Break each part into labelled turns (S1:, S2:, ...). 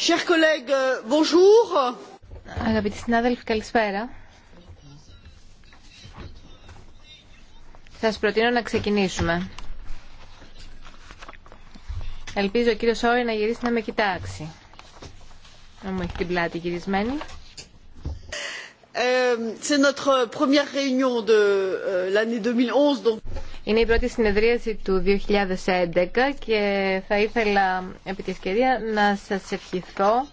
S1: Chers collègues, euh, bonjour. Αγαπητοί συνάδελφοι, καλησπέρα. Σας προτείνω να ξεκινήσουμε. Ελπίζω ο κύριος Όρη να γυρίσει να με κοιτάξει. Να μου έχει την πλάτη γυρισμένη. Ε, c'est notre première réunion de euh, l'année 2011, donc... Είναι η πρώτη συνεδρίαση του 2011 και θα ήθελα επί της να σας ευχηθώ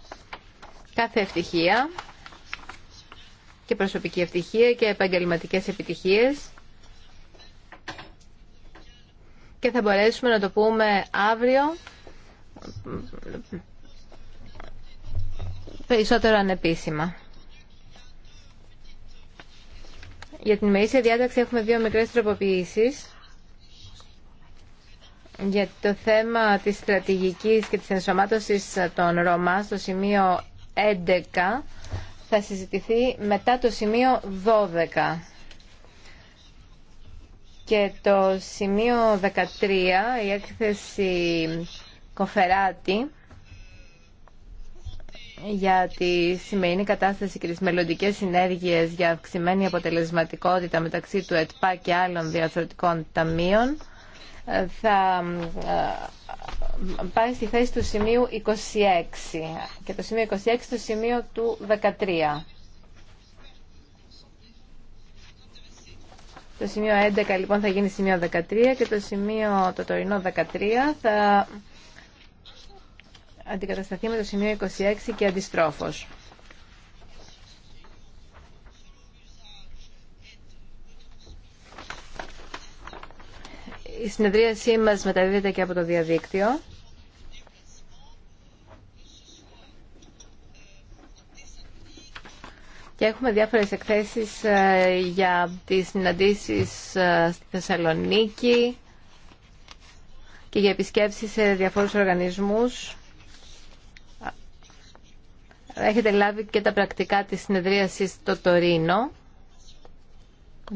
S1: κάθε ευτυχία και προσωπική ευτυχία και επαγγελματικές επιτυχίες και θα μπορέσουμε να το πούμε αύριο περισσότερο ανεπίσημα. Για την μείσια διάταξη έχουμε δύο μικρές τροποποιήσεις για το θέμα της στρατηγικής και της ενσωμάτωσης των Ρωμά στο σημείο 11 θα συζητηθεί μετά το σημείο 12. Και το σημείο 13, η έκθεση Κοφεράτη για τη σημερινή κατάσταση και τις μελλοντικέ συνέργειες για αυξημένη αποτελεσματικότητα μεταξύ του ΕΤΠΑ και άλλων διαφορετικών ταμείων θα ε, πάει στη θέση του σημείου 26 και το σημείο 26 το σημείο του 13. Το σημείο 11 λοιπόν θα γίνει σημείο 13 και το σημείο το τωρινό 13 θα αντικατασταθεί με το σημείο 26 και αντιστρόφως. Η συνεδρίασή μας μεταδίδεται και από το διαδίκτυο. Και έχουμε διάφορες εκθέσεις ε, για τις συναντήσεις ε, στη Θεσσαλονίκη και για επισκέψεις σε διαφόρους οργανισμούς. Έχετε λάβει και τα πρακτικά της συνεδρίασης στο Τωρίνο,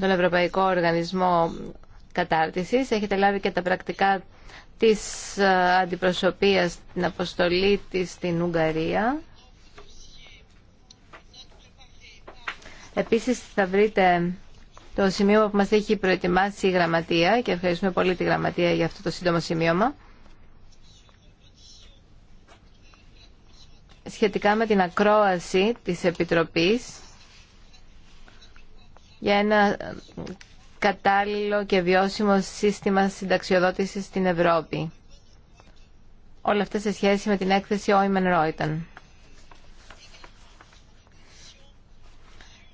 S1: τον Ευρωπαϊκό Οργανισμό κατάρτισης. Έχετε λάβει και τα πρακτικά της ε, αντιπροσωπείας στην αποστολή της στην Ουγγαρία. Επίσης θα βρείτε το σημείο που μας έχει προετοιμάσει η Γραμματεία και ευχαριστούμε πολύ τη Γραμματεία για αυτό το σύντομο σημείωμα. Σχετικά με την ακρόαση της Επιτροπής για ένα κατάλληλο και βιώσιμο σύστημα συνταξιοδότησης στην Ευρώπη. Όλα αυτά σε σχέση με την έκθεση Όιμεν ΡΟΙΤΑΝ.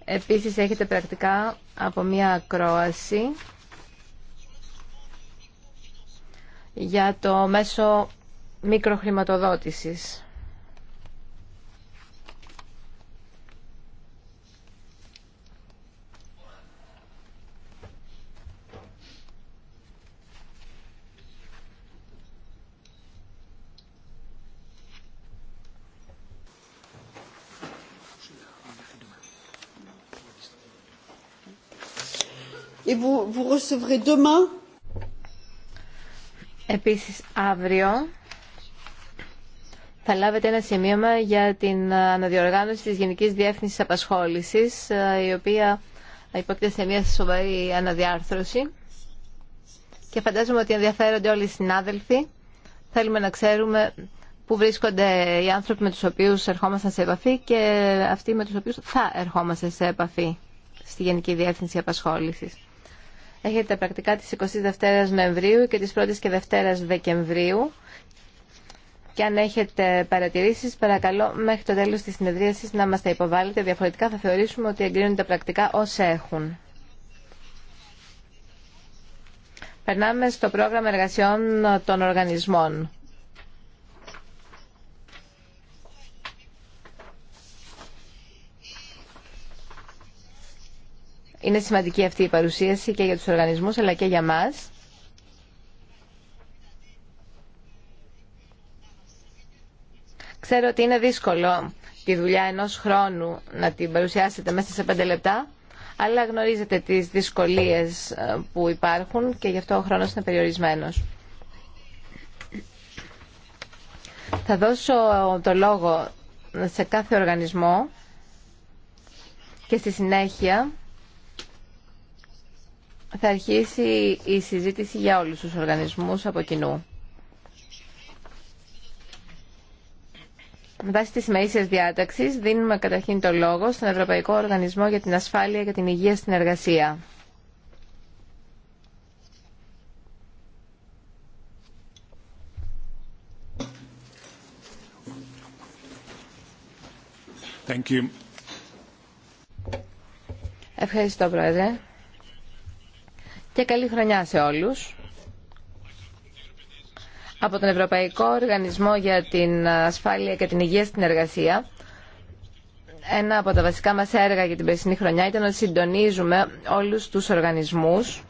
S1: Επίσης έχετε πρακτικά από μία ακρόαση για το μέσο μικροχρηματοδότησης. Επίσης αύριο θα λάβετε ένα σημείωμα για την αναδιοργάνωση της Γενικής Διεύθυνσης Απασχόλησης ε, η οποία υπόκειται σε μια σοβαρή αναδιάρθρωση και φαντάζομαι ότι ενδιαφέρονται όλοι οι συνάδελφοι. Θέλουμε να ξέρουμε πού βρίσκονται οι άνθρωποι με τους οποίους ερχόμαστε σε επαφή και αυτοί με τους οποίους θα ερχόμαστε σε επαφή στη Γενική Διεύθυνση Απασχόλησης. Έχετε τα πρακτικά της 22 Νοεμβρίου και της 1ης και 2 Δεκεμβρίου. Και αν έχετε παρατηρήσεις, παρακαλώ μέχρι το τέλος της συνεδρίασης να μας τα υποβάλλετε. Διαφορετικά θα θεωρήσουμε ότι εγκρίνουν τα πρακτικά όσα έχουν. Περνάμε στο πρόγραμμα εργασιών των οργανισμών. Είναι σημαντική αυτή η παρουσίαση και για τους οργανισμούς αλλά και για μας. Ξέρω ότι είναι δύσκολο τη δουλειά ενός χρόνου να την παρουσιάσετε μέσα σε πέντε λεπτά, αλλά γνωρίζετε τις δυσκολίες ε, που υπάρχουν και γι' αυτό ο χρόνος είναι περιορισμένος. Θα δώσω το λόγο σε κάθε οργανισμό και στη συνέχεια θα αρχίσει η συζήτηση για όλους τους οργανισμούς από κοινού. Με βάση τη ημερήσια διάταξη, δίνουμε καταρχήν το λόγο στον Ευρωπαϊκό Οργανισμό για την Ασφάλεια και την Υγεία στην Εργασία. Thank you. Ευχαριστώ, Πρόεδρε και καλή χρονιά σε όλους. Από τον Ευρωπαϊκό Οργανισμό για την Ασφάλεια και την Υγεία στην Εργασία, ένα από τα βασικά μας έργα για την περσινή χρονιά ήταν να συντονίζουμε όλους τους οργανισμούς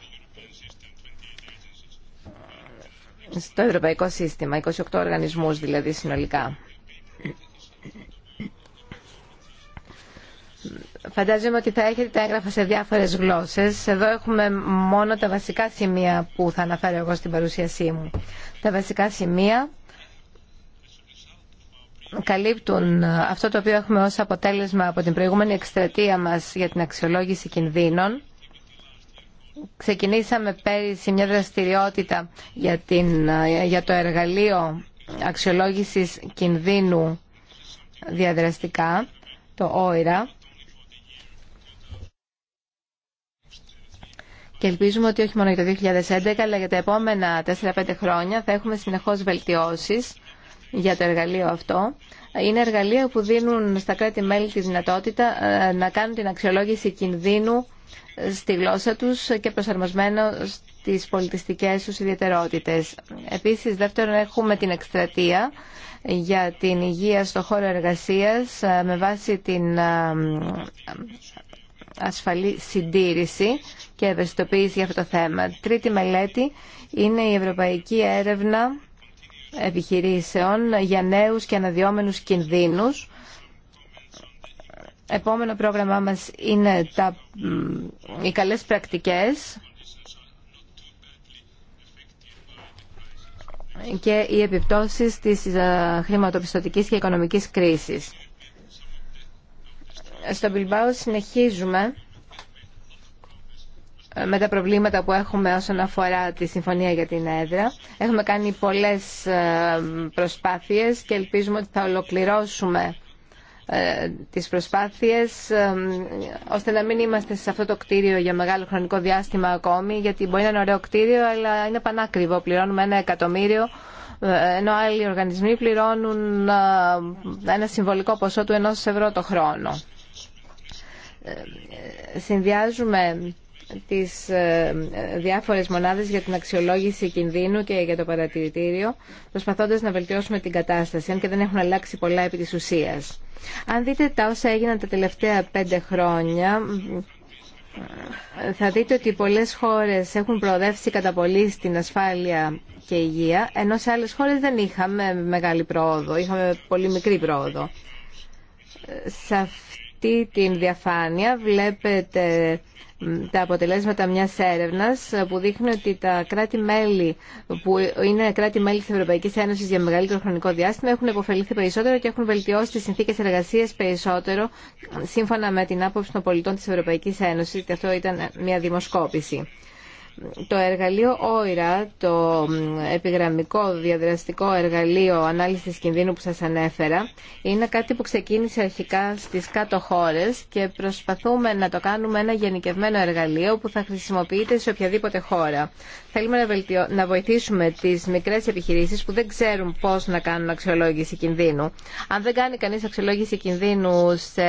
S1: στο ευρωπαϊκό σύστημα, 28 οργανισμούς δηλαδή συνολικά. Φαντάζομαι ότι θα έχετε τα έγγραφα σε διάφορες γλώσσες. Εδώ έχουμε μόνο τα βασικά σημεία που θα αναφέρω εγώ στην παρουσίασή μου. Τα βασικά σημεία καλύπτουν αυτό το οποίο έχουμε ως αποτέλεσμα από την προηγούμενη εκστρατεία μας για την αξιολόγηση κινδύνων. Ξεκινήσαμε πέρυσι μια δραστηριότητα για, την, για το εργαλείο αξιολόγησης κινδύνου διαδραστικά, το ΟΙΡΑ. και ελπίζουμε ότι όχι μόνο για το 2011 αλλά για τα επόμενα 4-5 χρόνια θα έχουμε συνεχώς βελτιώσεις για το εργαλείο αυτό. Είναι εργαλεία που δίνουν στα κράτη-μέλη τη δυνατότητα ε, να κάνουν την αξιολόγηση κινδύνου ε, στη γλώσσα τους και προσαρμοσμένο στι πολιτιστικές τους ιδιαιτερότητε. Επίσης, δεύτερον, έχουμε την εκστρατεία για την υγεία στο χώρο εργασία ε, με βάση την ασφαλή συντήρηση και ευαισθητοποίηση για αυτό το θέμα. Τρίτη μελέτη είναι η Ευρωπαϊκή Έρευνα Επιχειρήσεων για νέους και αναδυόμενους κινδύνους. Επόμενο πρόγραμμά μας είναι τα, οι καλές πρακτικές και οι επιπτώσεις της ε, χρηματοπιστωτικής και οικονομικής κρίσης στο Μπιλμπάου συνεχίζουμε με τα προβλήματα που έχουμε όσον αφορά τη Συμφωνία για την Έδρα. Έχουμε κάνει πολλές ε, προσπάθειες και ελπίζουμε ότι θα ολοκληρώσουμε ε, τις προσπάθειες ε, ώστε να μην είμαστε σε αυτό το κτίριο για μεγάλο χρονικό διάστημα ακόμη γιατί μπορεί να είναι ωραίο κτίριο αλλά είναι πανάκριβο. Πληρώνουμε ένα εκατομμύριο ενώ άλλοι οργανισμοί πληρώνουν ένα συμβολικό ποσό του ενός ευρώ το χρόνο συνδυάζουμε τις ε, διάφορες μονάδες για την αξιολόγηση κινδύνου και για το παρατηρητήριο, προσπαθώντας να βελτιώσουμε την κατάσταση, αν και δεν έχουν αλλάξει πολλά επί της ουσίας. Αν δείτε τα όσα έγιναν τα τελευταία πέντε χρόνια, θα δείτε ότι πολλές χώρες έχουν προοδεύσει κατά πολύ στην ασφάλεια και υγεία, ενώ σε άλλες χώρες δεν είχαμε μεγάλη πρόοδο, είχαμε πολύ μικρή πρόοδο αυτή την διαφάνεια βλέπετε τα αποτελέσματα μιας έρευνας που δείχνει ότι τα κράτη-μέλη που είναι κράτη-μέλη της Ευρωπαϊκής Ένωσης για μεγαλύτερο χρονικό διάστημα έχουν υποφελήθει περισσότερο και έχουν βελτιώσει τις συνθήκες εργασίας περισσότερο σύμφωνα με την άποψη των πολιτών της Ευρωπαϊκής Ένωσης και αυτό ήταν μια δημοσκόπηση. Το εργαλείο OIRA, το επιγραμμικό διαδραστικό εργαλείο ανάλυσης κινδύνου που σας ανέφερα, είναι κάτι που ξεκίνησε αρχικά στις κάτω χώρες και προσπαθούμε να το κάνουμε ένα γενικευμένο εργαλείο που θα χρησιμοποιείται σε οποιαδήποτε χώρα. Θέλουμε να βοηθήσουμε τις μικρές επιχειρήσεις που δεν ξέρουν πώς να κάνουν αξιολόγηση κινδύνου. Αν δεν κάνει κανείς αξιολόγηση κινδύνου σε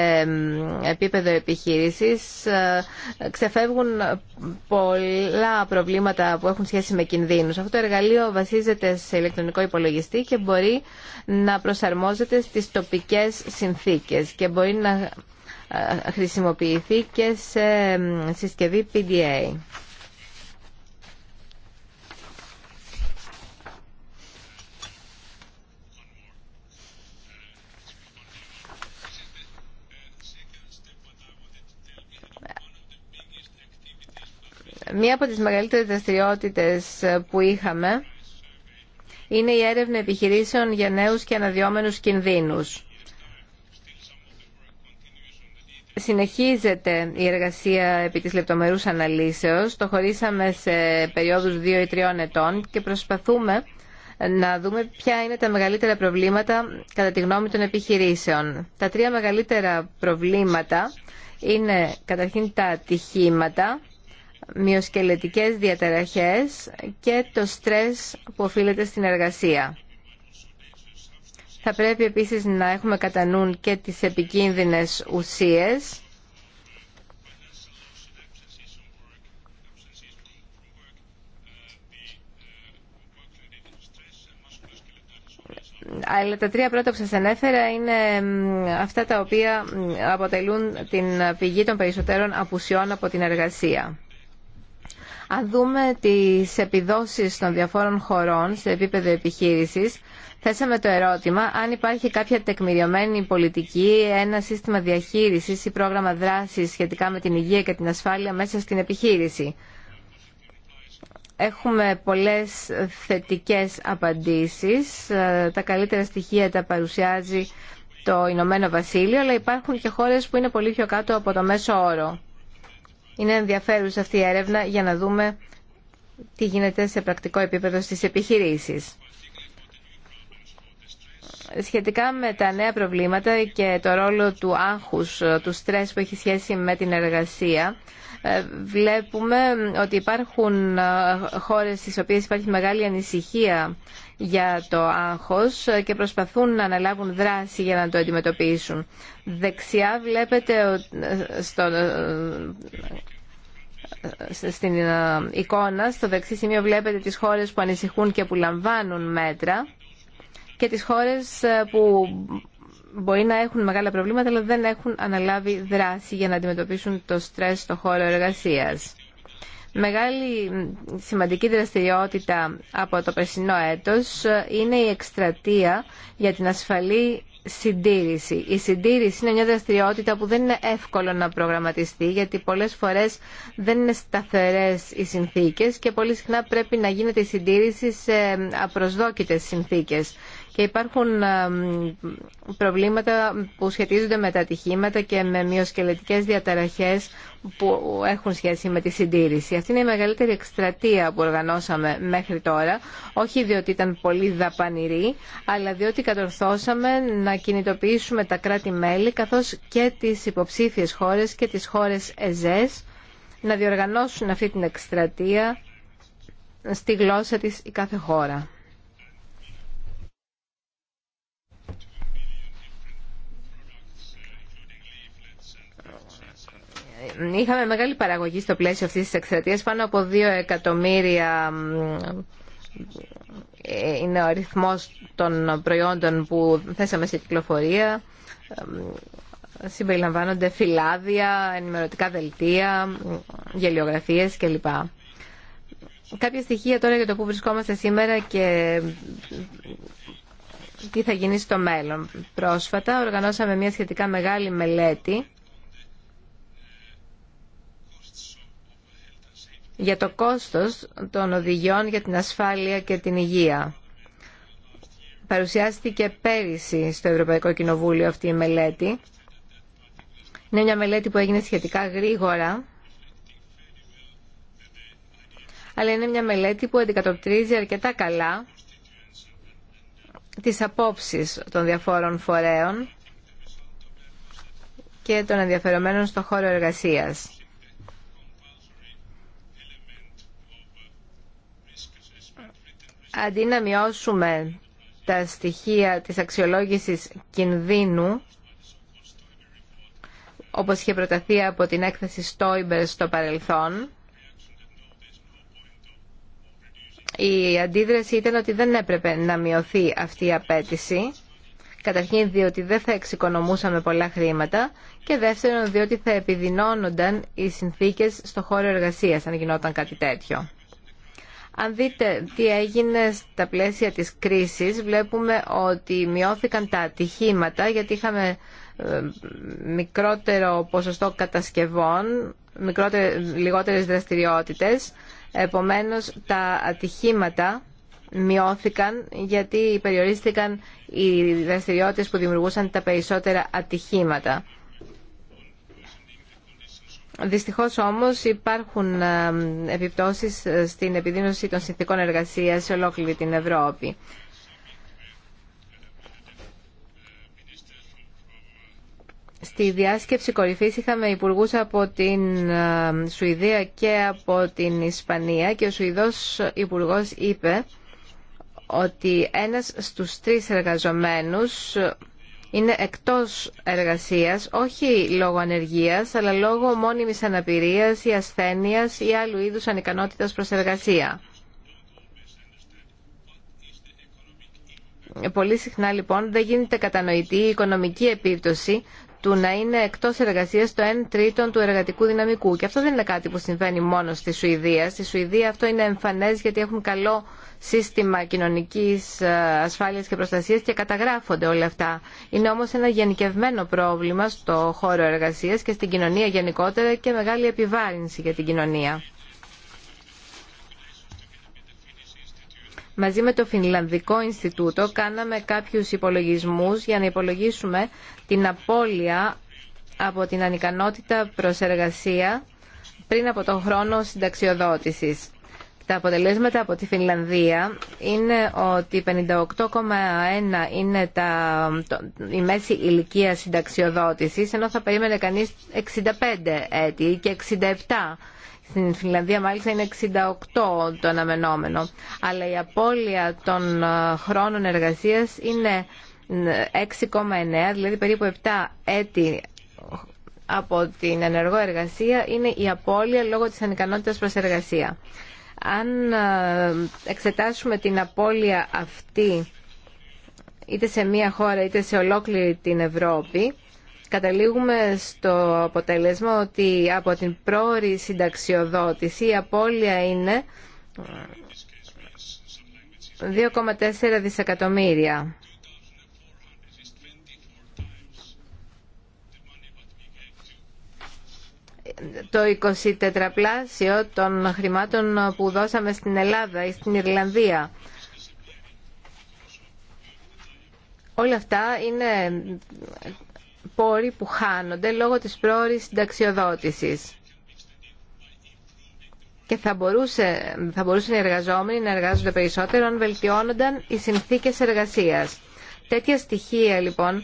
S1: επίπεδο επιχείρησης, ε, ξεφεύγουν πολλά προβλήματα που έχουν σχέση με κινδύνους. Αυτό το εργαλείο βασίζεται σε ηλεκτρονικό υπολογιστή και μπορεί να προσαρμόζεται στις τοπικές συνθήκες και μπορεί να ε, χρησιμοποιηθεί και σε συσκευή PDA. Μία από τις μεγαλύτερες δραστηριότητε που είχαμε είναι η έρευνα επιχειρήσεων για νέους και αναδιόμενους κινδύνους. Συνεχίζεται η εργασία επί της λεπτομερούς αναλύσεως. Το χωρίσαμε σε περίοδους 2 ή 3 ετών και προσπαθούμε να δούμε ποια είναι τα μεγαλύτερα προβλήματα κατά τη γνώμη των επιχειρήσεων. Τα τρία μεγαλύτερα προβλήματα είναι καταρχήν τα ατυχήματα, μυοσκελετικές διαταραχές και το στρες που οφείλεται στην εργασία. Θα πρέπει επίσης να έχουμε κατά νου και τις επικίνδυνες ουσίες
S2: αλλά τα τρία πρώτα που σας
S1: ανέφερα είναι αυτά τα οποία αποτελούν την πηγή των περισσότερων απουσιών από την εργασία. Αν δούμε τις επιδόσεις των διαφόρων χωρών σε επίπεδο επιχείρησης, θέσαμε το ερώτημα αν υπάρχει κάποια τεκμηριωμένη πολιτική, ένα σύστημα διαχείρισης ή πρόγραμμα δράσης σχετικά με την υγεία και την ασφάλεια μέσα στην επιχείρηση. Έχουμε πολλές θετικές απαντήσεις. Ε, τα καλύτερα στοιχεία τα παρουσιάζει το Ηνωμένο Βασίλειο, αλλά υπάρχουν και χώρες που είναι πολύ πιο κάτω από το μέσο όρο. Είναι ενδιαφέρουσα αυτή η έρευνα για να δούμε τι γίνεται σε πρακτικό επίπεδο στις επιχειρήσεις. Σχετικά με τα νέα προβλήματα και το ρόλο του άγχους, του στρες που έχει σχέση με την εργασία, ε, βλέπουμε ότι υπάρχουν ε, χώρες στις οποίες υπάρχει μεγάλη ανησυχία για το άγχος και προσπαθούν να αναλάβουν δράση για να το αντιμετωπίσουν. Δεξιά βλέπετε ε, στο, στην εικόνα, στο δεξί σημείο βλέπετε τις χώρες που ανησυχούν και που λαμβάνουν μέτρα και τις χώρες που μπορεί να έχουν μεγάλα προβλήματα, αλλά δεν έχουν αναλάβει δράση για να αντιμετωπίσουν το στρες στο χώρο εργασίας. Μεγάλη σημαντική δραστηριότητα από το περσινό έτος ε, είναι η εκστρατεία για την ασφαλή συντήρηση. Η συντήρηση είναι μια δραστηριότητα που δεν είναι εύκολο να προγραμματιστεί γιατί πολλές φορές δεν είναι σταθερές οι συνθήκες και πολύ συχνά πρέπει να γίνεται η συντήρηση σε ε, απροσδόκητες συνθήκες και υπάρχουν ε, προβλήματα που σχετίζονται με τα ατυχήματα και με μειοσκελετικές διαταραχές που έχουν σχέση με τη συντήρηση. Αυτή είναι η μεγαλύτερη εκστρατεία που οργανώσαμε μέχρι τώρα, όχι διότι ήταν πολύ δαπανηρή, αλλά διότι κατορθώσαμε να κινητοποιήσουμε τα κράτη-μέλη καθώς και τις υποψήφιες χώρες και τις χώρες ΕΖΕΣ να διοργανώσουν αυτή την εκστρατεία στη γλώσσα της η κάθε χώρα. Είχαμε μεγάλη παραγωγή στο πλαίσιο αυτής της εκστρατείας, πάνω από 2 εκατομμύρια ε, είναι ο αριθμός των προϊόντων που θέσαμε σε κυκλοφορία. Συμπεριλαμβάνονται φυλάδια, ενημερωτικά δελτία, γελιογραφίες κλπ. Κάποια στοιχεία τώρα για το που βρισκόμαστε σήμερα και τι θα γίνει στο μέλλον. Πρόσφατα οργανώσαμε μια σχετικά μεγάλη μελέτη για το κόστος των οδηγιών για την ασφάλεια και την υγεία. Παρουσιάστηκε πέρυσι στο Ευρωπαϊκό Κοινοβούλιο αυτή η μελέτη. Είναι μια μελέτη που έγινε σχετικά γρήγορα, αλλά είναι μια μελέτη που αντικατοπτρίζει αρκετά καλά τις απόψεις των διαφόρων φορέων και των ενδιαφερομένων στον χώρο εργασίας. αντί να μειώσουμε τα στοιχεία της αξιολόγησης κινδύνου, όπως είχε προταθεί από την έκθεση Στόιμπερ στο παρελθόν, η αντίδραση ήταν ότι δεν έπρεπε να μειωθεί αυτή η απέτηση. Καταρχήν διότι δεν θα εξοικονομούσαμε πολλά χρήματα και δεύτερον διότι θα επιδεινώνονταν οι συνθήκες στο χώρο εργασίας αν γινόταν κάτι τέτοιο. Αν δείτε τι έγινε στα πλαίσια της κρίσης, βλέπουμε ότι μειώθηκαν τα ατυχήματα γιατί είχαμε ε, μικρότερο ποσοστό κατασκευών, λιγότερες δραστηριότητες. Επομένως, τα ατυχήματα μειώθηκαν γιατί περιορίστηκαν οι δραστηριότητες που δημιουργούσαν τα περισσότερα ατυχήματα. Δυστυχώς όμως υπάρχουν ε, επιπτώσεις ε, στην επιδείνωση των συνθήκων εργασίας σε ολόκληρη την Ευρώπη. Στη διάσκεψη κορυφής είχαμε υπουργούς από την ε, Σουηδία και από την Ισπανία και ο Σουηδός υπουργός είπε ότι ένας στους τρεις εργαζομένους είναι εκτός εργασίας, όχι λόγω ανεργίας, αλλά λόγω μόνιμης αναπηρίας ή ασθένειας ή άλλου είδους ανικανότητας προς εργασία. Πολύ συχνά λοιπόν δεν γίνεται κατανοητή η οικονομική επίπτωση του να είναι εκτό εργασία το 1 τρίτο του εργατικού δυναμικού. Και αυτό δεν είναι κάτι που συμβαίνει μόνο στη Σουηδία. Στη Σουηδία αυτό είναι εμφανέ γιατί έχουν καλό σύστημα κοινωνικής ε, ασφάλειας και προστασίας και καταγράφονται όλα αυτά. Είναι όμως ένα γενικευμένο πρόβλημα στο χώρο εργασίας και στην κοινωνία γενικότερα και μεγάλη επιβάρυνση για την κοινωνία. Μαζί με το Φινλανδικό Ινστιτούτο κάναμε κάποιους υπολογισμούς για να υπολογίσουμε την απώλεια από την ανικανότητα προς εργασία πριν από τον χρόνο συνταξιοδότησης. Τα αποτελέσματα από τη Φινλανδία είναι ότι 58,1 είναι η μέση ηλικία συνταξιοδότησης, ενώ θα περίμενε κανείς 65 έτη και 67 στην Φινλανδία μάλιστα είναι 68 το αναμενόμενο. Αλλά η απώλεια των ε, χρόνων εργασίας είναι 6,9, ε, δηλαδή περίπου 7 έτη από την ενεργό εργασία είναι η απώλεια λόγω της ανικανότητας προς εργασία. Αν ε, εξετάσουμε την απώλεια αυτή είτε σε μία χώρα είτε σε ολόκληρη την Ευρώπη, καταλήγουμε στο αποτέλεσμα ότι από την πρόορη συνταξιοδότηση η απώλεια είναι 2,4 ε, δισεκατομμύρια. το 24 πλάσιο των χρημάτων που δώσαμε στην Ελλάδα ή στην Ιρλανδία. Όλα αυτά είναι πόροι που χάνονται λόγω της πρόορης συνταξιοδότησης. Και θα, μπορούσε, θα μπορούσαν οι εργαζόμενοι να εργάζονται περισσότερο αν βελτιώνονταν οι συνθήκες εργασίας. Τέτοια στοιχεία λοιπόν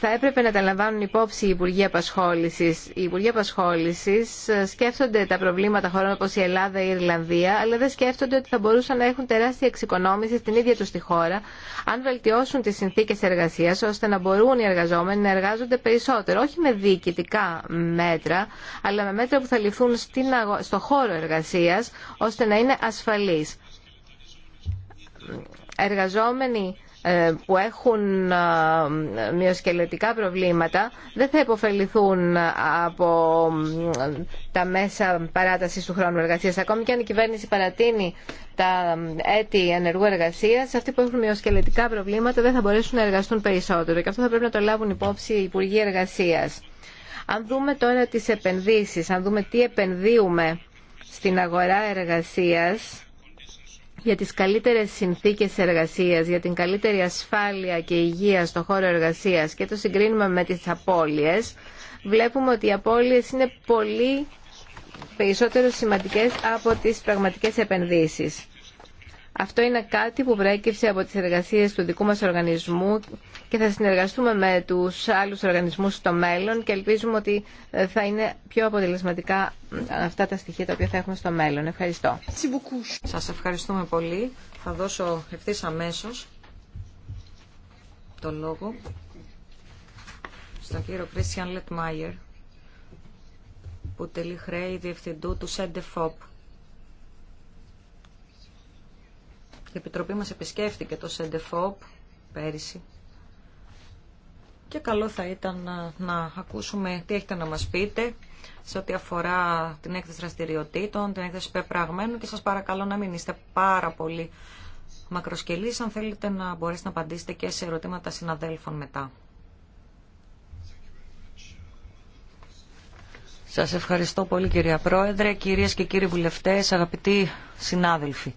S1: θα έπρεπε να τα λαμβάνουν υπόψη οι Υπουργοί Απασχόλησης. Οι Υπουργοί Απασχόλησης ε, σκέφτονται τα προβλήματα χωρών όπως η Ελλάδα ή η Ιρλανδία, αλλά δεν σκέφτονται ότι θα μπορούσαν να έχουν τεράστια εξοικονόμηση στην ίδια τους τη χώρα, αν βελτιώσουν τις συνθήκες εργασίας, ώστε να μπορούν οι εργαζόμενοι να εργάζονται περισσότερο, όχι με διοικητικά μέτρα, αλλά με μέτρα που θα ληφθούν στο χώρο εργασίας, ώστε να είναι ασφαλείς. Εργαζόμενοι ε, που έχουν ε, μειοσκελετικά προβλήματα δεν θα υποφεληθούν από ε, τα μέσα παράτασης του χρόνου εργασίας. Ακόμη και αν η κυβέρνηση παρατείνει τα έτη ενεργού εργασίας, αυτοί που έχουν μειοσκελετικά προβλήματα δεν θα μπορέσουν να εργαστούν περισσότερο. Και αυτό θα πρέπει να το λάβουν υπόψη οι Υπουργοί Εργασίας. Αν δούμε τώρα τις επενδύσεις, αν δούμε τι επενδύουμε στην αγορά εργασίας, για τις καλύτερες συνθήκες εργασίας, για την καλύτερη ασφάλεια και υγεία στο χώρο εργασίας και το συγκρίνουμε με τις απώλειες, βλέπουμε ότι οι απώλειες είναι πολύ περισσότερο σημαντικές από τις πραγματικές επενδύσεις. Αυτό είναι κάτι που προέκυψε από τις εργασίες του δικού μας οργανισμού και θα συνεργαστούμε με τους άλλους οργανισμούς στο μέλλον και ελπίζουμε ότι ε, θα είναι πιο αποτελεσματικά ε, αυτά τα στοιχεία τα οποία θα έχουμε στο μέλλον. Ευχαριστώ. Σας ευχαριστούμε πολύ. Θα δώσω ευθύ αμέσω το
S3: λόγο στον κύριο Κρίστιαν Λετμάιερ που τελεί χρέη διευθυντού του ΣΕΝΤΕΦΟΠ Η Επιτροπή μας επισκέφθηκε το ΣΕΝΤΕΦΟΠ πέρυσι και καλό θα ήταν να ακούσουμε τι έχετε να μας πείτε σε ό,τι αφορά την έκθεση δραστηριοτήτων, την έκθεση πεπραγμένου και σας παρακαλώ να μην είστε πάρα πολύ μακροσκελείς αν θέλετε να μπορέσετε να απαντήσετε και σε ερωτήματα συναδέλφων μετά. Σας ευχαριστώ πολύ κυρία Πρόεδρε, κυρίες και κύριοι βουλευτές, αγαπητοί συνάδελφοι.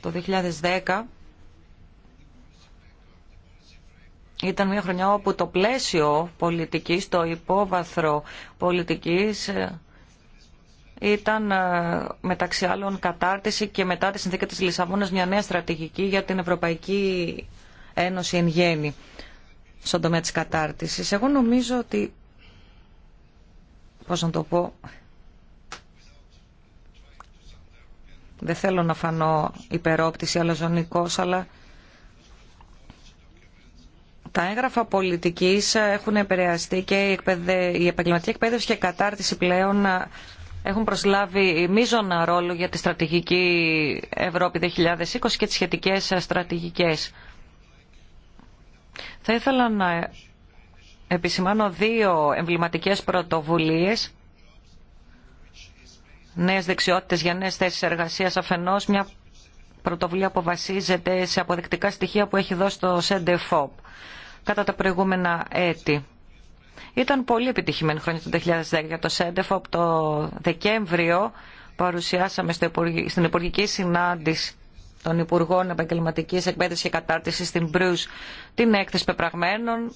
S3: Το 2010 ήταν μια χρονιά όπου το πλαίσιο πολιτικής, το υπόβαθρο πολιτικής ε, ήταν ε, μεταξύ άλλων κατάρτιση και μετά τη συνθήκη της Λισαβόνας μια νέα στρατηγική για την Ευρωπαϊκή Ένωση εν γέννη στον τομέα της κατάρτισης. Εγώ νομίζω ότι, πώς να το πω, Δεν θέλω να φανώ υπερόπτηση ζωνικός, αλλά τα έγγραφα πολιτικής έχουν επηρεαστεί και η επαγγελματική εκπαίδευση και η κατάρτιση πλέον έχουν προσλάβει μίζωνα ρόλο για τη στρατηγική Ευρώπη 2020 και τις σχετικές στρατηγικές. Θα ήθελα να επισημάνω δύο εμβληματικές πρωτοβουλίες νέες δεξιότητες για νέες θέσεις εργασίας αφενός, μια πρωτοβουλία που βασίζεται σε αποδεκτικά στοιχεία που έχει δώσει το ΣΕΝΤΕΦΟΠ κατά τα προηγούμενα έτη. Ήταν πολύ επιτυχημένη χρόνια του 2010 για το ΣΕΝΤΕΦΟΠ. Το Δεκέμβριο παρουσιάσαμε στην Υπουργική Συνάντηση των Υπουργών Επαγγελματική Εκπαίδευση και Κατάρτιση στην Προύς την έκθεση πεπραγμένων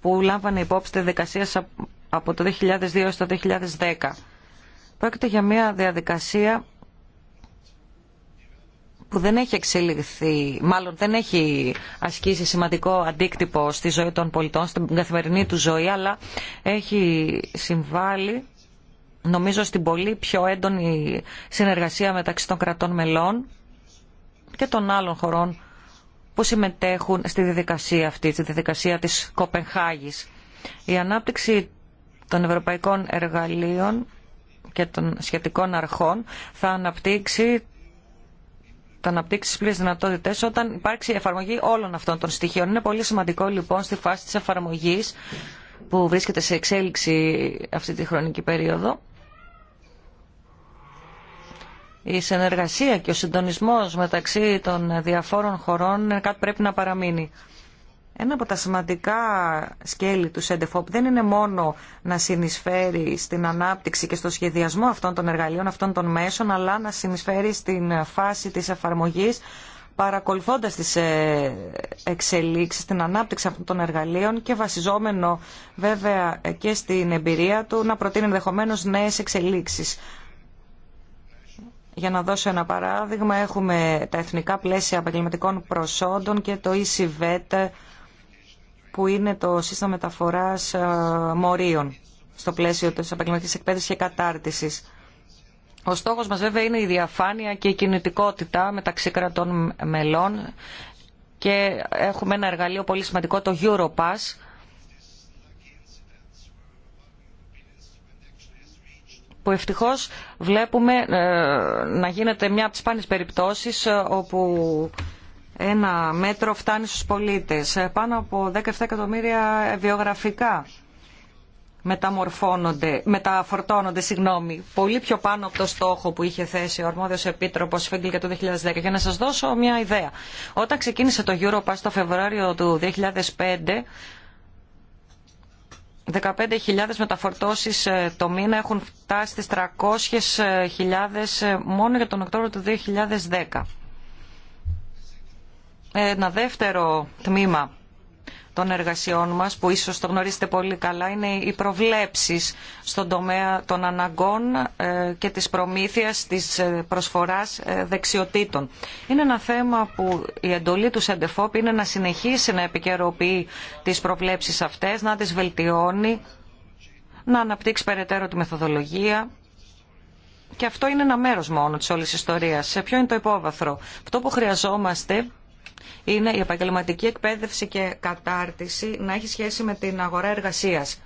S3: που λάμβανε υπόψη τη δικασία από το 2002 έως το 2010. Πρόκειται για μια διαδικασία που δεν έχει εξελιχθεί, μάλλον δεν έχει ασκήσει σημαντικό αντίκτυπο στη ζωή των πολιτών, στην καθημερινή του ζωή, αλλά έχει συμβάλει νομίζω στην πολύ πιο έντονη συνεργασία μεταξύ των κρατών μελών και των άλλων χωρών που συμμετέχουν στη διαδικασία αυτή, στη διαδικασία της Κοπενχάγης. Η ανάπτυξη των ευρωπαϊκών εργαλείων και των σχετικών αρχών θα αναπτύξει θα αναπτύξει τι πλήρε δυνατότητε όταν υπάρξει εφαρμογή όλων αυτών των στοιχείων. Είναι πολύ σημαντικό λοιπόν στη φάση τη εφαρμογή που βρίσκεται σε εξέλιξη αυτή τη χρονική περίοδο. Η συνεργασία και ο συντονισμός μεταξύ των διαφόρων χωρών κάτι πρέπει να παραμείνει. Ένα από τα σημαντικά σκέλη του ΣΕΝΤΕΦΟΠ δεν είναι μόνο να συνεισφέρει στην ανάπτυξη και στο σχεδιασμό αυτών των εργαλείων, αυτών των μέσων, αλλά να συνεισφέρει στην φάση της εφαρμογής παρακολουθώντας τις ε, εξελίξεις, την ανάπτυξη αυτών των εργαλείων και βασιζόμενο βέβαια και στην εμπειρία του να προτείνει ενδεχομένω νέες εξελίξεις. Για να δώσω ένα παράδειγμα, έχουμε τα εθνικά πλαίσια επαγγελματικών προσόντων και το ECVET, που είναι το σύστημα μεταφοράς ε, μορίων στο πλαίσιο της επαγγελματικής εκπαίδευσης και κατάρτισης. Ο στόχος μας βέβαια είναι η διαφάνεια και η κινητικότητα μεταξύ κρατών μελών και έχουμε ένα εργαλείο πολύ σημαντικό, το Europass, που ευτυχώς βλέπουμε ε, να γίνεται μια από τις σπάνιες περιπτώσεις ε, όπου ένα μέτρο φτάνει στους πολίτες. Ε, πάνω από 17 εκατομμύρια βιογραφικά μεταμορφώνονται, μεταφορτώνονται, συγγνώμη, πολύ πιο πάνω από το στόχο που είχε θέσει ο αρμόδιος επίτροπος Φίγκλ για το 2010. Για να σας δώσω μια ιδέα. Όταν ξεκίνησε το Europass το Φεβρουάριο του 2005, 15.000 μεταφορτώσεις ε, το μήνα έχουν φτάσει στις 300.000 ε, μόνο για τον Οκτώβριο του 2010. Ένα δεύτερο τμήμα των εργασιών μας που ίσως το γνωρίζετε πολύ καλά είναι οι προβλέψεις στον τομέα των αναγκών ε, και της προμήθειας της ε, προσφοράς ε, δεξιοτήτων. Είναι ένα θέμα που η εντολή του ΣΕΝΤΕΦΟΠ είναι να συνεχίσει να επικαιροποιεί τις προβλέψεις αυτές, να τις βελτιώνει, να αναπτύξει περαιτέρω τη μεθοδολογία και αυτό είναι ένα μέρος μόνο της όλης της ιστορίας. Σε ποιο είναι το υπόβαθρο. Αυτό που χρειαζόμαστε είναι η επαγγελματική εκπαίδευση και κατάρτιση να έχει σχέση με την αγορά εργασίας.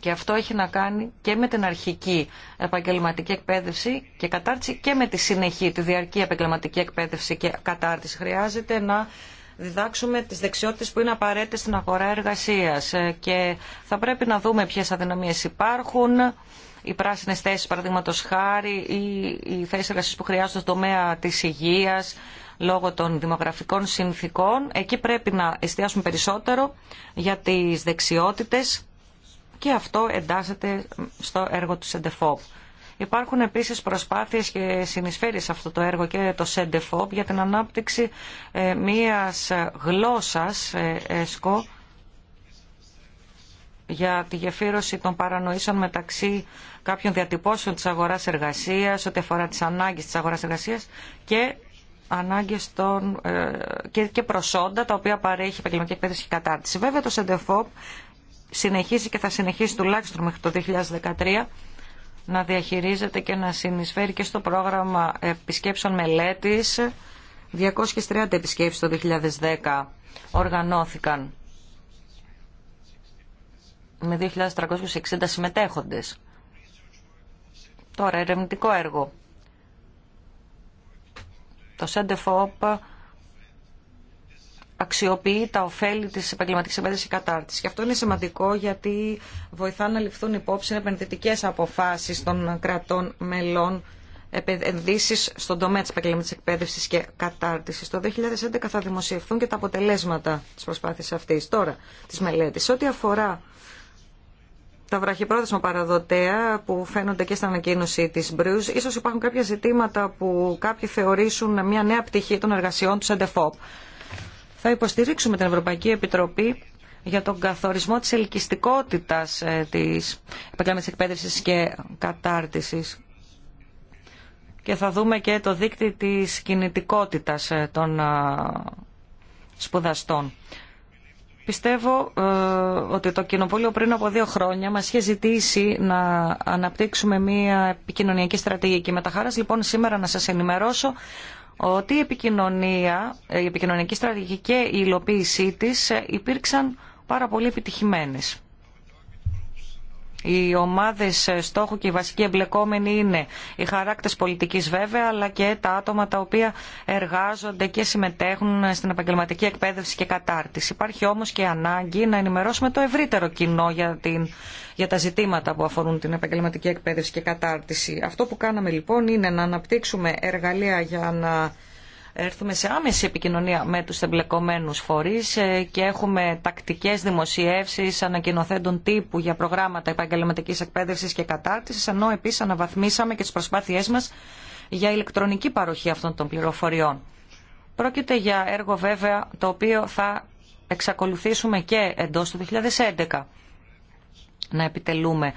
S3: Και αυτό έχει να κάνει και με την αρχική επαγγελματική εκπαίδευση και κατάρτιση και με τη συνεχή, τη διαρκή επαγγελματική εκπαίδευση και κατάρτιση. Χρειάζεται να διδάξουμε τις δεξιότητες που είναι απαραίτητες στην αγορά εργασίας ε, και θα πρέπει να δούμε ποιες αδυναμίες υπάρχουν, οι πράσινε θέσει, παραδείγματος χάρη, ή οι θέσει εργασία που χρειάζονται στον τομέα τη υγεία, λόγω των δημογραφικών συνθήκων. Εκεί πρέπει να εστιάσουμε περισσότερο για τις δεξιότητες και αυτό εντάσσεται στο έργο του ΣΕΝΤΕΦΟΠ. Υπάρχουν επίσης προσπάθειες και συνεισφέρει σε αυτό το έργο και το ΣΕΝΤΕΦΟΠ για την ανάπτυξη ε, μίας γλώσσας ΕΣΚΟ για τη γεφύρωση των παρανοήσεων μεταξύ κάποιων διατυπώσεων της αγοράς εργασίας, ό,τι αφορά τις ανάγκες της αγοράς εργασίας και ανάγκες των, ε, και, και προσόντα τα οποία παρέχει η επαγγελματική εκπαίδευση και κατάρτιση. Βέβαια το ΣΕΝΤΕΦΟΠ συνεχίζει και θα συνεχίσει τουλάχιστον μέχρι το 2013 να διαχειρίζεται και να συνεισφέρει και στο πρόγραμμα επισκέψεων μελέτης. 230 επισκέψεις το 2010 οργανώθηκαν με 2.360 συμμετέχοντες. Τώρα ερευνητικό έργο το ΣΕΝΤΕΦΟΠ αξιοποιεί τα ωφέλη της επαγγελματική επένδυσης και κατάρτισης. Και αυτό είναι σημαντικό γιατί βοηθά να ληφθούν υπόψη επενδυτικέ αποφάσεις των κρατών μελών επενδύσεις στον τομέα της επαγγελματικής εκπαίδευσης και κατάρτισης. Το 2011 θα δημοσιευθούν και τα αποτελέσματα της προσπάθειας αυτής. Τώρα, της μελέτης. Ό,τι αφορά τα βραχυπρόθεσμα παραδοτέα που φαίνονται και στην ανακοίνωση τη Μπρουζ ίσω υπάρχουν κάποια ζητήματα που κάποιοι θεωρήσουν μια νέα πτυχή των εργασιών του ΣΕΝΤΕΦΟΠ. Θα υποστηρίξουμε την Ευρωπαϊκή Επιτροπή για τον καθορισμό της ελκυστικότητας ε, της επαγγελματικής εκπαίδευση και κατάρτισης. Και θα δούμε και το δίκτυο της κινητικότητας ε, των ε, σπουδαστών. Πιστεύω ε, ότι το Κοινοβούλιο πριν από δύο χρόνια μας είχε ζητήσει να αναπτύξουμε μία επικοινωνιακή στρατηγική. Με τα λοιπόν σήμερα να σας ενημερώσω ότι η επικοινωνία, η επικοινωνιακή στρατηγική και η υλοποίησή της ε, υπήρξαν πάρα πολύ επιτυχημένες. Οι ομάδε στόχου και οι βασικοί εμπλεκόμενοι είναι οι χαράκτε πολιτικής βέβαια, αλλά και τα άτομα τα οποία εργάζονται και συμμετέχουν στην επαγγελματική εκπαίδευση και κατάρτιση. Υπάρχει όμως και ανάγκη να ενημερώσουμε το ευρύτερο κοινό για, την, για τα ζητήματα που αφορούν την επαγγελματική εκπαίδευση και κατάρτιση. Αυτό που κάναμε λοιπόν είναι να αναπτύξουμε εργαλεία για να έρθουμε σε άμεση επικοινωνία με τους εμπλεκομένους φορείς ε, και έχουμε τακτικές δημοσιεύσεις ανακοινοθέντων τύπου για προγράμματα επαγγελματικής εκπαίδευσης και κατάρτισης, ενώ επίσης αναβαθμίσαμε και τις προσπάθειές μας για ηλεκτρονική παροχή αυτών των πληροφοριών. Πρόκειται για έργο βέβαια το οποίο θα εξακολουθήσουμε και εντός του 2011 να επιτελούμε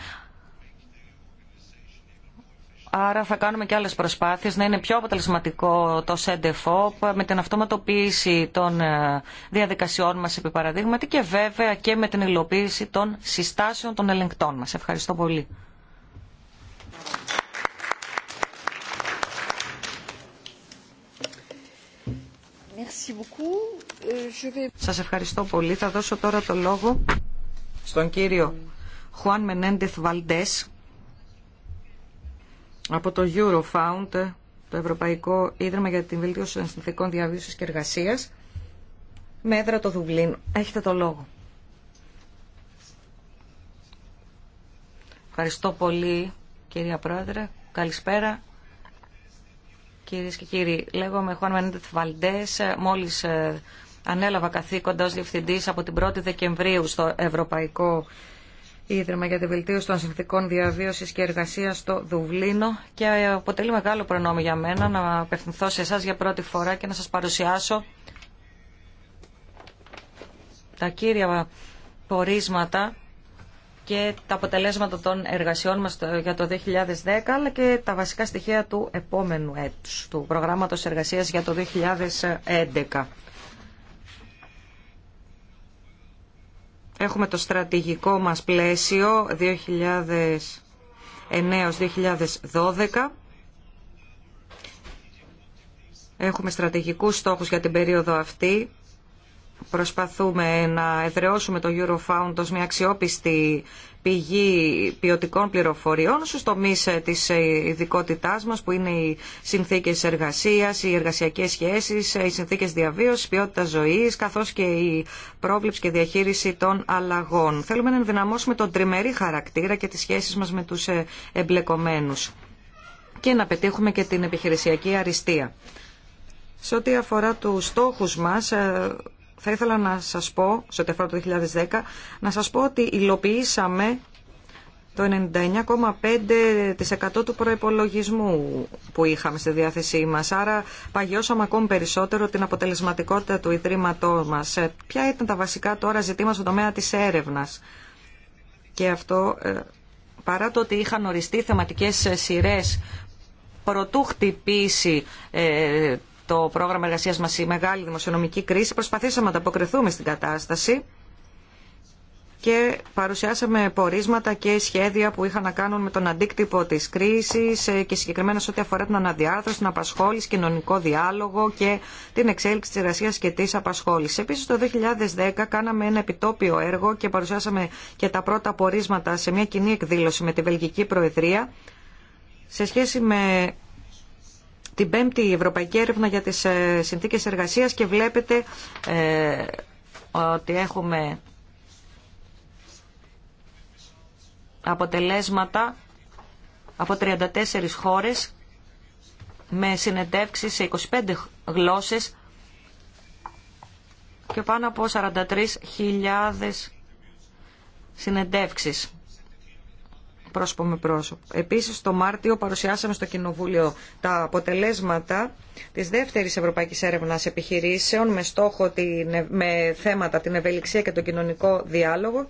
S3: Άρα θα κάνουμε και άλλες προσπάθειες να είναι πιο αποτελεσματικό το ΣΕΝΤΕΦΟΠ με την αυτοματοποίηση των ε, διαδικασιών μας επί παραδείγματι και βέβαια και με την υλοποίηση των συστάσεων των ελεγκτών μας. Ευχαριστώ πολύ.
S2: Ε,
S3: Σας ευχαριστώ πολύ. Θα δώσω τώρα το λόγο στον κύριο Χουάν Μενέντεθ Βαλντές από το Eurofound, το Ευρωπαϊκό Ίδρυμα για την Βελτίωση των Συνθηκών Διαβίωσης και Εργασίας, με έδρα το Δουβλίνο. Έχετε το λόγο. Ευχαριστώ πολύ, κυρία Πρόεδρε. Καλησπέρα. Κυρίες και κύριοι, λέγομαι Χουάν Μενέντεθ Βαλντές. Μόλις ε, ανέλαβα καθήκοντα ως διευθυντής από την 1η Δεκεμβρίου στο Ευρωπαϊκό Ίδρυμα για τη Βελτίωση των Συνθήκων Διαβίωση και Εργασία στο Δουβλίνο και αποτελεί μεγάλο προνόμιο για μένα να απευθυνθώ σε εσά για πρώτη φορά και να σα παρουσιάσω τα κύρια πορίσματα και τα αποτελέσματα των εργασιών μας για το 2010 αλλά και τα βασικά στοιχεία του επόμενου έτους, του προγράμματος εργασίας για το 2011. Έχουμε το στρατηγικό μας πλαίσιο 2009-2012. Έχουμε στρατηγικούς στόχους για την περίοδο αυτή. Προσπαθούμε να εδραιώσουμε το Eurofound ως μια αξιόπιστη πηγή ποιοτικών πληροφοριών στους τομείς ε, της ε, ειδικότητά μας που είναι οι συνθήκες εργασίας, οι εργασιακές σχέσεις, ε, οι συνθήκες διαβίωσης, ποιότητα ζωής καθώς και η πρόβληψη και διαχείριση των αλλαγών. Θέλουμε να ενδυναμώσουμε τον τριμερή χαρακτήρα και τις σχέσεις μας με τους εμπλεκομένους και να πετύχουμε και την επιχειρησιακή αριστεία. Σε ό,τι αφορά τους στόχους μας, θα ήθελα να σας πω, σε ό,τι το 2010, να σας πω ότι υλοποιήσαμε το 99,5% του προϋπολογισμού που είχαμε στη διάθεσή μας. Άρα παγιώσαμε ακόμη περισσότερο την αποτελεσματικότητα του Ιδρύματός μας. Ε, ποια ήταν τα βασικά τώρα ζητήματα στον τομέα της έρευνας. Και αυτό ε, παρά το ότι είχαν οριστεί θεματικές ε, σειρές προτού χτυπήσει το πρόγραμμα εργασίας μας η μεγάλη δημοσιονομική κρίση, προσπαθήσαμε να ανταποκριθούμε στην κατάσταση και παρουσιάσαμε πορίσματα και σχέδια που είχαν να κάνουν με τον αντίκτυπο της κρίσης ε, και συγκεκριμένα σε ό,τι αφορά την αναδιάρθρωση, την απασχόληση, κοινωνικό διάλογο και την εξέλιξη της εργασίας και της απασχόληση. Επίσης το 2010 κάναμε ένα επιτόπιο έργο και παρουσιάσαμε και τα πρώτα πορίσματα σε μια κοινή εκδήλωση με τη Βελγική Προεδρία σε σχέση με την πέμπτη ευρωπαϊκή έρευνα για τις ε, συνθήκες εργασίας και βλέπετε ε, ότι έχουμε αποτελέσματα από 34 χώρες με συνεντεύξεις σε 25 γλώσσες και πάνω από 43.000 συνεντεύξεις πρόσωπο με πρόσωπο. Επίσης, το Μάρτιο παρουσιάσαμε στο Κοινοβούλιο τα αποτελέσματα της δεύτερης Ευρωπαϊκής Έρευνας Επιχειρήσεων με στόχο την, με θέματα την ευελιξία και τον κοινωνικό διάλογο.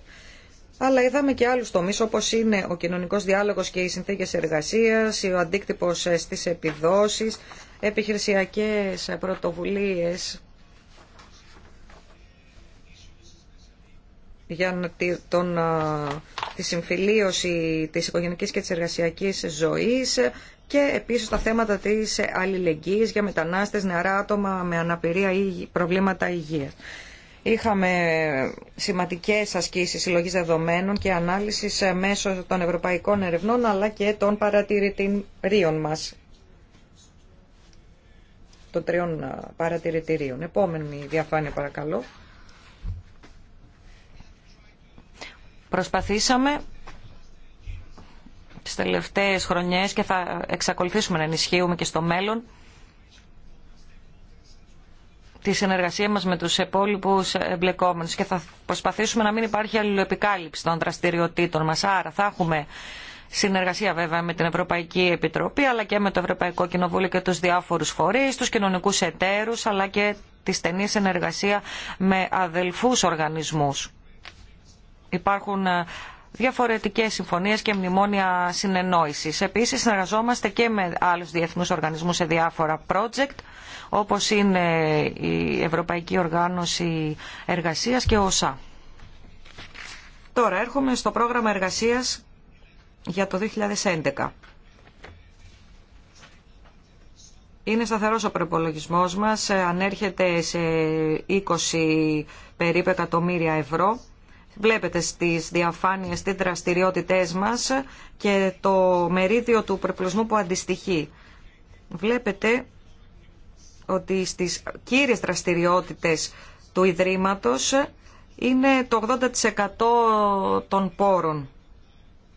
S3: Αλλά είδαμε και άλλους τομείς όπως είναι ο κοινωνικός διάλογος και οι συνθήκες εργασίας, ο αντίκτυπος ε, στις επιδόσεις, επιχειρησιακές πρωτοβουλίες για τον, τη συμφιλίωση της οικογενικής και της εργασιακής ζωής και επίσης τα θέματα της αλληλεγγύης για μετανάστες, νεαρά άτομα με αναπηρία ή προβλήματα υγείας. Είχαμε σημαντικές ασκήσεις συλλογή δεδομένων και ανάλυσης ε, μέσω των ευρωπαϊκών ερευνών αλλά και των παρατηρητηρίων μας των τριών παρατηρητηρίων. Επόμενη διαφάνεια παρακαλώ. Προσπαθήσαμε τις τελευταίες χρονιές και θα εξακολουθήσουμε να ενισχύουμε και στο μέλλον τη συνεργασία μας με τους υπόλοιπους εμπλεκόμενους και θα προσπαθήσουμε να μην υπάρχει αλληλοεπικάλυψη των δραστηριοτήτων μας. Άρα θα έχουμε συνεργασία βέβαια με την Ευρωπαϊκή Επιτροπή αλλά και με το Ευρωπαϊκό Κοινοβούλιο και τους διάφορους φορείς, τους κοινωνικούς εταίρους αλλά και τη στενή συνεργασία με αδελφούς οργανισμούς υπάρχουν ε, διαφορετικές συμφωνίες και μνημόνια συνεννόησης. Επίσης, συνεργαζόμαστε και με άλλους διεθνούς οργανισμούς σε διάφορα project, όπως είναι η Ευρωπαϊκή Οργάνωση Εργασίας και ο ΩΣΑ. Τώρα έρχομαι στο πρόγραμμα εργασίας για το 2011. Είναι σταθερός ο προπολογισμό μας, ε, ανέρχεται σε 20 περίπου εκατομμύρια ευρώ Βλέπετε στις διαφάνειες τι δραστηριότητές μας και το μερίδιο του προπλησμού που αντιστοιχεί. Βλέπετε ότι στις κύριες δραστηριότητες του Ιδρύματος είναι το 80% των πόρων.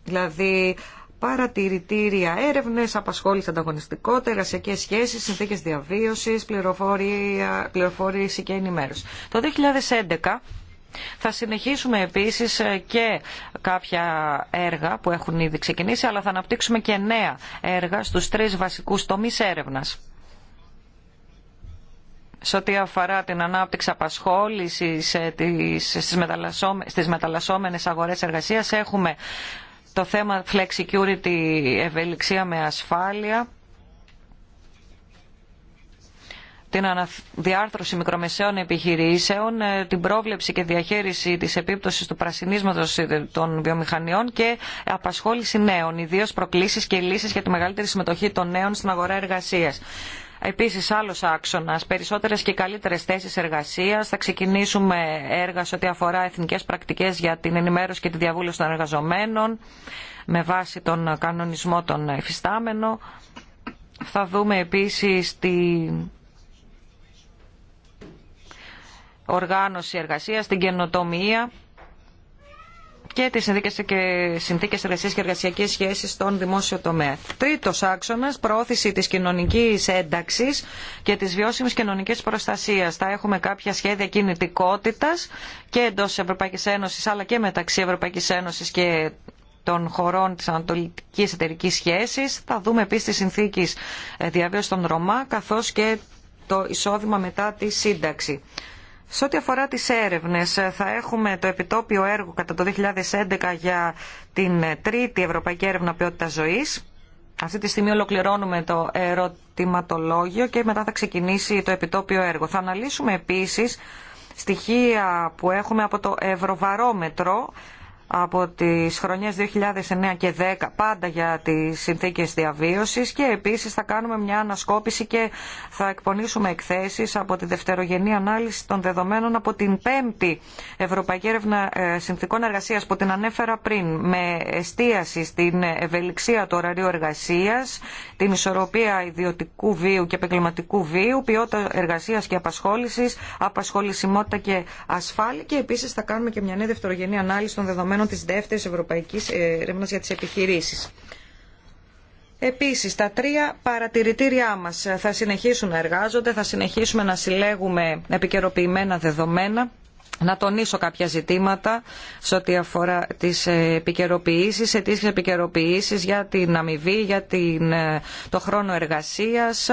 S3: Δηλαδή παρατηρητήρια, έρευνες, απασχόληση ανταγωνιστικότητα, εργασιακέ σχέσεις, συνθήκες διαβίωσης, πληροφορία, πληροφορήση και ενημέρωση. Το 2011 θα συνεχίσουμε επίσης ε, και κάποια έργα που έχουν ήδη ξεκινήσει, αλλά θα αναπτύξουμε και νέα έργα στους τρεις βασικούς τομείς έρευνας σε ό,τι αφορά την ανάπτυξη απασχόληση στις μεταλλασσόμενες αγορές εργασίας έχουμε το θέμα flexicurity ευελιξία με ασφάλεια την αναδιάρθρωση μικρομεσαίων επιχειρήσεων, ε, την πρόβλεψη και διαχείριση της επίπτωσης του πρασινίσματος ε, των βιομηχανιών και απασχόληση νέων, ιδίως προκλήσεις και λύσεις για τη μεγαλύτερη συμμετοχή των νέων στην αγορά εργασίας. Επίση, άλλο άξονα, περισσότερε και καλύτερε θέσει εργασία. Θα ξεκινήσουμε έργα σε ό,τι αφορά εθνικέ πρακτικέ για την ενημέρωση και τη διαβούλευση των εργαζομένων με βάση τον κανονισμό των εφιστάμενων. Θα δούμε επίση την οργάνωση εργασία, την καινοτομία και τι συνθήκε εργασία και εργασιακέ σχέσει στον δημόσιο τομέα. Τρίτο άξονα προώθηση τη κοινωνική ένταξη και τη βιώσιμη κοινωνική προστασία. Θα έχουμε κάποια σχέδια κινητικότητα και εντό Ευρωπαϊκή Ένωση, αλλά και μεταξύ Ευρωπαϊκή Ένωση και των χωρών της ανατολικής εταιρικής σχέσης. Θα δούμε επίσης τις συνθήκες ε, διαβίωσης των Ρωμά καθώς και το εισόδημα μετά τη σύνταξη. Σε ό,τι αφορά τις έρευνες, θα έχουμε το επιτόπιο έργο κατά το 2011 για την τρίτη Ευρωπαϊκή Έρευνα Ποιότητας Ζωής. Αυτή τη στιγμή ολοκληρώνουμε το ερωτηματολόγιο και μετά θα ξεκινήσει το επιτόπιο έργο. Θα αναλύσουμε επίσης στοιχεία που έχουμε από το Ευρωβαρόμετρο από τις χρονιές 2009 και 2010 πάντα για τις συνθήκες διαβίωσης και επίσης θα κάνουμε μια ανασκόπηση και θα εκπονήσουμε εκθέσεις από τη δευτερογενή ανάλυση των δεδομένων από την πέμπτη Ευρωπαϊκή Έρευνα ε, Συνθήκων Εργασίας που την ανέφερα πριν με εστίαση στην ευελιξία του ωραρίου εργασίας, την ισορροπία ιδιωτικού βίου και επαγγελματικού βίου, ποιότητα εργασίας και απασχόλησης, απασχολησιμότητα και ασφάλεια και επίσης θα κάνουμε και μια νέα δευτερογενή ανάλυση των δεδομένων δεδομένων της δεύτερης ευρωπαϊκής ε, έρευνας για τις επιχειρήσεις. Επίσης, τα τρία παρατηρητήριά μας ε, θα συνεχίσουν να εργάζονται, θα συνεχίσουμε να συλλέγουμε επικαιροποιημένα δεδομένα, να τονίσω κάποια ζητήματα σε ό,τι αφορά τις ε, επικαιροποιήσεις, τις επικαιροποιήσεις για την αμοιβή, για την, το χρόνο εργασίας,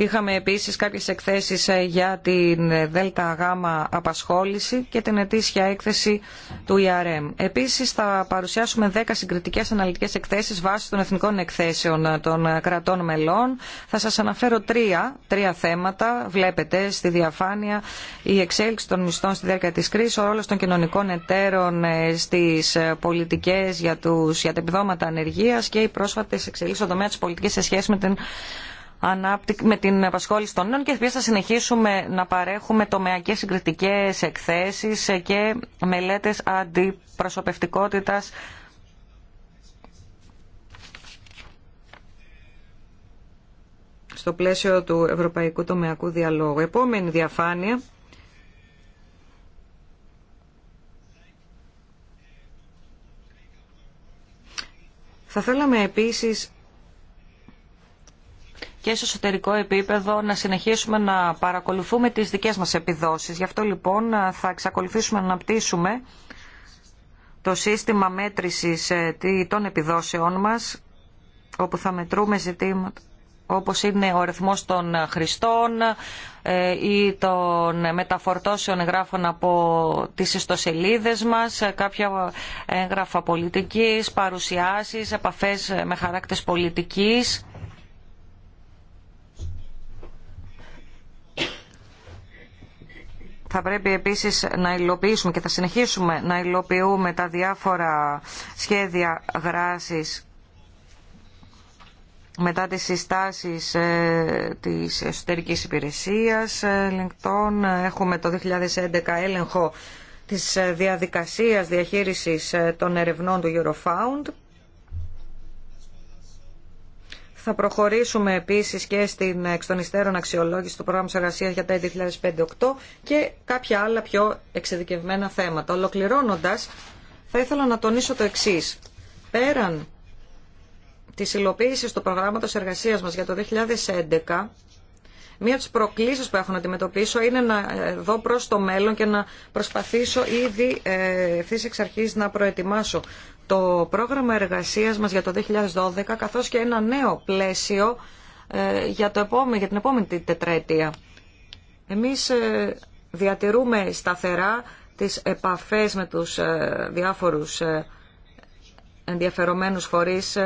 S3: Είχαμε επίσης κάποιες εκθέσεις ε, για την ε, ΔΕΛΤΑΓΑΜΑ απασχόληση και την ετήσια έκθεση του ERM. Επίσης θα παρουσιάσουμε 10 συγκριτικές αναλυτικές εκθέσεις βάσει των εθνικών εκθέσεων ε, των κρατών μελών. Θα σας αναφέρω τρία, τρία θέματα. Βλέπετε στη διαφάνεια η εξέλιξη των μισθών στη διάρκεια της κρίσης, ο ρόλος των κοινωνικών εταίρων στις πολιτικές για, τους, για τα επιδόματα ανεργίας και οι πρόσφατες εξελίξεις στον τομέα της πολιτικής σε σχέση με την με την απασχόληση των νέων και επίση θα συνεχίσουμε να παρέχουμε τομεακέ συγκριτικέ εκθέσει και μελέτες αντιπροσωπευτικότητα. στο πλαίσιο του Ευρωπαϊκού Τομεακού Διαλόγου. Επόμενη διαφάνεια. Θα θέλαμε επίσης και σε εσωτερικό επίπεδο να συνεχίσουμε να παρακολουθούμε τις δικές μας επιδόσεις. Γι' αυτό λοιπόν θα εξακολουθήσουμε να αναπτύσσουμε το σύστημα μέτρησης ε, των επιδόσεών μας, όπου θα μετρούμε ζητήματα όπως είναι ο αριθμός των χρηστών ε, ή των μεταφορτώσεων εγγράφων από τις ιστοσελίδες μας, ε, κάποια έγγραφα πολιτικής, παρουσιάσεις, επαφές με χαράκτες πολιτικής Θα πρέπει επίσης να υλοποιήσουμε και θα συνεχίσουμε να υλοποιούμε τα διάφορα σχέδια γράσης μετά τις συστάσεις ε, της εσωτερικής υπηρεσίας ε, ελεγκτών. Έχουμε το 2011 έλεγχο της ε, διαδικασίας διαχείρισης των ερευνών του Eurofound θα προχωρήσουμε επίσης και στην εξ αξιολόγηση του πρόγραμματος εργασία για τα 2005-2008 και κάποια άλλα πιο εξειδικευμένα θέματα. Ολοκληρώνοντα, θα ήθελα να τονίσω το εξή: Πέραν τη υλοποίηση του προγράμματο εργασία μας για το 2011, Μία από τι προκλήσει που έχω να αντιμετωπίσω είναι να ε, δω προ το μέλλον και να προσπαθήσω ήδη ε, ευθύ εξ αρχή να προετοιμάσω το πρόγραμμα εργασίας μας για το 2012 καθώς και ένα νέο πλαίσιο ε, για, το επόμενο, για την επόμενη τετραετία. Εμείς ε, διατηρούμε σταθερά τις επαφές με τους ε, διάφορους ενδιαφερομένους φορείς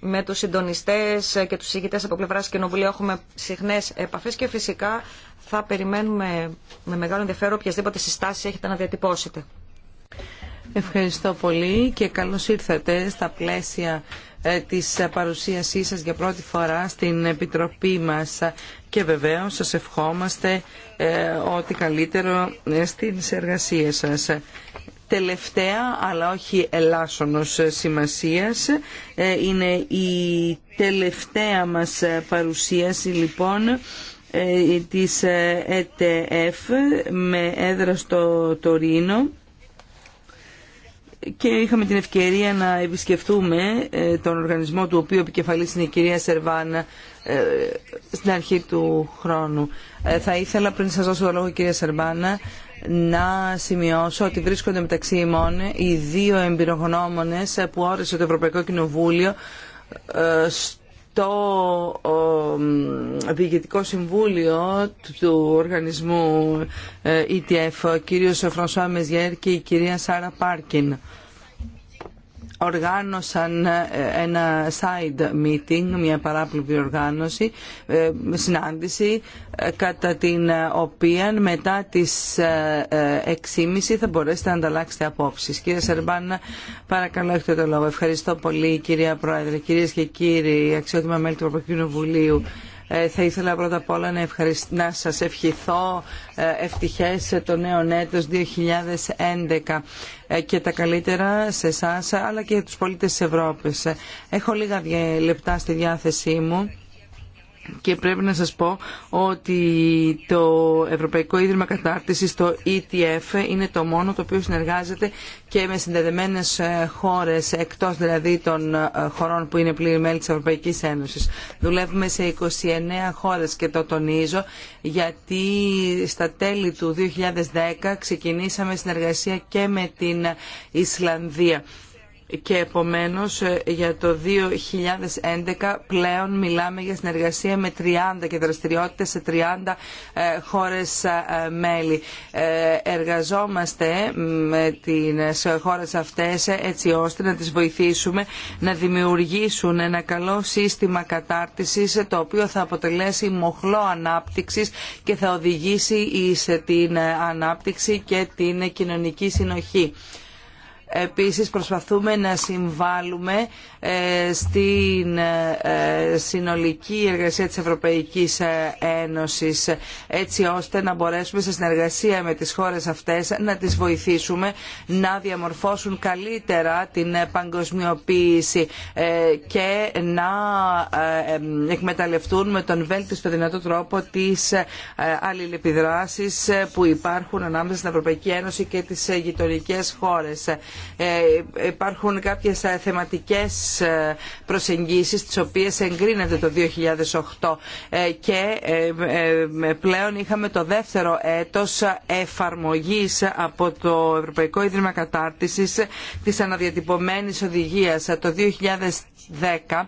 S3: με τους συντονιστές και τους ηγητές από πλευράς Κοινοβουλίου έχουμε συχνές επαφές και φυσικά θα περιμένουμε με μεγάλο ενδιαφέρον οποιασδήποτε συστάσεις έχετε να διατυπώσετε.
S4: Ευχαριστώ πολύ και καλώς ήρθατε στα πλαίσια ε, της παρουσίασής σας για πρώτη φορά στην Επιτροπή μας και βεβαίως σας ευχόμαστε ε, ό,τι καλύτερο ε, στην εργασία σας. Τελευταία, αλλά όχι ελάσσονος σημασίας, είναι η τελευταία μας παρουσίαση λοιπόν της ΕΤΕΦ με έδρα στο Τωρίνο και είχαμε την ευκαιρία να επισκεφτούμε ε, τον οργανισμό του οποίου επικεφαλής είναι η κυρία Σερβάνα ε, στην αρχή του χρόνου. Ε, θα ήθελα πριν σας δώσω το λόγο κυρία Σερβάνα να σημειώσω ότι βρίσκονται μεταξύ ημών οι δύο εμπειρογνώμονες που όρισε το Ευρωπαϊκό Κοινοβούλιο το Διοικητικό Συμβούλιο του οργανισμού ε, ETF, ο κύριος Φρανσουά Μεζιέρ και η κυρία Σάρα Πάρκιν οργάνωσαν ε, ένα side meeting, μια παράπλευρη οργάνωση, ε, συνάντηση, ε, κατά την οποία μετά τις 6.30 θα μπορέσετε να ανταλλάξετε απόψεις. Κύριε Σερμπάν, παρακαλώ έχετε το λόγο. Ευχαριστώ πολύ κυρία Πρόεδρε, κυρίες και κύριοι, αξιότιμα μέλη του Ευρωπαϊκού Κοινοβουλίου θα ήθελα πρώτα απ' όλα να, ευχαρισ... σας ευχηθώ ευτυχές το νέο έτος 2011. Ε, και τα καλύτερα σε εσά αλλά και τους πολίτες της Ευρώπης. Έχω λίγα λεπτά στη διάθεσή μου και πρέπει να σας πω ότι το Ευρωπαϊκό Ίδρυμα Κατάρτισης, το ETF, είναι το μόνο το οποίο συνεργάζεται και με συνδεδεμένες ε, χώρες, εκτός δηλαδή των ε, χωρών που είναι πλήρη μέλη της Ευρωπαϊκής Ένωσης. Δουλεύουμε σε 29 χώρες και το τονίζω, γιατί στα τέλη του 2010 ξεκινήσαμε συνεργασία και με την Ισλανδία και επομένως ε, για το 2011 πλέον μιλάμε για συνεργασία με 30 και δραστηριότητες σε 30 ε, χώρες ε, μέλη. Εργαζόμαστε με τις χώρες αυτές έτσι ώστε να τις βοηθήσουμε να δημιουργήσουν ένα καλό σύστημα κατάρτισης το οποίο θα αποτελέσει μοχλό ανάπτυξης και θα οδηγήσει σε την ανάπτυξη και την κοινωνική συνοχή. Επίσης προσπαθούμε να συμβάλλουμε ε, στην ε, ε, συνολική εργασία της Ευρωπαϊκής Ένωσης έτσι ώστε να μπορέσουμε σε συνεργασία με τις χώρες αυτές να τις βοηθήσουμε να διαμορφώσουν καλύτερα την παγκοσμιοποίηση και να εκμεταλλευτούν με τον βέλτιστο δυνατό τρόπο τις αλληλεπιδράσεις που υπάρχουν ανάμεσα στην Ευρωπαϊκή Ένωση και τις γειτονικές χώρες ε, υπάρχουν κάποιες ε, θεματικές ε, προσεγγίσεις τις οποίες εγκρίνεται το 2008 και πλέον είχαμε το δεύτερο έτος εφαρμογής από το Ευρωπαϊκό Ίδρυμα Κατάρτισης της αναδιατυπωμένης οδηγίας το 2010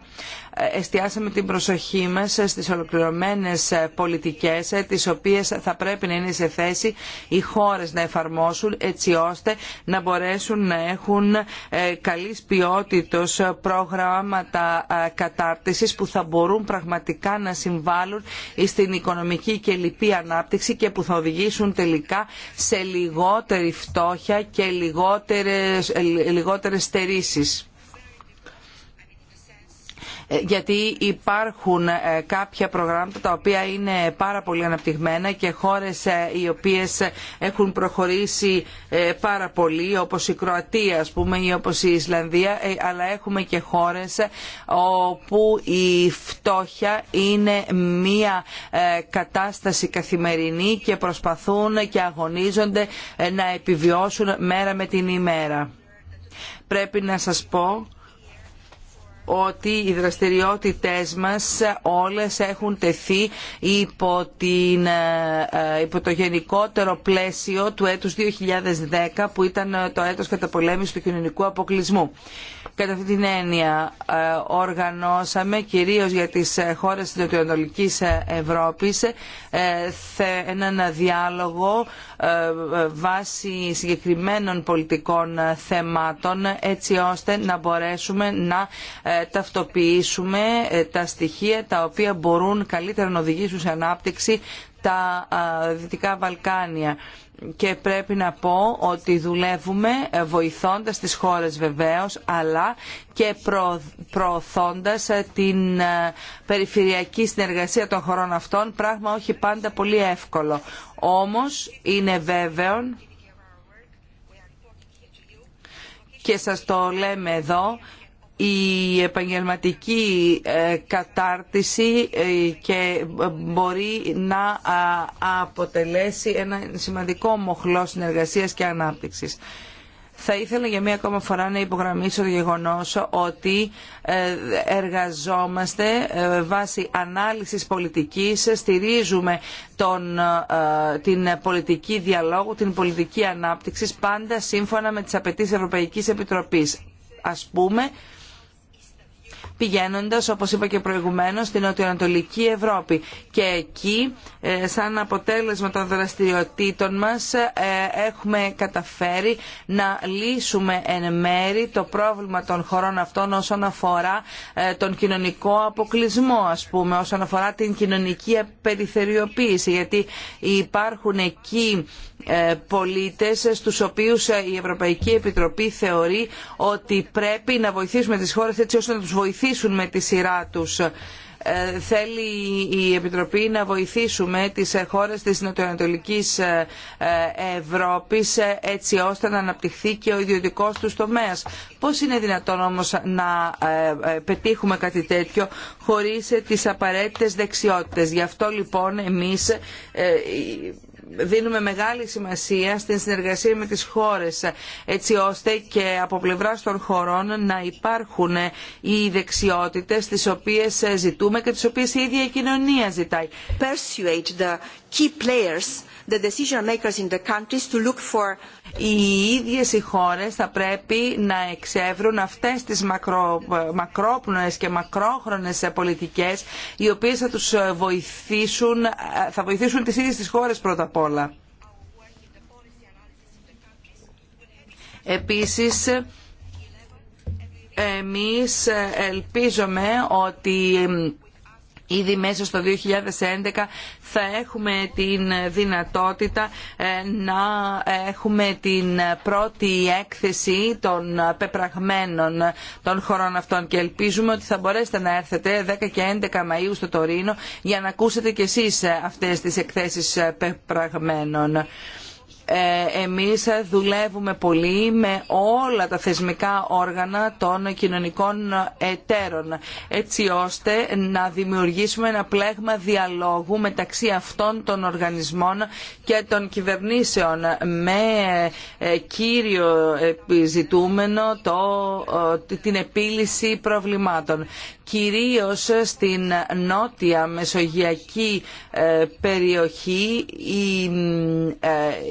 S4: εστιάσαμε την προσοχή μας στις ολοκληρωμένες πολιτικές τις οποίες θα πρέπει να είναι σε θέση οι χώρες να εφαρμόσουν έτσι ώστε να μπορέσουν να έχουν ε, καλής ποιότητος προγράμματα ε, κατάρτισης που θα μπορούν πραγματικά να συμβάλλουν στην οικονομική και λοιπή ανάπτυξη και που θα οδηγήσουν τελικά σε λιγότερη φτώχεια και λιγότερες, λιγότερες στερήσεις γιατί υπάρχουν ε, κάποια προγράμματα τα οποία είναι πάρα πολύ αναπτυγμένα και χώρες ε, οι οποίες έχουν προχωρήσει ε, πάρα πολύ όπως η Κροατία ας πούμε ή όπως η Ισλανδία αλλά έχουμε και χώρες όπου η φτώχεια είναι μια κατάσταση καθημερινή και προσπαθούν και αγωνίζονται να επιβιώσουν μέρα με την ημέρα. Πρέπει να σας πω ότι οι δραστηριότητες μας όλες έχουν τεθεί υπό, την, ε, ε, υπό το γενικότερο πλαίσιο του έτους 2010 που ήταν ε, το έτος καταπολέμησης του κοινωνικού αποκλεισμού. Κατά αυτή την έννοια οργανώσαμε κυρίως για τις χώρες της Νοτιοανατολικής Ευρώπης έναν διάλογο βάσει συγκεκριμένων πολιτικών θεμάτων έτσι ώστε να μπορέσουμε να ταυτοποιήσουμε ε, τα στοιχεία τα οποία μπορούν καλύτερα να οδηγήσουν σε ανάπτυξη τα Δυτικά Βαλκάνια και πρέπει να πω ότι δουλεύουμε ε, βοηθώντας τις χώρες βεβαίως αλλά και προωθώντας ε, την περιφερειακή συνεργασία των χωρών αυτών πράγμα όχι πάντα πολύ εύκολο. Όμως είναι βέβαιο και σας το λέμε εδώ η επαγγελματική ε, κατάρτιση ε, και ε, μπορεί να αποτελέσει ένα σημαντικό μοχλό συνεργασίας και ανάπτυξης. Θα ήθελα για μία ακόμα φορά να υπογραμμίσω το γεγονός ότι εργαζόμαστε βάσει ανάλυσης πολιτικής, στηρίζουμε τον, την πολιτική διαλόγου, την πολιτική ανάπτυξης, πάντα σύμφωνα με τις απαιτήσεις Ευρωπαϊκής Επιτροπής. Ας πούμε, πηγαίνοντας, όπως είπα και προηγουμένως, στην νοτιοανατολική Ευρώπη. Και εκεί, ε, σαν αποτέλεσμα των δραστηριοτήτων μας, ε, έχουμε καταφέρει να λύσουμε εν μέρη το πρόβλημα των χωρών αυτών όσον αφορά ε, τον κοινωνικό αποκλεισμό, ας πούμε, όσον αφορά την κοινωνική περιθεριοποίηση, γιατί υπάρχουν εκεί ε, πολίτες στους οποίους ε, η Ευρωπαϊκή Επιτροπή θεωρεί ότι πρέπει να βοηθήσουμε τις χώρες έτσι ώστε να τους βοηθήσουν με τη σειρά τους ε, θέλει η επιτροπή να βοηθήσουμε τις χώρες της νοτιοανατολικής ευρώπης έτσι ώστε να αναπτυχθεί και ο ιδιωτικός τους τομέας. πώς είναι δυνατόν όμως να πετύχουμε κάτι τέτοιο χωρίς τις απαραίτητες δεξιότητες. γι' αυτό λοιπόν εμείς δίνουμε μεγάλη σημασία στην συνεργασία με τις χώρες έτσι ώστε και από πλευρά των χωρών να υπάρχουν οι δεξιότητες τις οποίες ζητούμε και τις οποίες η ίδια η κοινωνία ζητάει οι ίδιες οι χώρες θα πρέπει να εξεύρουν αυτές τις μακρό, μακρόπνοες και μακρόχρονες πολιτικές οι οποίες θα τους βοηθήσουν, θα βοηθήσουν τις ίδιες τις χώρες πρώτα απ' όλα. Επίσης, εμείς ελπίζομαι ότι Ήδη μέσα στο 2011 θα έχουμε την δυνατότητα ε, να έχουμε την πρώτη έκθεση των πεπραγμένων των χωρών αυτών και ελπίζουμε ότι θα μπορέσετε να έρθετε 10 και 11 Μαΐου στο Τωρίνο για να ακούσετε κι εσείς αυτές τις εκθέσεις πεπραγμένων. Ε, εμείς δουλεύουμε πολύ με όλα τα θεσμικά όργανα των κοινωνικών εταίρων έτσι ώστε να δημιουργήσουμε ένα πλέγμα διαλόγου μεταξύ αυτών των οργανισμών και των κυβερνήσεων με ε, κύριο επιζητούμενο το, την επίλυση προβλημάτων κυρίως στην νότια μεσογειακή ε, περιοχή ε,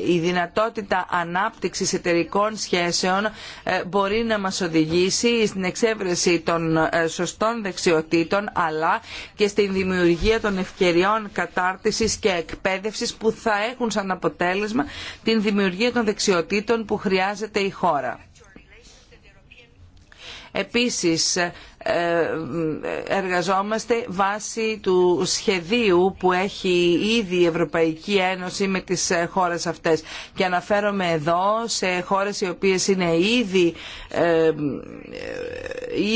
S4: η δυνατότητα ανάπτυξης εταιρικών σχέσεων ε, μπορεί να μας οδηγήσει στην εξέβρεση των σωστών δεξιοτήτων αλλά και στην δημιουργία των ευκαιριών κατάρτισης και εκπαίδευσης που θα έχουν σαν αποτέλεσμα την δημιουργία των δεξιοτήτων που χρειάζεται η χώρα. Επίσης, ε, εργαζόμαστε βάσει του σχεδίου που έχει ήδη η Ευρωπαϊκή Ένωση με τις χώρες αυτές. Και αναφέρομαι εδώ σε χώρες οι οποίες είναι ήδη, ε,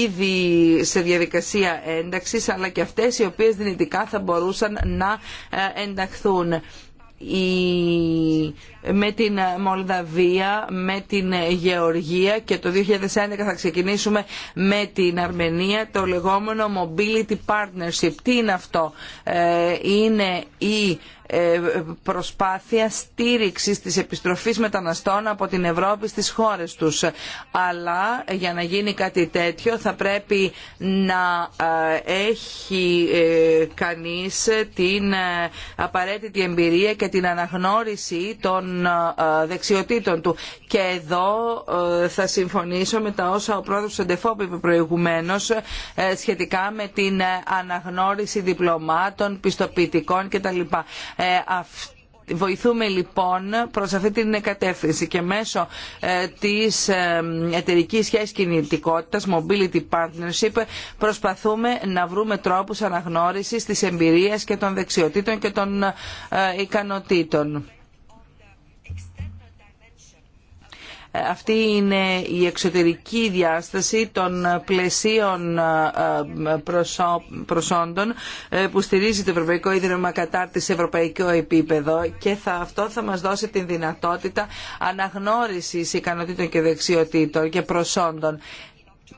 S4: ήδη σε διαδικασία ένταξης, αλλά και αυτές οι οποίες δυνητικά θα μπορούσαν να ε, ενταχθούν. Η με την Μολδαβία, με την Γεωργία και το 2011 θα ξεκινήσουμε με την Αρμενία το λεγόμενο Mobility Partnership. Τι είναι αυτό. Ε, είναι η ε, προσπάθεια στήριξης της επιστροφής μεταναστών από την Ευρώπη στις χώρες τους. Αλλά για να γίνει κάτι τέτοιο θα πρέπει να ε, έχει κανείς την απαραίτητη εμπειρία και την αναγνώριση των των ε, δεξιοτήτων του. Και εδώ ε, θα συμφωνήσω με τα όσα ο πρόεδρος Σεντεφόπ είπε προηγουμένως ε, σχετικά με την αναγνώριση διπλωμάτων, πιστοποιητικών κτλ. Βοηθούμε λοιπόν προς αυτή την κατεύθυνση και μέσω της εταιρικής σχέσης κινητικότητας, mobility partnership, προσπαθούμε να βρούμε τρόπους αναγνώρισης της εμπειρίας και των δεξιοτήτων και των ικανοτήτων. Αυτή είναι η εξωτερική διάσταση των πλαισίων ε, προσόντων ε, που στηρίζει το Ευρωπαϊκό Ίδρυμα Κατάρτιση σε ευρωπαϊκό επίπεδο και θα, αυτό θα μας δώσει την δυνατότητα αναγνώρισης ικανοτήτων και δεξιοτήτων και προσόντων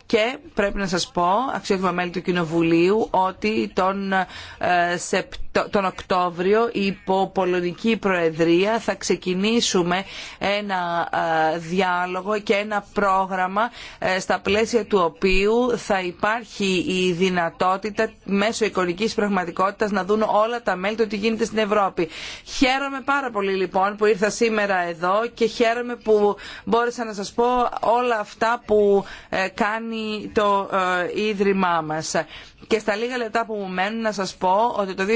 S4: και πρέπει να σας πω, αξιότιμα μέλη του Κοινοβουλίου, ότι τον, ε, τον Οκτώβριο υπό Πολωνική Προεδρία θα ξεκινήσουμε ένα ε, διάλογο και ένα πρόγραμμα ε, στα πλαίσια του οποίου θα υπάρχει η δυνατότητα μέσω εικονικής πραγματικότητας να δουν όλα τα μέλη του τι γίνεται στην Ευρώπη. Χαίρομαι πάρα πολύ λοιπόν που ήρθα σήμερα εδώ και χαίρομαι που μπόρεσα να σας πω όλα αυτά που κάνει κάνει το ε, Ίδρυμά μας. Και στα λίγα λεπτά που μου μένουν να σας πω ότι το 2011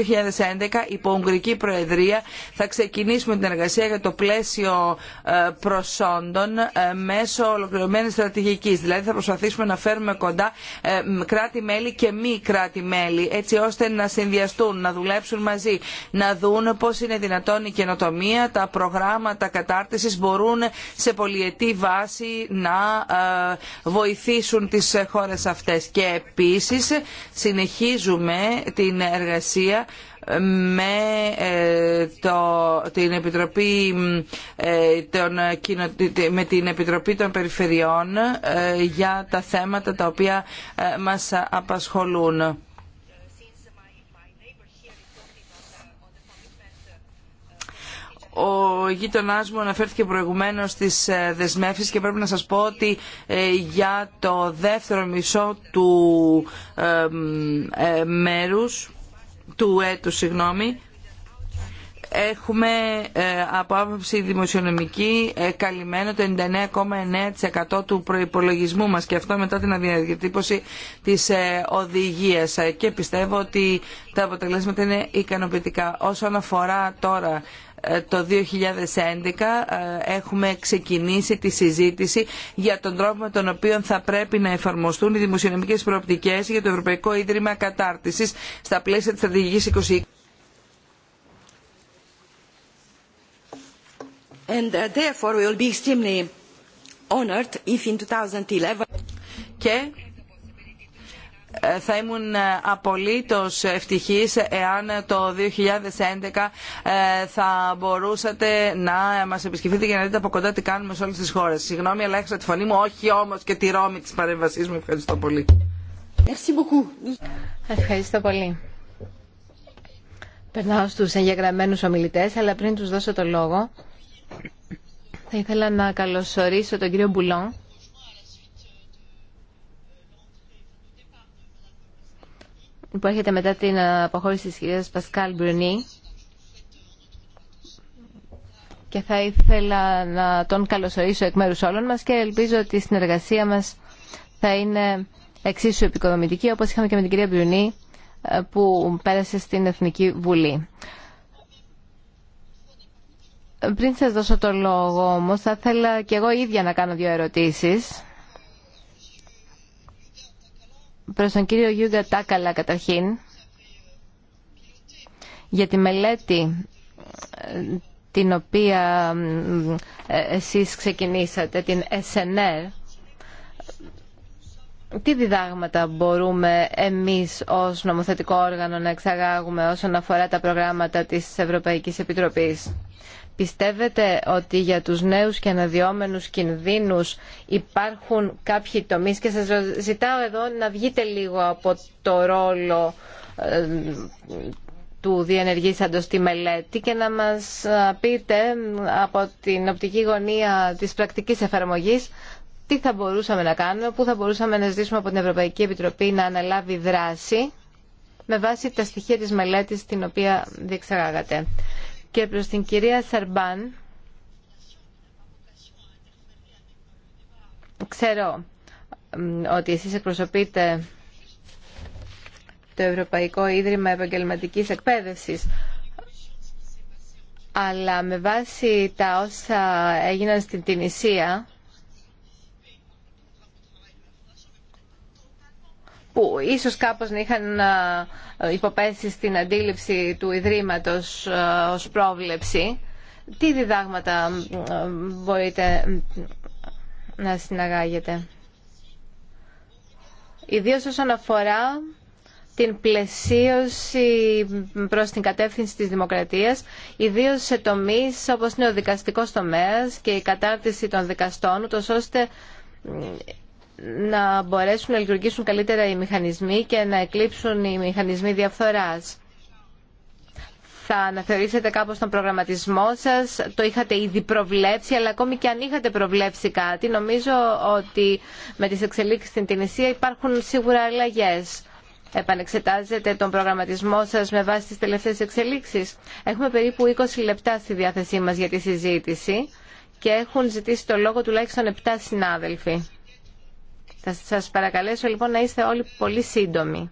S4: υπό Ουγγρική Προεδρία θα ξεκινήσουμε την εργασία για το πλαίσιο ε, προσόντων ε, μέσω ολοκληρωμένης στρατηγικής. Δηλαδή θα προσπαθήσουμε να φέρουμε κοντά ε, κράτη-μέλη και μη κράτη-μέλη έτσι ώστε να συνδυαστούν, να δουλέψουν μαζί, να δουν πώς είναι δυνατόν η καινοτομία, τα προγράμματα κατάρτισης μπορούν σε πολυετή βάση να βοηθήσουν τις χώρες αυτές. Και επίσης συνεχίζουμε την εργασία με ε, το, την Επιτροπή ε, των, με την Επιτροπή των Περιφερειών ε, για τα θέματα τα οποία μας απασχολούν. Ο γείτονά μου αναφέρθηκε προηγουμένω στι ε, δεσμεύσει και πρέπει να σα πω ότι ε, για το δεύτερο μισό του ε, μέρου, του έτου, συγγνώμη, έχουμε από άποψη δημοσιονομική καλυμμένο το 99,9% του προϋπολογισμού μας και αυτό μετά την αδιατύπωση της οδηγίας και πιστεύω ότι τα αποτελέσματα είναι ικανοποιητικά. Όσον αφορά τώρα ε, το 2011 ε, έχουμε ξεκινήσει τη συζήτηση για τον τρόπο με τον οποίο θα πρέπει να εφαρμοστούν οι δημοσιονομικές προοπτικές για το Ευρωπαϊκό Ίδρυμα Κατάρτισης στα πλαίσια της στρατηγικής 20. And uh, therefore we will be extremely if in 2011... Ε, θα ήμουν ε, απολύτως ευτυχής εάν ε, το 2011 θα μπορούσατε να μας επισκεφτείτε για να δείτε από κοντά τι κάνουμε σε όλες τις χώρες. Συγγνώμη, αλλά έχασα τη φωνή μου, όχι όμως και τη ρόμη της παρέμβασής μου. Ευχαριστώ πολύ.
S1: Ευχαριστώ πολύ. Περνάω στους εγγεγραμμένους ομιλητές, αλλά πριν τους δώσω το λόγο, θα ήθελα να καλωσορίσω τον κύριο Μπουλόν, που έρχεται μετά την αποχώρηση της κυρίας Πασκάλ Μπρουνί και θα ήθελα να τον καλωσορίσω εκ μέρους όλων μας και ελπίζω ότι η συνεργασία μας θα είναι εξίσου επικοδομητική όπως είχαμε και με την κυρία Μπρουνί ε, που πέρασε στην Εθνική Βουλή. Πριν σας δώσω το λόγο όμως θα ήθελα και εγώ ίδια να κάνω δύο ερωτήσεις προς τον κύριο Γιούγκα Τάκαλα καταρχήν για τη μελέτη ε, την οποία ε, ε, εσείς ξεκινήσατε, την SNR. Τι διδάγματα μπορούμε εμείς ως νομοθετικό όργανο να εξαγάγουμε όσον αφορά τα προγράμματα της Ευρωπαϊκής Επιτροπής. Πιστεύετε ότι για τους νέους και αναδυόμενους κινδύνους υπάρχουν κάποιοι τομείς και σας ζητάω εδώ να βγείτε λίγο από το ρόλο ε, του διενεργήσαντος τη μελέτη και να μας ε, πείτε ε, από την οπτική γωνία της πρακτικής εφαρμογής τι θα μπορούσαμε να κάνουμε, πού θα μπορούσαμε να ζητήσουμε από την Ευρωπαϊκή Επιτροπή να αναλάβει δράση με βάση τα στοιχεία της μελέτης την οποία διεξαγάγατε και προς την κυρία Σαρμπάν. Ξέρω ότι εσείς εκπροσωπείτε το Ευρωπαϊκό Ίδρυμα Επαγγελματικής Εκπαίδευσης αλλά με βάση τα όσα έγιναν στην Τινησία που ίσως κάπως να είχαν ε, υποπέσει στην αντίληψη του Ιδρύματος ε, ως πρόβλεψη. Τι διδάγματα ε, μπορείτε να συναγάγετε. Ιδίως όσον αφορά την πλαισίωση προς την κατεύθυνση της δημοκρατίας, ιδίως σε τομείς όπως είναι ο δικαστικός τομέας και η κατάρτιση των δικαστών, ούτως ώστε να μπορέσουν να λειτουργήσουν καλύτερα οι μηχανισμοί και να εκλείψουν οι μηχανισμοί διαφθοράς. Θα αναθεωρήσετε κάπως τον προγραμματισμό σας, το είχατε ήδη προβλέψει, αλλά ακόμη και αν είχατε προβλέψει κάτι, νομίζω ότι με τις εξελίξεις στην Τινησία υπάρχουν σίγουρα αλλαγές. Επανεξετάζετε τον προγραμματισμό σας με βάση τις τελευταίες εξελίξεις. Έχουμε περίπου 20 λεπτά στη διάθεσή μας για τη συζήτηση και έχουν ζητήσει το λόγο τουλάχιστον 7 συνάδελφοι. Θα σας παρακαλέσω λοιπόν να είστε όλοι πολύ σύντομοι.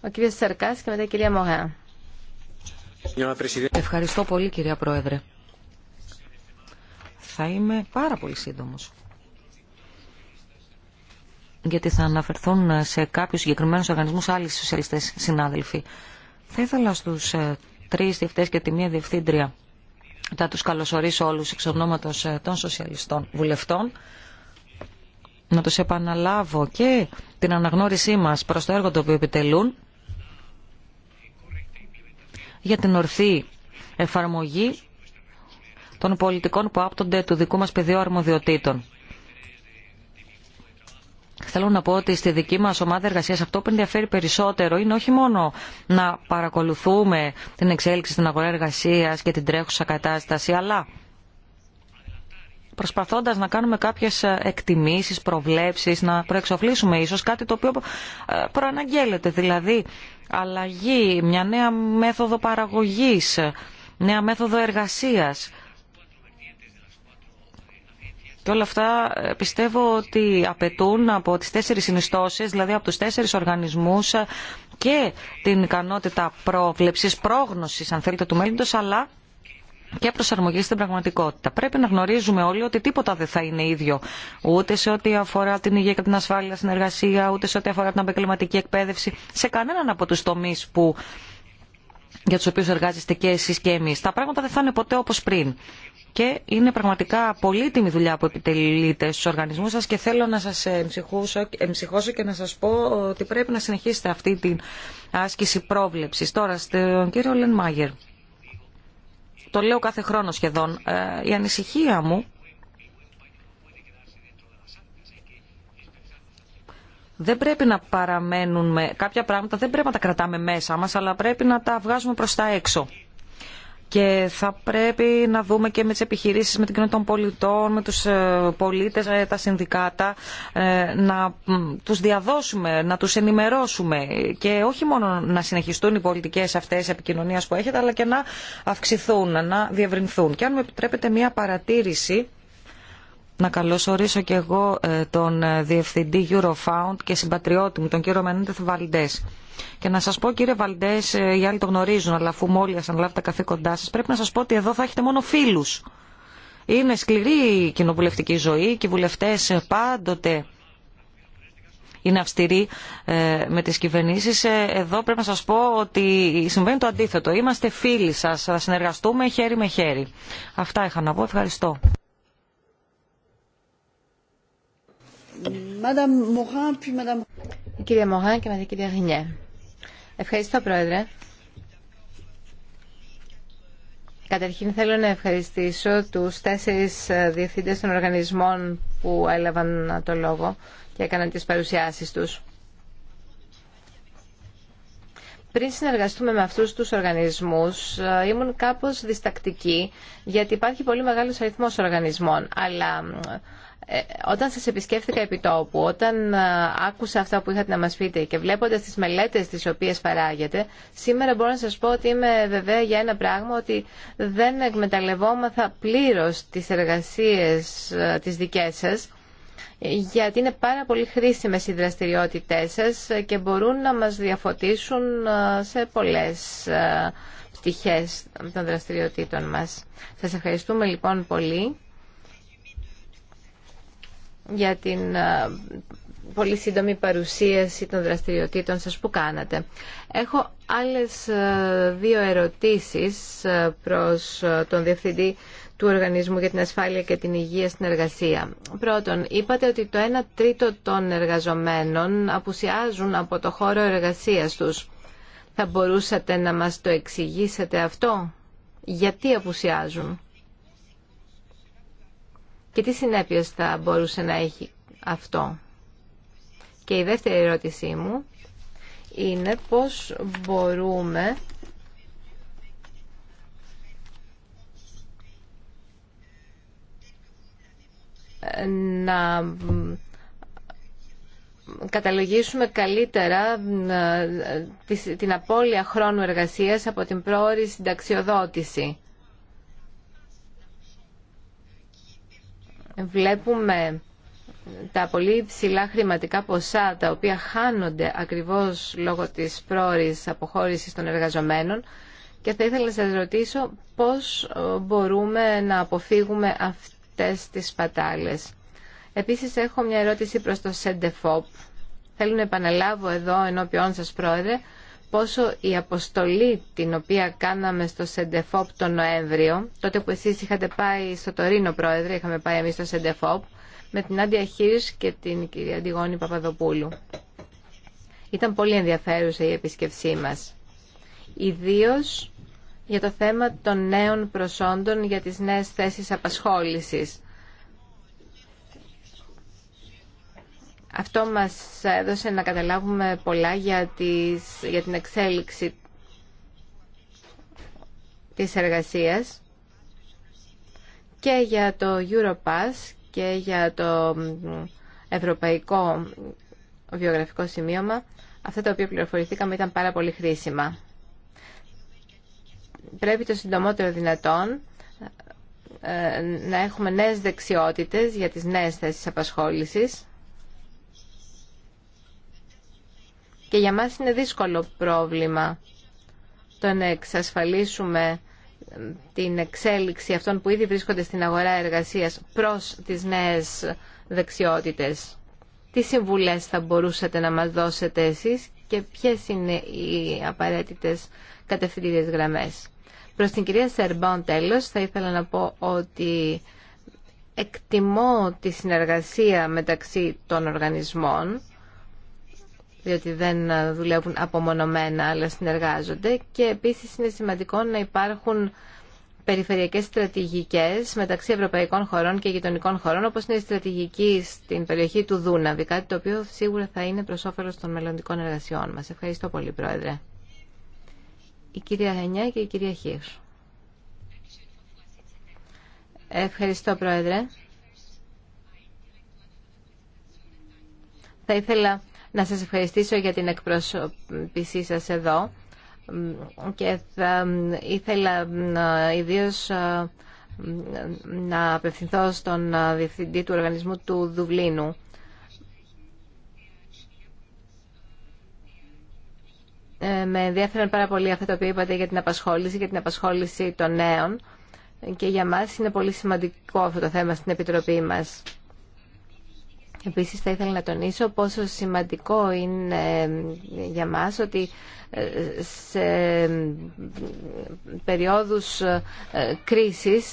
S1: Ο κύριος Σαρκάς και μετά η κυρία Μογά. Ευχαριστώ πολύ κυρία
S3: Πρόεδρε. Θα είμαι πάρα πολύ σύντομος. Γιατί θα αναφερθούν σε κάποιους συγκεκριμένους οργανισμούς άλλοι σοσιαλιστές συνάδελφοι. Θα ήθελα στους ε, τρεις διευθυντές και τη μία διευθύντρια να τους καλωσορίσω όλους εξ ονόματος ε, των σοσιαλιστών βουλευτών να τους επαναλάβω και την αναγνώρισή μας προς το έργο το οποίο επιτελούν για την ορθή εφαρμογή των πολιτικών που άπτονται του δικού μας πεδίου αρμοδιοτήτων. Θέλω να πω ότι στη δική μας ομάδα εργασίας αυτό που ενδιαφέρει περισσότερο είναι όχι μόνο να παρακολουθούμε την εξέλιξη στην αγορά εργασίας και την τρέχουσα κατάσταση, αλλά προσπαθώντας να κάνουμε κάποιες ε, εκτιμήσεις, προβλέψεις, να προεξοφλήσουμε ίσως κάτι το οποίο ε, προαναγγέλλεται, δηλαδή αλλαγή, μια νέα μέθοδο παραγωγής, νέα μέθοδο εργασίας. Και όλα αυτά ε, πιστεύω ότι απαιτούν από τις τέσσερις συνιστώσεις, δηλαδή από τους τέσσερις οργανισμούς και την ικανότητα πρόβλεψης, πρόγνωσης αν θέλετε του μέλλοντος, αλλά και προσαρμογή στην πραγματικότητα. Πρέπει να γνωρίζουμε όλοι ότι τίποτα δεν θα είναι ίδιο. Ούτε σε ό,τι αφορά την υγεία και την ασφάλεια στην εργασία, ούτε σε ό,τι αφορά την επαγγελματική εκπαίδευση, σε κανέναν από του τομεί που για τους οποίους εργάζεστε και εσείς και εμείς. Τα πράγματα δεν θα είναι ποτέ όπως πριν. Και είναι πραγματικά πολύτιμη δουλειά που επιτελείτε στους οργανισμούς σας και θέλω να σας εμψυχώσω, και να σας πω ότι πρέπει να συνεχίσετε αυτή την άσκηση πρόβλεψης. Τώρα, στον κύριο Λεν το λέω κάθε χρόνο σχεδόν, ε, η ανησυχία μου δεν πρέπει να παραμένουν κάποια πράγματα δεν πρέπει να τα κρατάμε μέσα μας, αλλά πρέπει να τα βγάζουμε προς τα έξω. Και θα πρέπει να δούμε και με τις επιχειρήσεις, με την κοινότητα των πολιτών, με τους ε, πολίτες, με τα συνδικάτα, ε, να τους διαδώσουμε, να τους ενημερώσουμε και όχι μόνο να συνεχιστούν οι πολιτικές αυτές επικοινωνίας που έχετε, αλλά και να αυξηθούν, να διευρυνθούν. Και αν μου επιτρέπετε μία παρατήρηση να καλωσορίσω και εγώ ε, τον ε, Διευθυντή Eurofound και συμπατριώτη μου, τον κύριο Μενέντεθ Βαλντές. Και να σας πω κύριε Βαλντές, ε, οι άλλοι το γνωρίζουν, αλλά αφού μόλι αναλάβετε τα καθήκοντά σας, πρέπει να σας πω ότι εδώ θα έχετε μόνο φίλους. Είναι σκληρή η κοινοβουλευτική ζωή και οι βουλευτές πάντοτε είναι αυστηροί με τις κυβερνήσεις. εδώ πρέπει να σας πω ότι συμβαίνει το αντίθετο. Είμαστε φίλοι σας, θα συνεργαστούμε χέρι με χέρι. Αυτά είχα να πω. Ευχαριστώ.
S1: κυρία Μοχά και μετά η κυρία Ευχαριστώ, Πρόεδρε. Καταρχήν θέλω να ευχαριστήσω τους τέσσερις ε, διευθύντες των οργανισμών που έλαβαν ε, το λόγο και έκαναν τις παρουσιάσεις τους. Πριν συνεργαστούμε με αυτούς τους οργανισμούς ε, ήμουν κάπως διστακτική γιατί υπάρχει πολύ μεγάλος αριθμός οργανισμών αλλά ε, όταν σας επισκέφθηκα επί τόπου, όταν ε, άκουσα αυτά που είχατε να μας πείτε και βλέποντας τις μελέτες τις οποίες παράγετε, σήμερα μπορώ να σας πω ότι είμαι βεβαία για ένα πράγμα ότι δεν εκμεταλλευόμαθα πλήρως τις εργασίες ε, τις δικές σας γιατί είναι πάρα πολύ χρήσιμες οι δραστηριότητές σας και μπορούν να μας διαφωτίσουν σε πολλές πτυχές των δραστηριοτήτων μας. Σας ευχαριστούμε λοιπόν πολύ για την ε, πολύ σύντομη παρουσίαση των δραστηριοτήτων σας που κάνατε. Έχω άλλες ε, δύο ερωτήσεις ε, προς τον Διευθυντή του Οργανισμού για την Ασφάλεια και την Υγεία στην Εργασία. Πρώτον, είπατε ότι το 1 τρίτο των εργαζομένων απουσιάζουν από το χώρο εργασίας τους. Θα μπορούσατε να μας το εξηγήσετε αυτό. Γιατί απουσιάζουν και τι συνέπειες θα μπορούσε να έχει αυτό. Και η δεύτερη ερώτησή μου είναι πώς μπορούμε να καταλογίσουμε καλύτερα ε, την απώλεια χρόνου εργασίας από την πρόορη συνταξιοδότηση. βλέπουμε τα πολύ ψηλά χρηματικά ποσά τα οποία χάνονται ακριβώς λόγω της πρόορης αποχώρησης των εργαζομένων και θα ήθελα να σας ρωτήσω πώς ε, μπορούμε να αποφύγουμε αυτές τις πατάλες. Επίσης έχω μια ερώτηση προς το ΣΕΝΤΕΦΟΠ. Θέλω να επαναλάβω εδώ ενώπιόν σας πρόεδρε πόσο η αποστολή την οποία κάναμε στο Σεντεφόπ τον Νοέμβριο, τότε που εσείς είχατε πάει στο Τωρίνο Πρόεδρε, είχαμε πάει εμείς στο Σεντεφόπ, με την Άντια και την κυρία Αντιγόνη Παπαδοπούλου. Ήταν πολύ ενδιαφέρουσα η επίσκεψή μας. Ιδίως για το θέμα των νέων προσόντων για τις νέες θέσεις απασχόλησης Αυτό μας έδωσε να καταλάβουμε πολλά για, για την εξέλιξη της εργασίας και για το Europass και για το Ευρωπαϊκό Βιογραφικό Σημείωμα. Αυτά τα οποία πληροφορηθήκαμε ήταν πάρα πολύ χρήσιμα. Πρέπει το συντομότερο δυνατόν ε, να έχουμε νέες δεξιότητες για τις νέες θέσεις απασχόλησης και για μας είναι δύσκολο πρόβλημα το να εξασφαλίσουμε την εξέλιξη αυτών που ήδη βρίσκονται στην αγορά εργασίας προς τις νέες δεξιότητες. Τι συμβουλές θα μπορούσατε να μας δώσετε εσείς και ποιες είναι οι απαραίτητες κατευθυντήριες γραμμές. Προς την κυρία Σερμπάν, τέλος θα ήθελα να πω ότι εκτιμώ τη συνεργασία μεταξύ των οργανισμών διότι δεν ε, δουλεύουν απομονωμένα αλλά συνεργάζονται και επίσης είναι σημαντικό να υπάρχουν περιφερειακές στρατηγικές μεταξύ ευρωπαϊκών χωρών και γειτονικών χωρών όπως είναι η στρατηγική στην περιοχή του Δούναβη, κάτι το οποίο σίγουρα θα είναι προς όφελος των μελλοντικών εργασιών μας. Ευχαριστώ πολύ Πρόεδρε. Η κυρία Γενιά και η κυρία Χίρ. Ευχαριστώ Πρόεδρε. Θα ήθελα να σας ευχαριστήσω για την εκπροσωπησή σας εδώ και θα ήθελα ιδίως ε, να απευθυνθώ στον ε, Διευθυντή του Οργανισμού του Δουβλίνου. Ε, με ενδιαφέρον πάρα πολύ αυτό το οποίο είπατε για την απασχόληση και την απασχόληση των νέων και για μας είναι πολύ σημαντικό αυτό το θέμα στην Επιτροπή μας. Επίσης θα ήθελα να τονίσω πόσο σημαντικό είναι ε, για μας ότι ε, σε ε, περιόδους κρίσης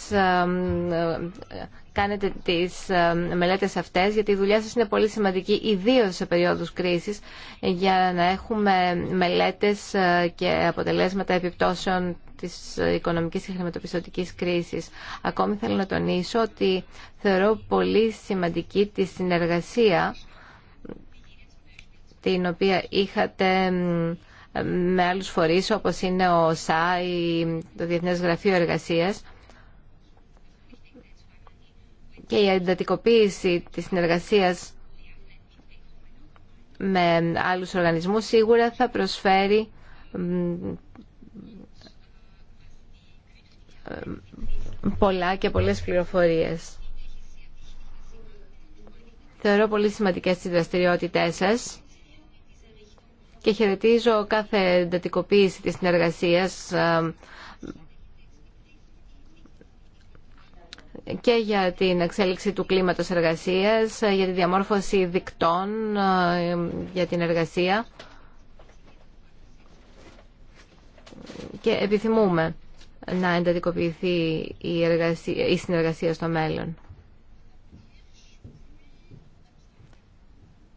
S1: κάνετε τις μελέτες αυτές γιατί η δουλειά σας είναι πολύ σημαντική ιδίως σε περίοδους κρίσης για να έχουμε μελέτες και αποτελέσματα επιπτώσεων της οικονομικής και χρηματοπιστωτικής κρίσης. Ακόμη θέλω να τονίσω ότι θεωρώ πολύ σημαντική τη συνεργασία την οποία είχατε με άλλους φορείς όπως είναι ο ΣΑ ή το Διεθνές Γραφείο Εργασίας και η εντατικοποίηση της συνεργασίας με άλλους οργανισμούς σίγουρα θα προσφέρει ε, πολλά και πολλές πληροφορίες. Θεωρώ πολύ σημαντικές τις δραστηριότητές σας και χαιρετίζω κάθε εντατικοποίηση της συνεργασίας ε, και για την εξέλιξη του κλίματος εργασίας, ε, για τη διαμόρφωση δικτών για την εργασία και επιθυμούμε να εντατικοποιηθεί η, εργασία, η συνεργασία στο μέλλον.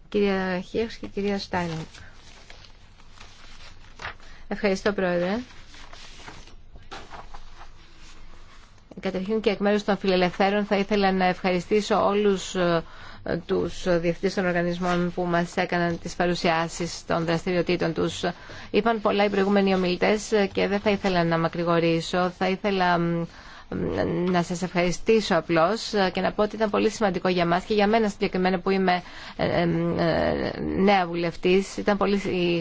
S1: Κυρία Χίευς και κυρία Στάινοκ. Ευχαριστώ, Πρόεδρε. Καταρχήν και εκ μέρους των φιλελευθέρων θα ήθελα να ευχαριστήσω όλους ε, τους διευθυντές των οργανισμών που μας έκαναν τις παρουσιάσεις των δραστηριοτήτων τους. Είπαν πολλά οι προηγούμενοι ομιλητές και δεν θα ήθελα να μακρηγορήσω. Θα ήθελα να σας ευχαριστήσω απλώς και να πω ότι ήταν πολύ σημαντικό για μας και για μένα συγκεκριμένα που είμαι ε, ε, ε, νέα βουλευτής. Ήταν πολύ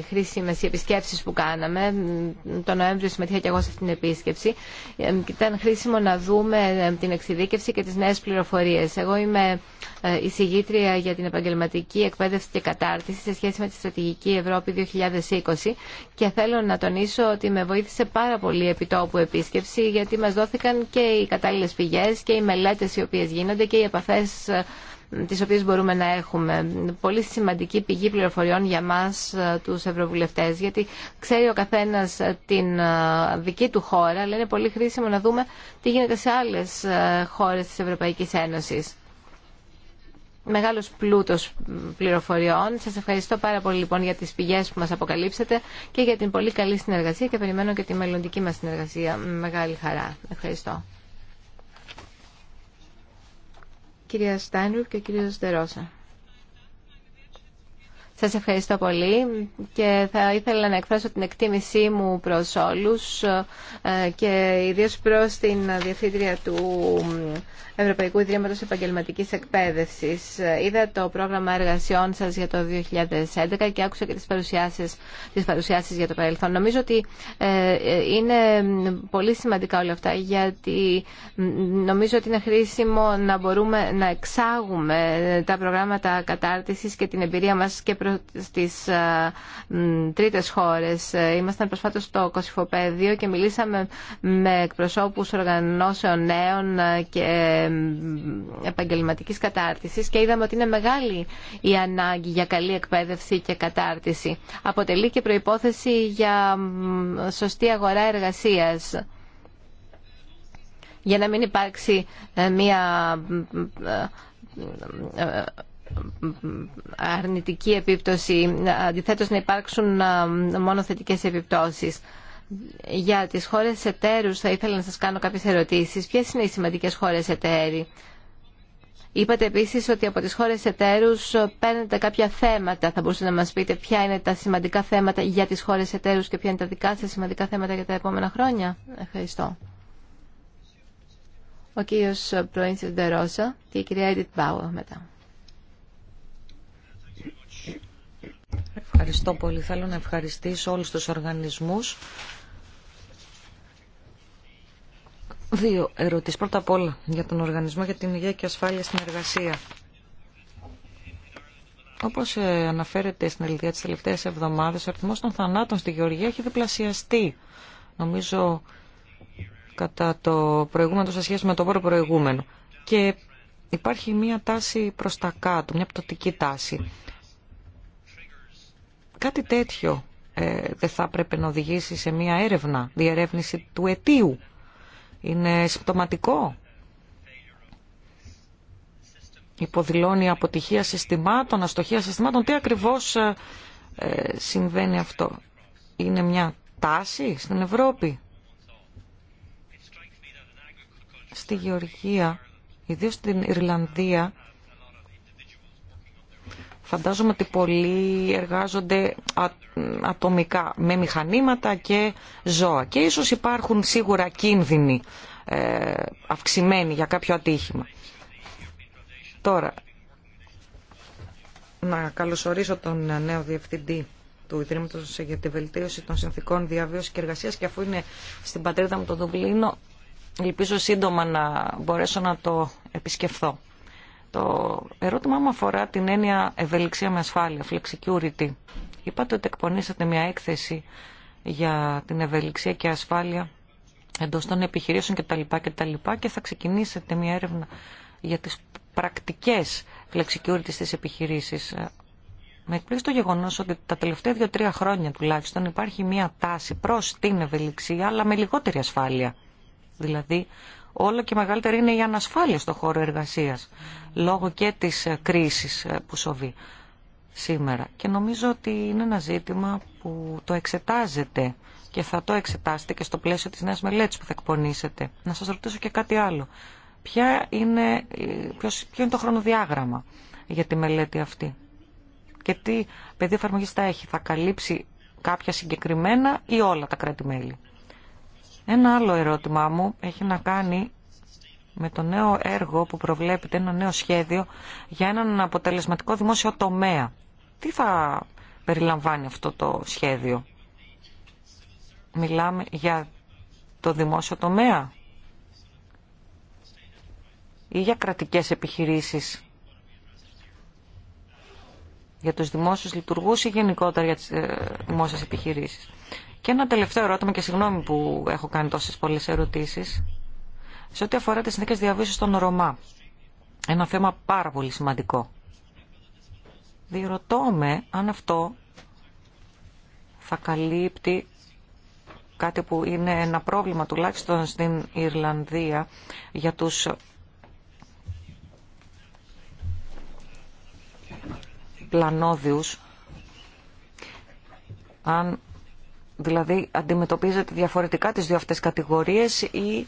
S1: χρήσιμες οι επισκέψεις που κάναμε. Το Νοέμβριο συμμετείχα και εγώ σε αυτήν την επίσκεψη. Ήταν χρήσιμο να δούμε την εξειδίκευση και τις νέες πληροφορίες. Εγώ είμαι εισηγήτρια για την επαγγελματική εκπαίδευση και κατάρτιση σε σχέση με τη στρατηγική Ευρώπη 2020 και θέλω να τονίσω ότι με βοήθησε πάρα πολύ επιτόπου επίσκεψη γιατί μας δόθηκαν και οι κατάλληλες πηγές και οι μελέτες οι οποίες γίνονται και οι επαφές ε, τις οποίες μπορούμε να έχουμε. Πολύ σημαντική πηγή πληροφοριών για μας ε, τους ευρωβουλευτές, γιατί ξέρει ο καθένας ε, την δική του χώρα, αλλά είναι πολύ χρήσιμο να δούμε τι γίνεται σε άλλες χώρες της Ευρωπαϊκής Ένωσης μεγάλος πλούτος πληροφοριών. Σας ευχαριστώ πάρα πολύ λοιπόν για τις πηγές που μας αποκαλύψατε και για την πολύ καλή συνεργασία και περιμένω και τη μελλοντική μα συνεργασία με μεγάλη χαρά. Ευχαριστώ. Κυρία και κύριο Στερόσα. Σας ευχαριστώ πολύ και θα ήθελα να εκφράσω την εκτίμησή μου προς όλους ε, και ιδίως προς την Διευθύντρια του Ευρωπαϊκού Ιδρύματος Επαγγελματικής Εκπαίδευσης. Είδα το πρόγραμμα εργασιών σας για το 2011 και άκουσα και τις παρουσιάσεις, τις παρουσιάσεις για το παρελθόν. Νομίζω ότι ε, είναι πολύ σημαντικά όλα αυτά γιατί νομίζω ότι είναι χρήσιμο να μπορούμε να εξάγουμε τα προγράμματα κατάρτισης και την εμπειρία μας και στις ε, τρίτες χώρες. Ε, ήμασταν προσφάτως στο Κωσυφοπαίδιο και μιλήσαμε με εκπροσώπους οργανώσεων νέων ε, και επαγγελματικής κατάρτισης και είδαμε ότι είναι μεγάλη η ανάγκη για καλή εκπαίδευση και κατάρτιση. Αποτελεί και προϋπόθεση για σωστή αγορά εργασίας για να μην υπάρξει μια αρνητική επίπτωση, αντιθέτως να υπάρξουν μόνο θετικές επιπτώσεις. Για τις χώρες εταίρους θα ήθελα να σας κάνω κάποιες ερωτήσεις. Ποιες είναι οι σημαντικές χώρες εταίροι. Είπατε επίσης ότι από τις χώρες εταίρους παίρνετε κάποια θέματα. Θα μπορούσατε να μας πείτε ποια είναι τα σημαντικά θέματα για τις χώρες εταίρους και ποια είναι τα δικά σας σημαντικά θέματα για τα επόμενα χρόνια. Ευχαριστώ. Ο κύριος Προίνσης Ντερόσα και η κυρία Edith Bauer μετά.
S3: Ευχαριστώ πολύ. Θέλω να ευχαριστήσω όλους τους οργανισμούς. Δύο ερωτήσεις. Πρώτα απ' όλα για τον Οργανισμό για την Υγεία και Ασφάλεια στην Εργασία. Όπως ε, αναφέρεται στην Ελληνία τις τελευταίες εβδομάδες, ο αριθμός των θανάτων στη Γεωργία έχει διπλασιαστεί. Νομίζω κατά το προηγούμενο σε σχέση με το πρώτο προηγούμενο. Και υπάρχει μια τάση προς τα κάτω, μια πτωτική τάση. Κάτι τέτοιο ε, δεν θα πρέπει να οδηγήσει σε μια έρευνα, διερεύνηση του αιτίου. Είναι συμπτωματικό. Υποδηλώνει αποτυχία συστημάτων, αστοχία συστημάτων. Τι ακριβώς ε, ε συμβαίνει αυτό. Είναι μια τάση στην Ευρώπη. Στη Γεωργία, ιδίως στην Ιρλανδία, Φαντάζομαι ότι πολλοί εργάζονται ατομικά με μηχανήματα και ζώα και ίσως υπάρχουν σίγουρα κίνδυνοι ε, αυξημένοι για κάποιο ατύχημα. Τώρα, να καλωσορίσω τον νέο διευθυντή του Ιδρύματος για τη βελτίωση των συνθήκων διαβίωσης και εργασίας και αφού είναι στην πατρίδα μου το Δουβλίνο, ελπίζω σύντομα να μπορέσω να το επισκεφθώ. Το ερώτημά μου αφορά την έννοια ευελιξία με ασφάλεια, flexicurity. Είπατε ότι εκπονήσατε μια έκθεση για την ευελιξία και ασφάλεια εντό των επιχειρήσεων κτλ. και θα ξεκινήσετε μια έρευνα για τις πρακτικές flexicurity στις επιχειρήσεις. Με εκπλήσει το γεγονό ότι τα τελευταία δύο-τρία χρόνια τουλάχιστον υπάρχει μια τάση προ την ευελιξία αλλά με λιγότερη ασφάλεια. Δηλαδή όλο και μεγαλύτερη είναι η ανασφάλεια στο χώρο εργασίας λόγω και της ε, κρίσης ε, που σοβεί σήμερα. Και νομίζω ότι είναι ένα ζήτημα που το εξετάζεται και θα το εξετάσετε και στο πλαίσιο της νέας μελέτης που θα εκπονήσετε. Να σας ρωτήσω και κάτι άλλο. Ποια είναι, ε, ποιος, ποιο είναι το χρονοδιάγραμμα για τη μελέτη αυτή και τι πεδίο εφαρμογή θα έχει. Θα καλύψει κάποια συγκεκριμένα ή όλα τα κράτη-μέλη. Ένα άλλο ερώτημά μου έχει να κάνει με το νέο έργο που προβλέπεται, ένα νέο σχέδιο για έναν αποτελεσματικό δημόσιο τομέα. Τι θα περιλαμβάνει αυτό το σχέδιο. Μιλάμε για το δημόσιο τομέα ή για κρατικές επιχειρήσεις για τους δημόσιους λειτουργούς ή γενικότερα για τις ε, δημόσιες επιχειρήσεις. Και ένα τελευταίο ερώτημα και συγγνώμη που έχω κάνει τόσες πολλές ερωτήσεις. Σε ό,τι αφορά τι συνθήκε διαβίωση των Ρωμά. Ένα θέμα πάρα πολύ σημαντικό. Διερωτώ με αν αυτό θα καλύπτει κάτι που είναι ένα πρόβλημα τουλάχιστον στην Ιρλανδία για τους πλανόδιους αν Δηλαδή αντιμετωπίζετε διαφορετικά τις δύο αυτές κατηγορίες ή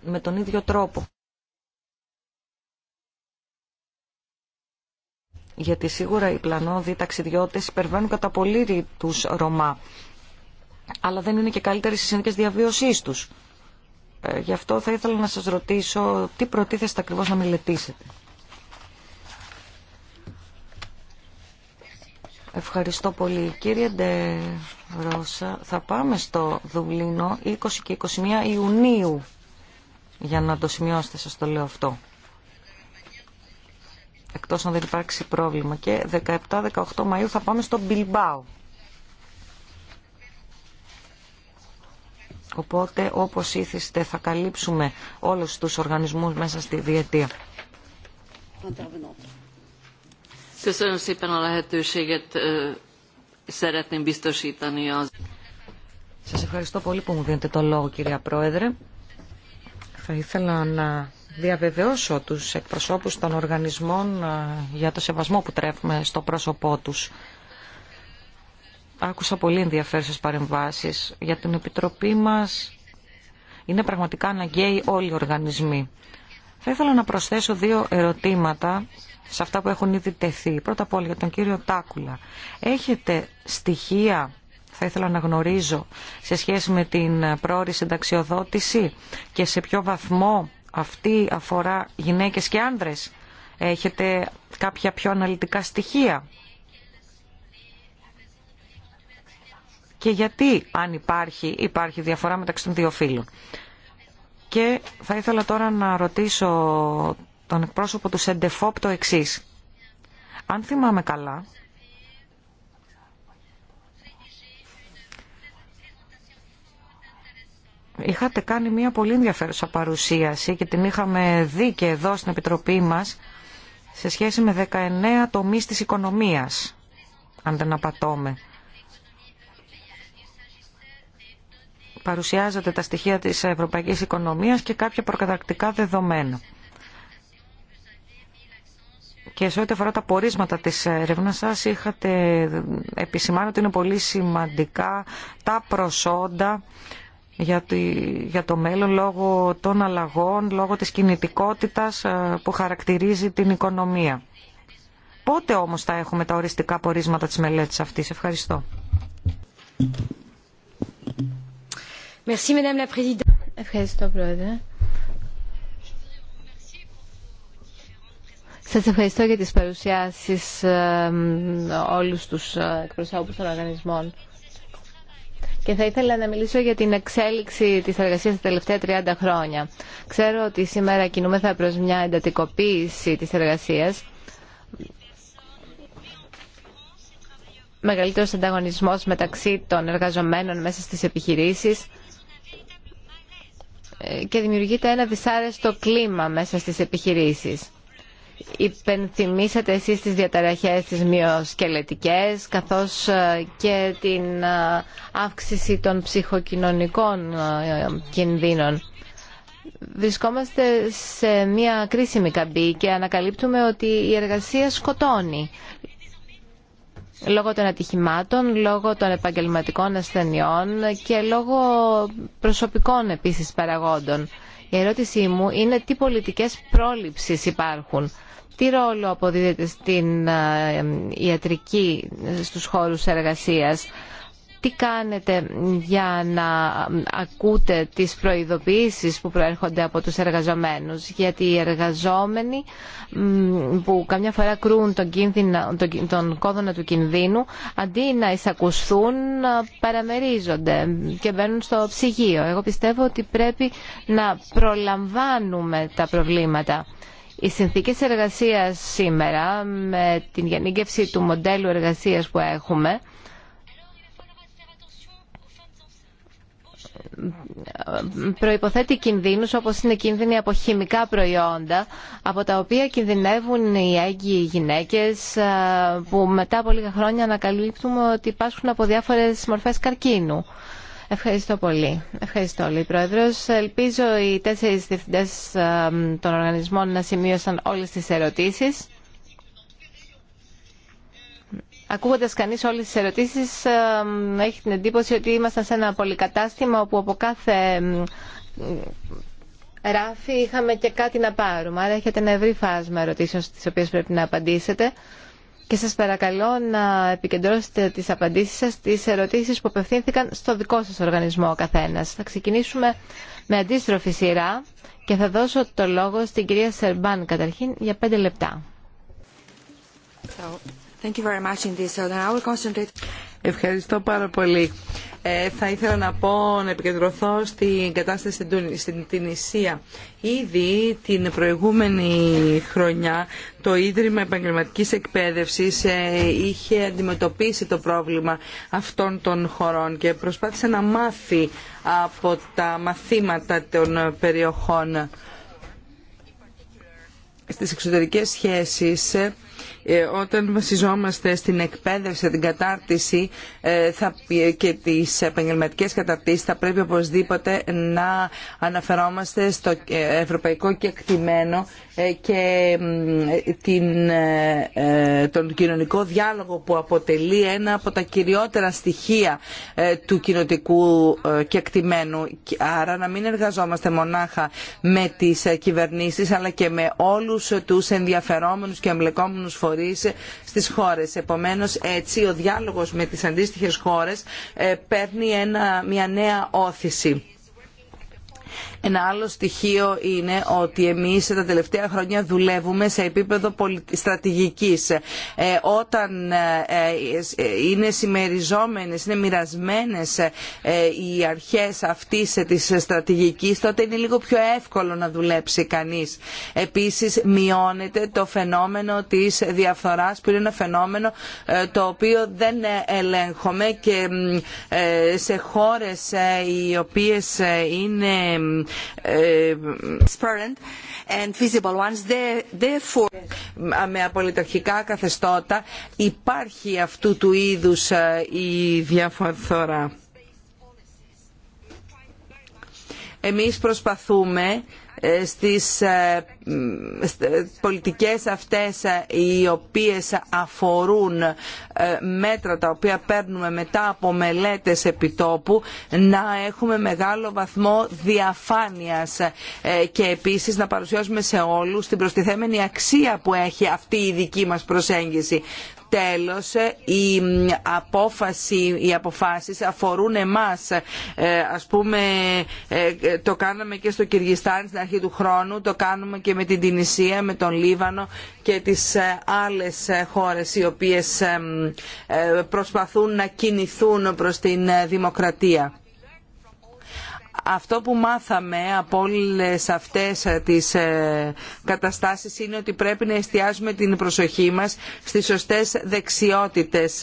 S3: με τον ίδιο τρόπο. Γιατί σίγουρα οι πλανόδοι ταξιδιώτες υπερβαίνουν κατά πολύ τους Ρωμά. Αλλά δεν είναι και καλύτερες οι συνθήκες διαβίωσής τους. Ε, γι' αυτό θα ήθελα να σας ρωτήσω τι προτίθεστε ακριβώς να μελετήσετε. Ευχαριστώ πολύ. Κύριε Ντε Ρώσα, θα πάμε στο Δουβλίνο 20 και 21 Ιουνίου. Για να το σημειώσετε, σας το λέω αυτό. Εκτός αν δεν υπάρξει πρόβλημα. Και 17-18 Μαΐου θα πάμε στο Μπιλμπάου. Οπότε, όπως ήθιστε, θα καλύψουμε όλους τους οργανισμούς μέσα στη διετία. Σας ευχαριστώ πολύ που μου δίνετε τον λόγο κυρία Πρόεδρε. Θα ήθελα να διαβεβαιώσω τους εκπροσώπους των οργανισμών ε, για το σεβασμό που τρέφουμε στο πρόσωπό τους. Άκουσα πολύ ενδιαφέρουσες παρεμβάσεις. Για την Επιτροπή μας είναι πραγματικά αναγκαίοι όλοι οι οργανισμοί. Θα ήθελα να προσθέσω δύο ερωτήματα σε αυτά που έχουν ήδη τεθεί. Πρώτα απ' όλα για τον κύριο Τάκουλα. Έχετε στοιχεία, θα ήθελα να γνωρίζω, σε σχέση με την πρόορη συνταξιοδότηση και σε ποιο βαθμό αυτή αφορά γυναίκες και άνδρες. Έχετε κάποια πιο αναλυτικά στοιχεία. Και γιατί, αν υπάρχει, υπάρχει διαφορά μεταξύ των δύο φύλων. Και θα ήθελα τώρα να ρωτήσω τον εκπρόσωπο του Σεντεφόπ το εξή. Αν θυμάμαι καλά, είχατε κάνει μια πολύ ενδιαφέρουσα παρουσίαση και την είχαμε δει και εδώ στην Επιτροπή μας σε σχέση με 19 τομείς της οικονομίας, αν δεν απατώμε. Παρουσιάζονται τα στοιχεία της ευρωπαϊκής οικονομίας και κάποια προκαταρκτικά δεδομένα. Και σε ό,τι αφορά τα πορίσματα της έρευνας σας, είχατε επισημάνει ότι είναι πολύ σημαντικά τα προσόντα για το μέλλον λόγω των αλλαγών, λόγω της κινητικότητας ε, που χαρακτηρίζει την οικονομία. Πότε όμως θα έχουμε τα οριστικά πορίσματα της μελέτης αυτής. Ευχαριστώ.
S1: Ευχαριστώ, Πρόεδρε. Σας ευχαριστώ για τις παρουσιάσεις όλους τους ε, εκπροσώπους των οργανισμών. Και θα ήθελα να μιλήσω για την εξέλιξη της εργασίας τα τελευταία 30 χρόνια. Ξέρω ότι σήμερα κινούμεθα προς μια εντατικοποίηση της εργασίας. Μεγαλύτερος ανταγωνισμός μεταξύ των εργαζομένων μέσα στις επιχειρήσεις ε, και δημιουργείται ένα δυσάρεστο κλίμα μέσα στις επιχειρήσεις υπενθυμίσατε εσείς τις διαταραχές τις μυοσκελετικές καθώς ε, και την ε, αύξηση των ψυχοκοινωνικών ε, κινδύνων. Βρισκόμαστε σε μια κρίσιμη καμπή και ανακαλύπτουμε ότι η εργασία σκοτώνει λόγω των ατυχημάτων, λόγω των επαγγελματικών ασθενειών και λόγω προσωπικών επίσης παραγόντων. Η ερώτησή μου είναι τι πολιτικές πρόληψης υπάρχουν τι ρόλο αποδίδεται στην ε, ιατρική στους χώρους εργασίας. Τι κάνετε για να ε, ακούτε τις προειδοποιήσεις που προέρχονται από τους εργαζομένους. Γιατί οι εργαζόμενοι που καμιά φορά κρούν τον, κίνδυνα, τον κόδωνα του κινδύνου, αντί να εισακουστούν, ε, παραμερίζονται και μπαίνουν στο ψυγείο. Εγώ πιστεύω ότι πρέπει να προλαμβάνουμε τα προβλήματα. Οι συνθήκες εργασίας σήμερα με την γενίκευση του μοντέλου εργασίας που έχουμε προϋποθέτει κινδύνους όπως είναι κίνδυνοι από χημικά προϊόντα από τα οποία κινδυνεύουν οι έγκυοι γυναίκες που μετά από λίγα χρόνια ανακαλύπτουμε ότι υπάρχουν από διάφορες μορφές καρκίνου. Ευχαριστώ πολύ. Ευχαριστώ, πολύ. Πρόεδρος. Ελπίζω οι τέσσερις διευθυντές των οργανισμών να σημείωσαν όλες τις ερωτήσεις. Ακούγοντα κανεί όλε τι ερωτήσει, έχει την εντύπωση ότι ήμασταν σε ένα πολυκατάστημα όπου από κάθε ράφι είχαμε και κάτι να πάρουμε. Άρα έχετε ένα ευρύ φάσμα ερωτήσεων στι οποίε πρέπει να απαντήσετε και σας παρακαλώ να επικεντρώσετε τις απαντήσεις σας στις ερωτήσεις που απευθύνθηκαν στο δικό σας οργανισμό ο καθένας. Θα ξεκινήσουμε με αντίστροφη σειρά και θα δώσω το λόγο στην κυρία Σερμπάν καταρχήν για πέντε λεπτά.
S4: Ευχαριστώ πάρα πολύ. Ε, θα ήθελα να πω, να επικεντρωθώ στην κατάσταση στην Τινησία. Ήδη την προηγούμενη χρονιά το Ίδρυμα Επαγγελματικής Εκπαίδευσης ε, είχε αντιμετωπίσει το πρόβλημα αυτών των χωρών και προσπάθησε να μάθει από τα μαθήματα των περιοχών. Στις εξωτερικές σχέσεις ε, ε, όταν βασιζόμαστε στην εκπαίδευση, την κατάρτιση ε, και τις επαγγελματικέ καταρτήσεις θα πρέπει οπωσδήποτε να αναφερόμαστε στο ε, ευρωπαϊκό κεκτημένο και την, τον κοινωνικό διάλογο που αποτελεί ένα από τα κυριότερα στοιχεία του κοινοτικού κεκτημένου. Άρα να μην εργαζόμαστε μονάχα με τις κυβερνήσεις αλλά και με όλους τους ενδιαφερόμενους και εμπλεκόμενους φορείς στις χώρες. Επομένως έτσι ο διάλογος με τις αντίστοιχε χώρες ε, παίρνει μια νέα όθηση. Ένα άλλο στοιχείο είναι ότι εμείς τα τελευταία χρόνια δουλεύουμε σε επίπεδο στρατηγικής. Ε, όταν ε, ε, είναι συμμεριζόμενες, είναι μοιρασμένες οι αρχές αυτής της στρατηγικής, τότε είναι λίγο πιο εύκολο να δουλέψει κανείς. Επίσης μειώνεται το φαινόμενο της διαφθορά, που είναι ένα φαινόμενο το οποίο δεν ελέγχομαι και σε χώρες οι οποίες είναι and visible ones. Therefore... με απολυταρχικά καθεστώτα υπάρχει αυτού του είδους ε, η διαφορά. Εμείς προσπαθούμε ε, στις ε, ε, πολιτικές αυτές οι οποίες αφορούν μέτρα τα οποία παίρνουμε μετά από μελέτες επιτόπου να έχουμε μεγάλο βαθμό διαφάνειας και επίσης να παρουσιάσουμε σε όλους την προστιθέμενη αξία που έχει αυτή η δική μας προσέγγιση τέλος ε, η απόφαση, οι αποφάσεις αφορούν εμάς. Ε, ας πούμε ε, το κάναμε και στο Κυργιστάν στην αρχή του χρόνου, το κάνουμε και με την Τινησία, με τον Λίβανο και τις άλλες χώρες οι οποίες προσπαθούν να κινηθούν προς την δημοκρατία αυτό που μάθαμε από όλες αυτές ε, τις ε, καταστάσεις είναι ότι πρέπει να εστιάζουμε την προσοχή μας στις σωστές δεξιότητες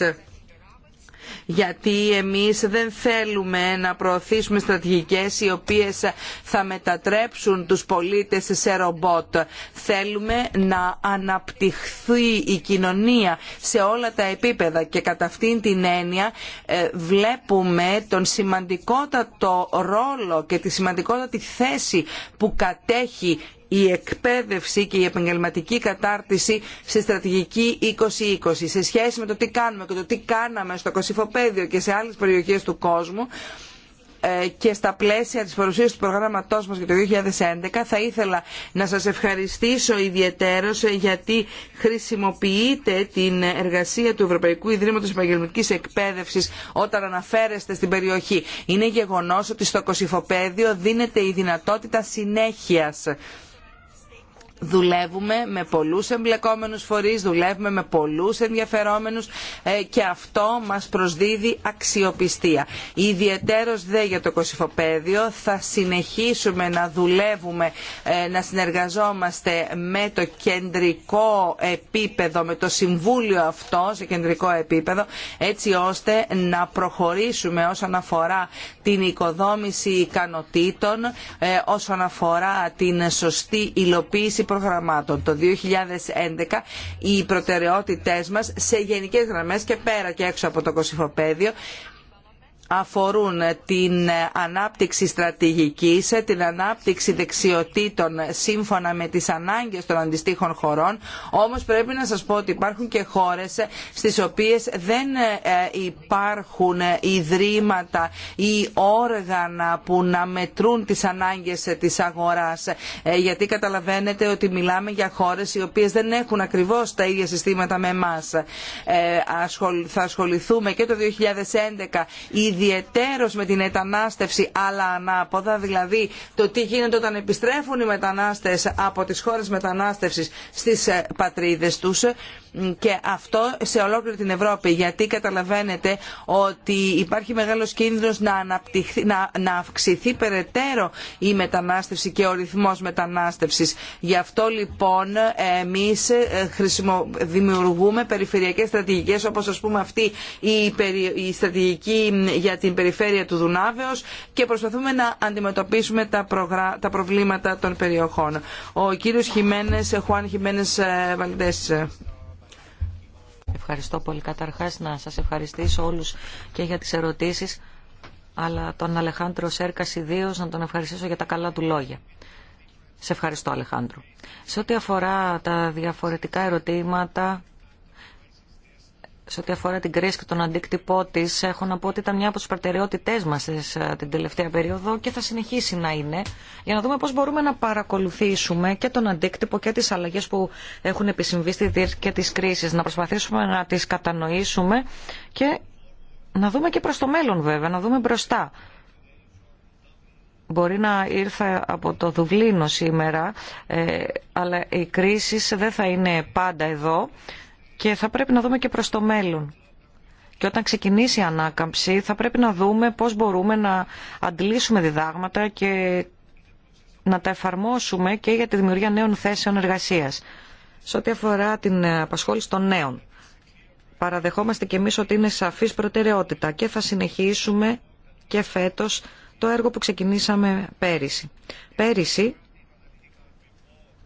S4: γιατί εμείς δεν θέλουμε να προωθήσουμε στρατηγικές οι οποίες θα μετατρέψουν τους πολίτες σε ρομπότ. Θέλουμε να αναπτυχθεί η κοινωνία σε όλα τα επίπεδα και κατά αυτήν την έννοια ε, βλέπουμε τον σημαντικότατο ρόλο και τη σημαντικότατη θέση που κατέχει η εκπαίδευση και η επαγγελματική κατάρτιση στη στρατηγική 2020 σε σχέση με το τι κάνουμε και το τι κάναμε στο Κωσυφοπαίδιο και σε άλλες περιοχές του κόσμου ε, και στα πλαίσια της παρουσίας του προγράμματός μας για το 2011 θα ήθελα να σας ευχαριστήσω ιδιαίτερως ε, γιατί χρησιμοποιείτε την εργασία του Ευρωπαϊκού Ιδρύματος Επαγγελματικής Εκπαίδευσης όταν αναφέρεστε στην περιοχή. Είναι γεγονός ότι στο Κωσυφοπαίδιο δίνεται η δυνατότητα συνέχειας δουλεύουμε με πολλούς εμπλεκόμενους φορείς, δουλεύουμε με πολλούς ενδιαφερόμενους ε, και αυτό μας προσδίδει αξιοπιστία. Ιδιαιτέρως δε για το κοσυφοπαίδιο θα συνεχίσουμε να δουλεύουμε, ε, να συνεργαζόμαστε με το κεντρικό επίπεδο, με το συμβούλιο αυτό σε κεντρικό επίπεδο, έτσι ώστε να προχωρήσουμε όσον αφορά την οικοδόμηση ικανοτήτων, ε, όσον αφορά την σωστή υλοποίηση προγραμμάτων. Το 2011 οι προτεραιότητές μας σε γενικές γραμμές και πέρα και έξω από το κοσυφοπέδιο αφορούν την ανάπτυξη στρατηγικής, την ανάπτυξη δεξιοτήτων σύμφωνα με τις ανάγκες των αντιστοίχων χωρών. Όμως πρέπει να σας πω ότι υπάρχουν και χώρες στις οποίες δεν ε, υπάρχουν ιδρύματα ή όργανα που να μετρούν τις ανάγκες της αγοράς. Ε, γιατί καταλαβαίνετε ότι μιλάμε για χώρες οι οποίες δεν έχουν ακριβώς τα ίδια συστήματα με εμάς. Ε, θα ασχοληθούμε και το 2011 ιδιαιτέρως με την μετανάστευση αλλά ανάποδα, δηλαδή το τι γίνεται όταν επιστρέφουν οι μετανάστες από τις χώρες μετανάστευσης στις ε, πατρίδες τους και αυτό σε ολόκληρη την Ευρώπη γιατί καταλαβαίνετε ότι υπάρχει μεγάλος κίνδυνος να, να, αυξηθεί περαιτέρω η μετανάστευση και ο ρυθμός μετανάστευσης. Γι' αυτό λοιπόν εμείς ε, δημιουργούμε περιφερειακές στρατηγικές όπως ας πούμε αυτή η, περι... στρατηγική για την περιφέρεια του Δουνάβεως και προσπαθούμε να αντιμετωπίσουμε τα, προβλήματα των περιοχών.
S3: Ο κύριος Χιμένες, ε, Χουάν Χιμένες ε, Βαλντέ. Ευχαριστώ πολύ. Καταρχάς να σας ευχαριστήσω όλους και για τις ερωτήσεις, αλλά τον Αλεχάντρο Σέρκας ιδίω να τον ευχαριστήσω για τα καλά του λόγια. Σε ευχαριστώ Αλεχάντρο. Σε ό,τι αφορά τα διαφορετικά ερωτήματα σε ό,τι αφορά την κρίση και τον αντίκτυπό τη, έχω να πω ότι ήταν μια από τι προτεραιότητέ μα ε, την τελευταία περίοδο και θα συνεχίσει να είναι, για να δούμε πώ μπορούμε να παρακολουθήσουμε και τον αντίκτυπο και τι αλλαγέ που έχουν επισυμβεί στη διάρκεια τη κρίση, να προσπαθήσουμε να τι κατανοήσουμε και να δούμε και προ το μέλλον βέβαια, να δούμε μπροστά. Μπορεί να ήρθα από το Δουβλίνο σήμερα, ε, αλλά οι κρίση δεν θα είναι πάντα εδώ και θα πρέπει να δούμε και προς το μέλλον. Και όταν ξεκινήσει η ανάκαμψη θα πρέπει να δούμε πώς μπορούμε να αντλήσουμε διδάγματα και να τα εφαρμόσουμε και για τη δημιουργία νέων θέσεων εργασίας. Σε ό,τι αφορά την ε, απασχόληση των νέων, παραδεχόμαστε και εμείς ότι είναι σαφής προτεραιότητα και θα συνεχίσουμε και φέτος το έργο που ξεκινήσαμε πέρυσι. Πέρυσι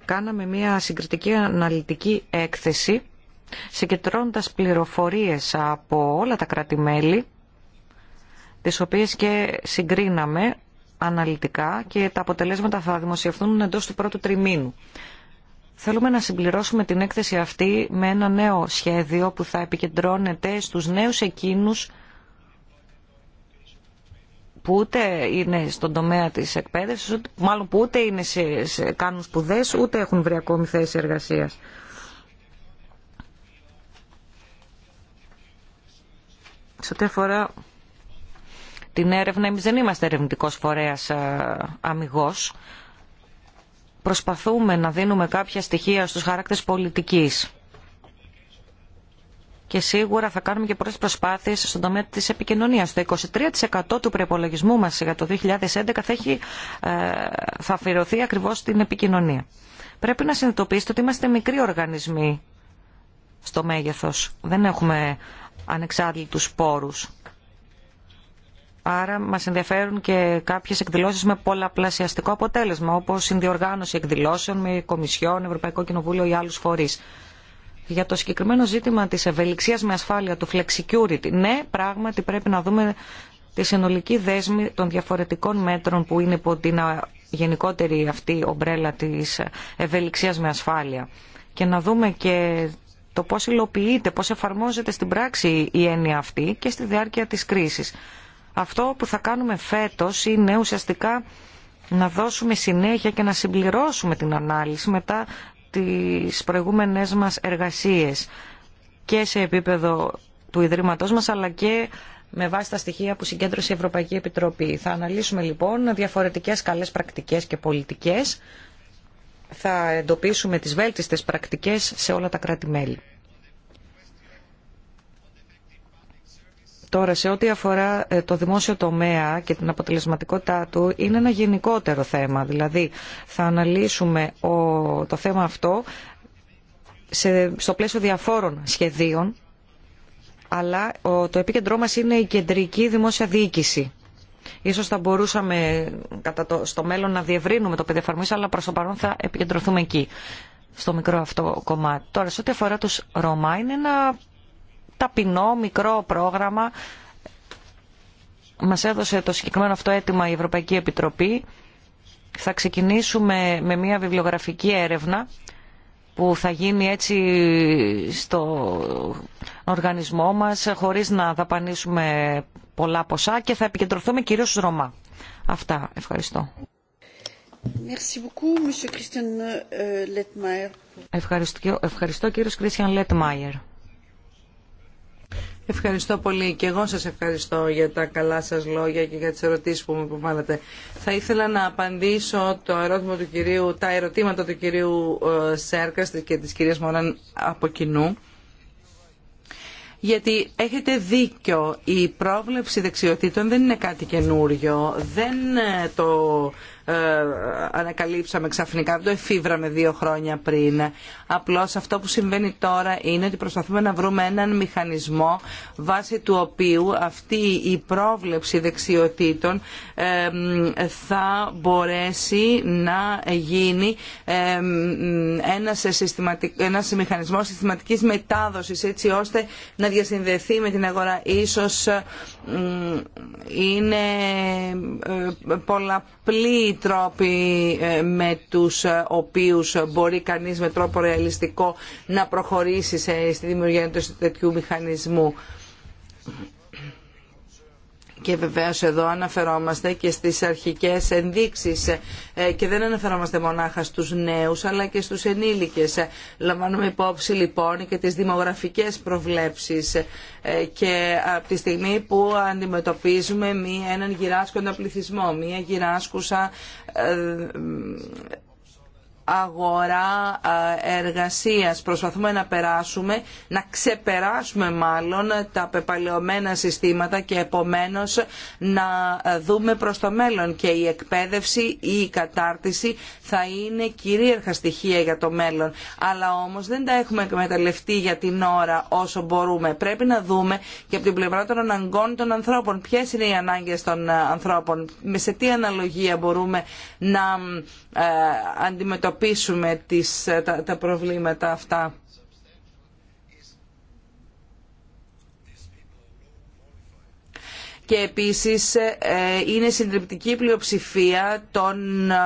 S3: κάναμε μια συγκριτική αναλυτική έκθεση συγκεντρώνοντας πληροφορίες από όλα τα κράτη-μέλη, τις οποίες και συγκρίναμε αναλυτικά και τα αποτελέσματα θα δημοσιευθούν εντός του πρώτου τριμήνου. Θέλουμε να συμπληρώσουμε την έκθεση αυτή με ένα νέο σχέδιο που θα επικεντρώνεται στους νέους εκείνους που ούτε είναι στον τομέα της εκπαίδευσης, μάλλον που ούτε είναι σε, κάνουν σπουδές, ούτε έχουν βρει ακόμη θέση εργασίας. Σε ό,τι αφορά την έρευνα, εμείς δεν είμαστε ερευνητικός φορέας ε, αμυγός. Προσπαθούμε να δίνουμε κάποια στοιχεία στους χαράκτες πολιτικής. Και σίγουρα θα κάνουμε και πολλές προσπάθειες στον τομέα της επικοινωνίας. Το 23% του προπολογισμού μας για το 2011 θα, έχει, ε, θα αφιερωθεί ακριβώς στην επικοινωνία. Πρέπει να συνειδητοποιήσετε ότι είμαστε μικροί οργανισμοί στο μέγεθος. Δεν έχουμε ανεξάρτητους πόρους. Άρα μας ενδιαφέρουν και κάποιες εκδηλώσεις με πολλαπλασιαστικό αποτέλεσμα, όπως συνδιοργάνωση εκδηλώσεων με Κομισιόν, Ευρωπαϊκό Κοινοβούλιο ή άλλους φορείς. Για το συγκεκριμένο ζήτημα της ευελιξίας με ασφάλεια, του flexicurity, ναι, πράγματι πρέπει να δούμε τη συνολική δέσμη των διαφορετικών μέτρων που είναι υπό την γενικότερη αυτή ομπρέλα της ευελιξίας με ασφάλεια και να δούμε και το πώ υλοποιείται, πώ εφαρμόζεται στην πράξη η έννοια αυτή και στη διάρκεια τη κρίση. Αυτό που θα κάνουμε φέτο είναι ουσιαστικά να δώσουμε συνέχεια και να συμπληρώσουμε την ανάλυση μετά τις προηγούμενες μας εργασίες και σε επίπεδο του Ιδρύματός μας αλλά και με βάση τα στοιχεία που συγκέντρωσε η Ευρωπαϊκή Επιτροπή. Θα αναλύσουμε λοιπόν διαφορετικές καλές πρακτικές και πολιτικές θα εντοπίσουμε τις βέλτιστες πρακτικές σε όλα τα κράτη-μέλη. Τώρα, σε ό,τι αφορά ε, το δημόσιο τομέα και την αποτελεσματικότητά του, είναι ένα γενικότερο θέμα. Δηλαδή, θα αναλύσουμε το θέμα αυτό στο πλαίσιο διαφόρων σχεδίων, αλλά το επίκεντρό μας είναι η κεντρική δημόσια διοίκηση Ίσως θα μπορούσαμε κατά το, στο μέλλον να διευρύνουμε το πεδίο αλλά προς το παρόν θα επικεντρωθούμε εκεί, στο μικρό αυτό κομμάτι. Τώρα, σε ό,τι αφορά τους Ρωμά, είναι ένα ταπεινό, μικρό πρόγραμμα. Μας έδωσε το συγκεκριμένο αυτό αίτημα η Ευρωπαϊκή Επιτροπή. Θα ξεκινήσουμε με μια βιβλιογραφική έρευνα που θα γίνει έτσι στο οργανισμό μας χωρίς να δαπανίσουμε πολλά ποσά και θα επικεντρωθούμε κυρίως στους Ρωμά. Αυτά. Ευχαριστώ. Euh, ευχαριστώ, ευχαριστώ κύριο Κρίστιαν Λετμάιερ.
S4: Ευχαριστώ πολύ και εγώ σας ευχαριστώ για τα καλά σας λόγια και για τις ερωτήσεις που μου υποβάλλατε. Θα ήθελα να απαντήσω το ερώτημα του κυρίου, τα ερωτήματα του κυρίου ε, Σέρκας και της κυρίας Μωράν από κοινού γιατί έχετε δίκιο. Η πρόβλεψη δεξιοτήτων δεν είναι κάτι καινούριο. Δεν ε, το ε, ανακαλύψαμε ξαφνικά, το εφήβραμε δύο χρόνια πριν. Απλώς αυτό που συμβαίνει τώρα είναι ότι προσπαθούμε να βρούμε έναν μηχανισμό βάσει του οποίου αυτή η πρόβλεψη δεξιοτήτων ε, θα μπορέσει να γίνει ε, ένας, συστηματικ... ένας μηχανισμός συστηματικής μετάδοσης έτσι ώστε να διασυνδεθεί με την αγορά. Ίσως είναι πολλαπλή οι τρόποι ε, με τους ε, οποίους μπορεί κανείς με τρόπο ρεαλιστικό να προχωρήσει στη δημιουργία τέτοιου μηχανισμού και βεβαίως εδώ αναφερόμαστε και στις αρχικές ενδείξεις ε, και δεν αναφερόμαστε μονάχα στους νέους αλλά και στους ενήλικες. Λαμβάνουμε υπόψη λοιπόν και τις δημογραφικές προβλέψεις ε, και από τη στιγμή που αντιμετωπίζουμε μία, έναν γυράσκοντα πληθυσμό, μία γυράσκουσα ε, αγορά εργασίας. Προσπαθούμε να περάσουμε, να ξεπεράσουμε μάλλον τα πεπαλαιωμένα συστήματα και επομένως να δούμε προς το μέλλον και η εκπαίδευση ή η κατάρτιση θα είναι κυρίαρχα στοιχεία για το μέλλον. Αλλά όμως δεν τα έχουμε εκμεταλλευτεί για την ώρα όσο μπορούμε. Πρέπει να δούμε και από την πλευρά των αναγκών των ανθρώπων Ποιε είναι οι ανάγκες των ε, ανθρώπων, σε τι αναλογία μπορούμε να ε, αντιμετωπίσουμε αντιμετωπίσουμε τις, τα, τα προβλήματα αυτά. και επίσης ε, είναι συντριπτική πλειοψηφία των ε,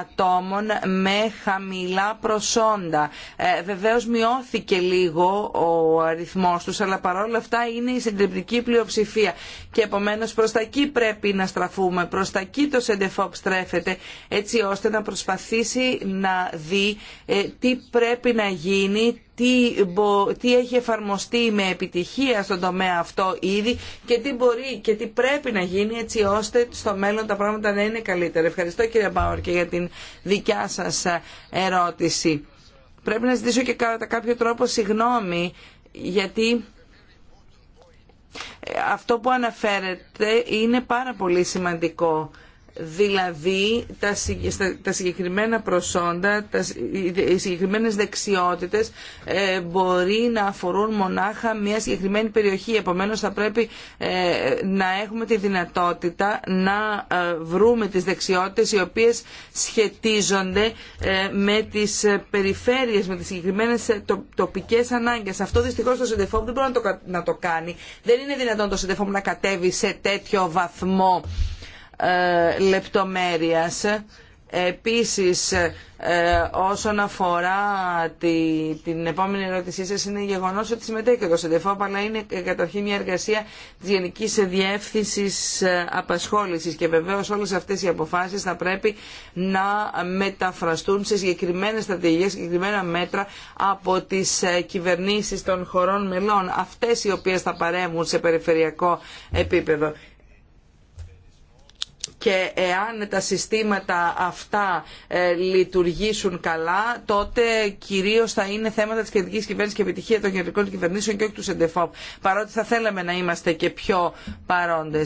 S4: ατόμων με χαμηλά προσόντα. Ε, βεβαίως μειώθηκε λίγο ο αριθμός τους, αλλά παρόλα αυτά είναι η συντριπτική πλειοψηφία και επομένως προς τα εκεί πρέπει να στραφούμε, προς τα εκεί το Σεντεφόπ στρέφεται έτσι ώστε να προσπαθήσει να δει ε, τι πρέπει να γίνει, τι έχει εφαρμοστεί με επιτυχία στον τομέα αυτό ήδη και τι μπορεί και τι πρέπει να γίνει έτσι ώστε στο μέλλον τα πράγματα να είναι καλύτερα. Ευχαριστώ κύριε Μπάουρ και για την δικιά σας ε, ερώτηση. Πρέπει να ζητήσω και κατά κάποιο τρόπο συγγνώμη γιατί ε, αυτό που αναφέρεται είναι πάρα πολύ σημαντικό δηλαδή τα, συγκεκριμένα προσόντα, τα, οι συγκεκριμένες δεξιότητες ε, μπορεί να αφορούν μονάχα μια συγκεκριμένη περιοχή. Επομένως θα πρέπει ε, να έχουμε τη δυνατότητα να ε, βρούμε τις δεξιότητες οι οποίες σχετίζονται με τις περιφέρειες, με τις συγκεκριμένες τοπικές ανάγκες. Αυτό δυστυχώς το ΣΕΝΤΕΦΟΠ δεν μπορεί να το, να το κάνει. Δεν είναι δυνατόν το ΣΕΝΤΕΦΟΠ να κατέβει σε τέτοιο βαθμό ε, λεπτομέρειας. Επίσης, ε, όσον αφορά τη, την επόμενη ερώτησή σας, είναι γεγονός ότι συμμετέχει το ΣΕΝΤΕΦΟΠ, αλλά είναι καταρχήν μια εργασία της Γενικής Διεύθυνσης ε, Απασχόλησης και βεβαίως όλες αυτές οι αποφάσεις θα πρέπει να μεταφραστούν σε συγκεκριμένες στρατηγίες, συγκεκριμένα μέτρα από τις κυβερνήσεις των χωρών μελών, αυτές οι οποίες θα παρέμουν σε περιφερειακό επίπεδο και εάν τα συστήματα αυτά ε, λειτουργήσουν καλά τότε κυρίω θα είναι θέματα τη κεντρικής κυβέρνηση και επιτυχία των κεντρικών κυβερνήσεων και όχι του ΣΕΝΤΕΦΟΠ παρότι θα θέλαμε να είμαστε και πιο παρόντε.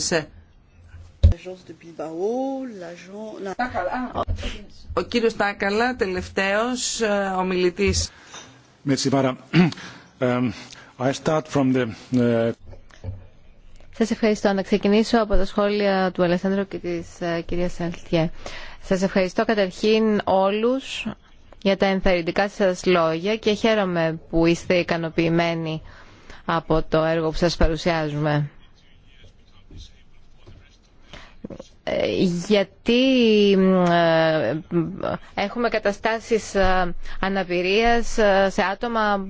S4: Ο κύριος Τάκαλα, τελευταίος ε, ομιλητής. Um, I start from
S2: the... Uh,
S1: σας ευχαριστώ. Να ξεκινήσω από τα σχόλια του Αλεσάνδρου και της ε, κυρίας Σαλτιέ. Σας ευχαριστώ καταρχήν όλους για τα ενθαρρυντικά σας λόγια και χαίρομαι που είστε ικανοποιημένοι από το έργο που σας παρουσιάζουμε. Ε, γιατί ε, έχουμε καταστάσεις ε, αναπηρίας σε άτομα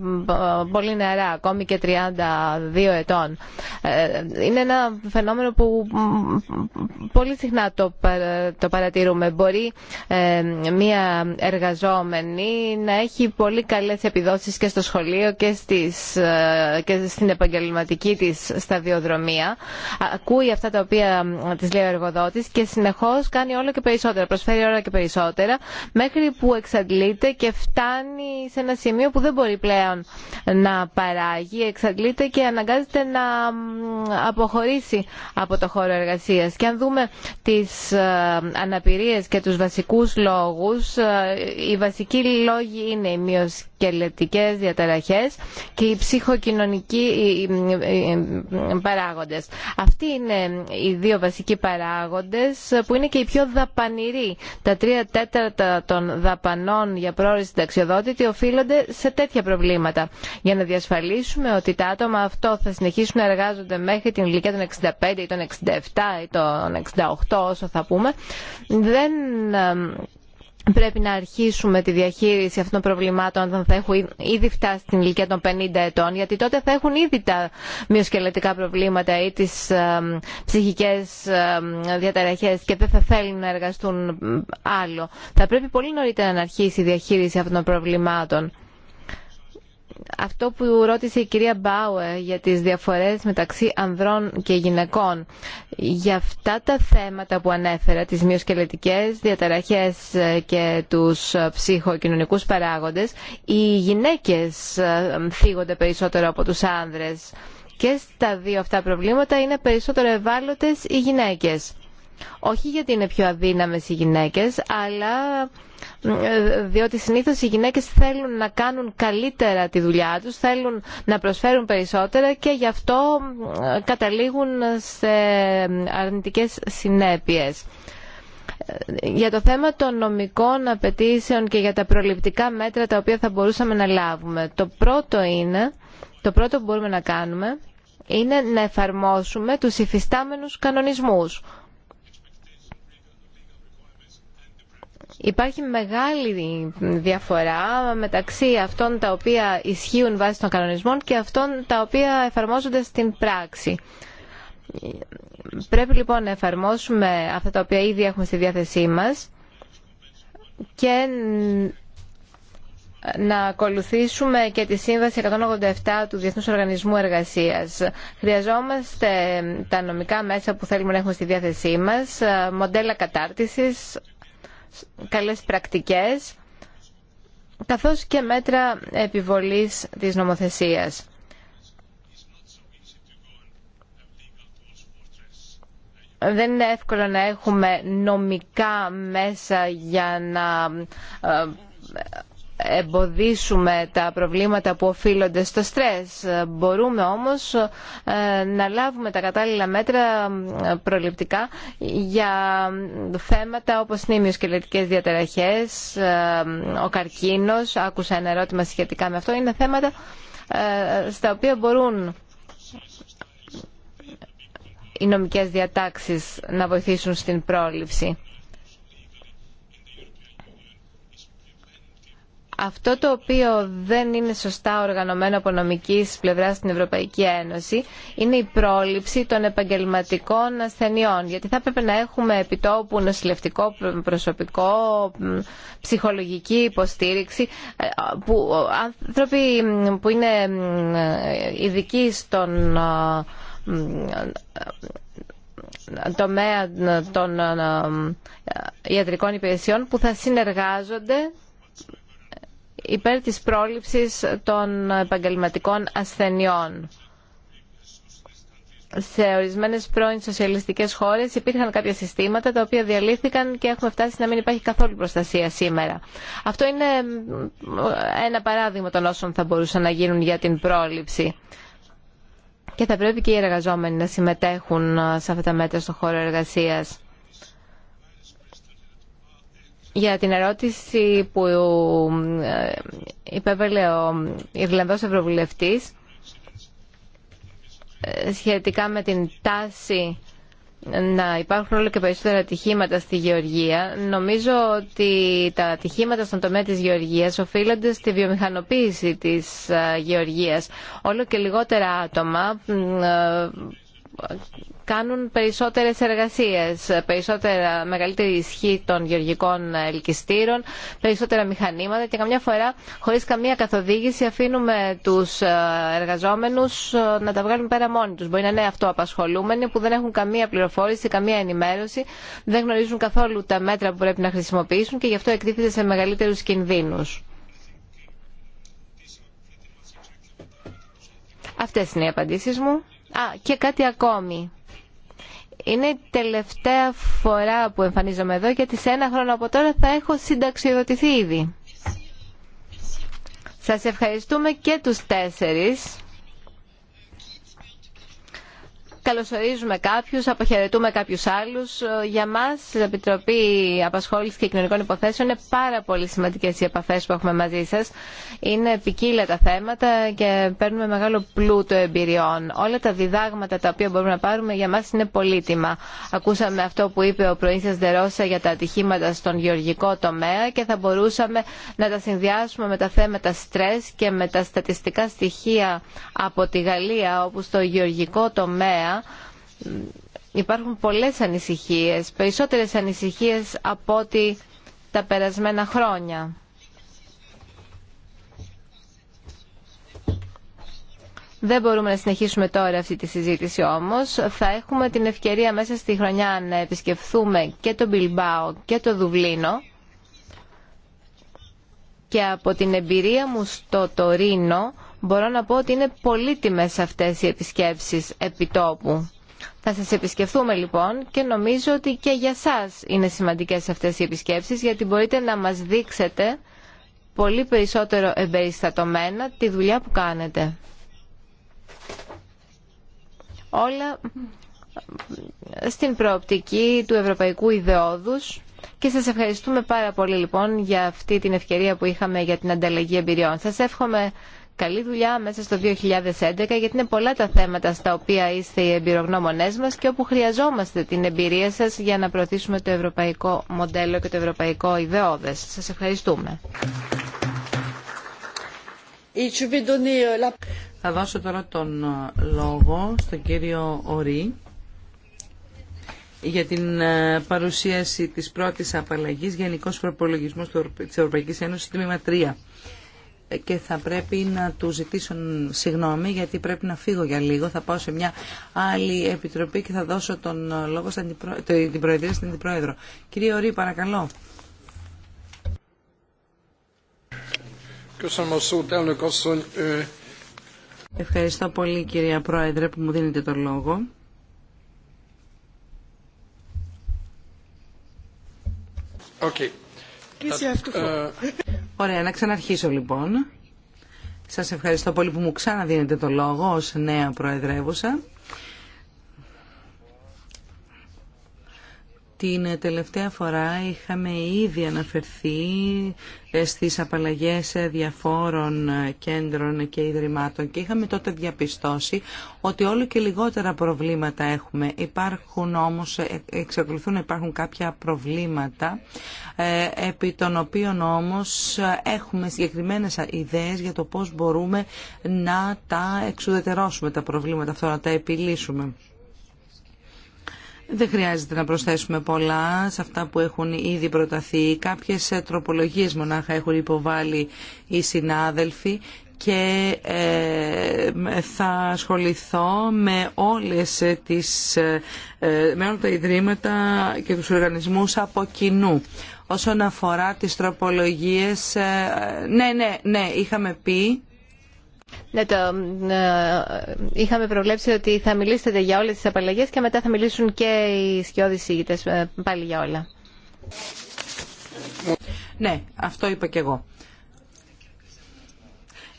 S1: πολύ νεαρά, ακόμη και 32 ετών. Είναι ένα φαινόμενο που πολύ συχνά το παρατηρούμε. Μπορεί μία εργαζόμενη να έχει πολύ καλές επιδόσεις και στο σχολείο και, στις, και στην επαγγελματική της σταδιοδρομία. Ακούει αυτά τα οποία της λέει ο εργοδότης και συνεχώς κάνει όλο και περισσότερα, προσφέρει όλο και περισσότερα μέχρι που εξαντλείται και φτάνει σε ένα σημείο που δεν μπορεί πλέον να παράγει, εξαντλείται και αναγκάζεται να αποχωρήσει από το χώρο εργασίας. Και αν δούμε τις ε, αναπηρίες και τους βασικούς λόγους, ε, οι βασικοί λόγοι είναι η μείωση σκελετικές διαταραχές και οι ψυχοκοινωνικοί παράγοντες. Αυτοί είναι οι δύο βασικοί παράγοντες που είναι και οι πιο δαπανηροί. Τα τρία τέταρτα των δαπανών για πρόορη συνταξιοδότητη οφείλονται σε τέτοια προβλήματα. Για να διασφαλίσουμε ότι τα άτομα αυτό θα συνεχίσουν να εργάζονται μέχρι την ηλικία των 65 ή των 67 ή των 68 όσο θα πούμε, δεν πρέπει να αρχίσουμε τη διαχείριση αυτών των προβλημάτων όταν θα έχουν ήδη φτάσει στην ηλικία των 50 ετών γιατί τότε θα έχουν ήδη τα μυοσκελετικά προβλήματα ή τις ψυχικές διαταραχές και δεν θα θέλουν να εργαστούν άλλο. Θα πρέπει πολύ νωρίτερα να αρχίσει η διαχείριση αυτών των προβλημάτων αυτό που ρώτησε η κυρία Μπάουε για τις διαφορές μεταξύ ανδρών και γυναικών. Για αυτά τα θέματα που ανέφερα, τις μειοσκελετικές διαταραχές ε, και τους ε, ψυχοκοινωνικούς παράγοντες, οι γυναίκες φύγονται ε, περισσότερο από τους άνδρες και στα δύο αυτά προβλήματα είναι περισσότερο ευάλωτες οι γυναίκες. Όχι γιατί είναι πιο αδύναμες οι γυναίκες, αλλά διότι συνήθως οι γυναίκες θέλουν να κάνουν καλύτερα τη δουλειά τους, θέλουν να προσφέρουν περισσότερα και γι' αυτό ε, καταλήγουν σε αρνητικές συνέπειες. Ε, για το θέμα των νομικών απαιτήσεων και για τα προληπτικά μέτρα τα οποία θα μπορούσαμε να λάβουμε. Το πρώτο είναι, το πρώτο που μπορούμε να κάνουμε είναι να εφαρμόσουμε τους υφιστάμενους κανονισμούς Υπάρχει μεγάλη διαφορά μεταξύ αυτών τα οποία ισχύουν βάσει των κανονισμών και αυτών τα οποία εφαρμόζονται στην πράξη. Πρέπει λοιπόν να εφαρμόσουμε αυτά τα οποία ήδη έχουμε στη διάθεσή μας και να ακολουθήσουμε και τη Σύμβαση 187 του Διεθνούς Οργανισμού Εργασίας. Χρειαζόμαστε τα νομικά μέσα που θέλουμε να έχουμε στη διάθεσή μας, μοντέλα κατάρτισης, καλές πρακτικές καθώς και μέτρα επιβολής της νομοθεσίας. Δεν είναι εύκολο να έχουμε νομικά μέσα για να ε, εμποδίσουμε τα προβλήματα που οφείλονται στο στρες. Μπορούμε όμως ε, να λάβουμε τα κατάλληλα μέτρα προληπτικά για θέματα όπως είναι οι μυοσκελετικές διαταραχές, ε, ο καρκίνος, άκουσα ένα ερώτημα σχετικά με αυτό, είναι θέματα ε, στα οποία μπορούν οι νομικές διατάξεις να βοηθήσουν στην πρόληψη. Αυτό το οποίο δεν είναι σωστά οργανωμένο από νομική πλευρά στην Ευρωπαϊκή Ένωση είναι η πρόληψη των επαγγελματικών ασθενειών. Γιατί θα έπρεπε να έχουμε επιτόπου νοσηλευτικό προσωπικό, ψυχολογική υποστήριξη, που άνθρωποι που είναι ειδικοί στον ε, τομέα των ε, ε, ιατρικών υπηρεσιών που θα συνεργάζονται υπέρ της πρόληψης των επαγγελματικών ασθενειών. Σε ορισμένε πρώην σοσιαλιστικέ χώρε υπήρχαν κάποια συστήματα τα οποία διαλύθηκαν και έχουμε φτάσει να μην υπάρχει καθόλου προστασία σήμερα. Αυτό είναι ένα παράδειγμα των όσων θα μπορούσαν να γίνουν για την πρόληψη. Και θα πρέπει και οι εργαζόμενοι να συμμετέχουν σε αυτά τα μέτρα στον χώρο εργασίας. Για την ερώτηση που ε, υπέβαλε ο Ιρλανδός Ευρωβουλευτής ε, σχετικά με την τάση να υπάρχουν όλο και περισσότερα ατυχήματα στη γεωργία. Νομίζω ότι τα ατυχήματα στον τομέα της γεωργίας οφείλονται στη βιομηχανοποίηση της ε, γεωργίας. Όλο και λιγότερα άτομα κάνουν περισσότερες εργασίες, περισσότερα μεγαλύτερη ισχύ των γεωργικών ελκυστήρων, περισσότερα μηχανήματα και καμιά φορά χωρίς καμία καθοδήγηση αφήνουμε τους ε, εργαζόμενους ε, να τα βγάλουν πέρα μόνοι τους. Μπορεί να είναι αυτοαπασχολούμενοι που δεν έχουν καμία πληροφόρηση, καμία ενημέρωση, δεν γνωρίζουν καθόλου τα μέτρα που πρέπει να χρησιμοποιήσουν και γι' αυτό εκτίθεται σε μεγαλύτερους κινδύνους. Αυτές είναι οι απαντήσεις μου. Α, και κάτι ακόμη. Είναι η τελευταία φορά που εμφανίζομαι εδώ γιατί σε ένα χρόνο από τώρα θα έχω συνταξιδοτηθεί ήδη. Σας ευχαριστούμε και τους τέσσερις καλωσορίζουμε κάποιους, αποχαιρετούμε κάποιους άλλους. Ε, για μας, η Επιτροπή Απασχόλησης και Κοινωνικών Υποθέσεων, είναι πάρα πολύ σημαντικές οι επαφές που έχουμε μαζί σας. Είναι ποικίλα τα θέματα και παίρνουμε μεγάλο πλούτο εμπειριών. Όλα τα διδάγματα τα οποία μπορούμε να πάρουμε για μας είναι πολύτιμα. Ακούσαμε αυτό που είπε ο σας Δερόσα για τα ατυχήματα στον γεωργικό τομέα και θα μπορούσαμε να τα συνδυάσουμε με τα θέματα στρες και με τα στατιστικά στοιχεία από τη Γαλλία όπου στο γεωργικό τομέα υπάρχουν πολλές ανησυχίες, περισσότερες ανησυχίες από ό,τι τα περασμένα χρόνια. Δεν μπορούμε να συνεχίσουμε τώρα αυτή τη συζήτηση όμως. Θα έχουμε την ευκαιρία μέσα στη χρονιά να επισκεφθούμε και το Μπιλμπάο και το Δουβλίνο. Και από την εμπειρία μου στο Τωρίνο Μπορώ να πω ότι είναι πολύτιμες αυτές οι επισκέψεις επιτόπου. Θα σας επισκεφθούμε λοιπόν και νομίζω ότι και για σας είναι σημαντικές αυτές οι επισκέψεις γιατί μπορείτε να μας δείξετε πολύ περισσότερο εμπεριστατωμένα τη δουλειά που κάνετε. Όλα στην προοπτική του Ευρωπαϊκού Ιδεόδους και σας ευχαριστούμε πάρα πολύ λοιπόν για αυτή την ευκαιρία που είχαμε για την ανταλλαγή εμπειριών. Σας εύχομαι καλή δουλειά μέσα στο 2011 γιατί είναι πολλά τα θέματα στα οποία είστε οι εμπειρογνώμονές μας και όπου χρειαζόμαστε την εμπειρία σας για να προωθήσουμε το ευρωπαϊκό μοντέλο και το ευρωπαϊκό ιδεώδες. Σας ευχαριστούμε.
S4: Euh, Θα δώσω τώρα τον ε, λόγο στον κύριο Ορί για την ε, παρουσίαση της πρώτης απαλλαγής Γενικός Προπολογισμός της Ευρωπαϊκής Ένωσης, τμήμα 3 και θα πρέπει να του ζητήσω συγγνώμη γιατί πρέπει να φύγω για λίγο. Θα πάω σε μια άλλη επιτροπή και θα δώσω τον λόγο στην την Προεδρία στην Αντιπρόεδρο. Κύριε Ορή, παρακαλώ. Ευχαριστώ πολύ κυρία Πρόεδρε που μου δίνετε τον λόγο.
S2: Okay. uh...
S4: Ωραία, να ξαναρχίσω λοιπόν. Σας ευχαριστώ πολύ που μου ξαναδίνετε το λόγο ως νέα προεδρεύουσα. Την τελευταία φορά είχαμε ήδη αναφερθεί ε, στις απαλλαγές ε, διαφόρων ε, κέντρων και ιδρυμάτων και είχαμε τότε διαπιστώσει ότι όλο και λιγότερα προβλήματα έχουμε. Υπάρχουν όμως, εξακολουθούν να υπάρχουν κάποια προβλήματα επί των οποίων όμως έχουμε συγκεκριμένες ιδέες για το πώς μπορούμε να τα εξουδετερώσουμε τα προβλήματα αυτά, να τα επιλύσουμε. Δεν χρειάζεται να προσθέσουμε πολλά σε αυτά που έχουν ήδη προταθεί. Κάποιες ε, τροπολογίες μονάχα έχουν υποβάλει οι συνάδελφοι και ε, θα ασχοληθώ με όλες τις ε, με όλα τα ιδρύματα και τους οργανισμούς από κοινού. Όσον αφορά τις τροπολογίες, ναι, ναι, ναι, είχαμε
S1: πει ναι, το, ε, είχαμε προβλέψει ότι θα μιλήσετε για όλες τις απαλλαγές και μετά θα μιλήσουν και οι σκιώδεις ηγητές ε, πάλι για όλα.
S4: Ναι, αυτό είπα και εγώ.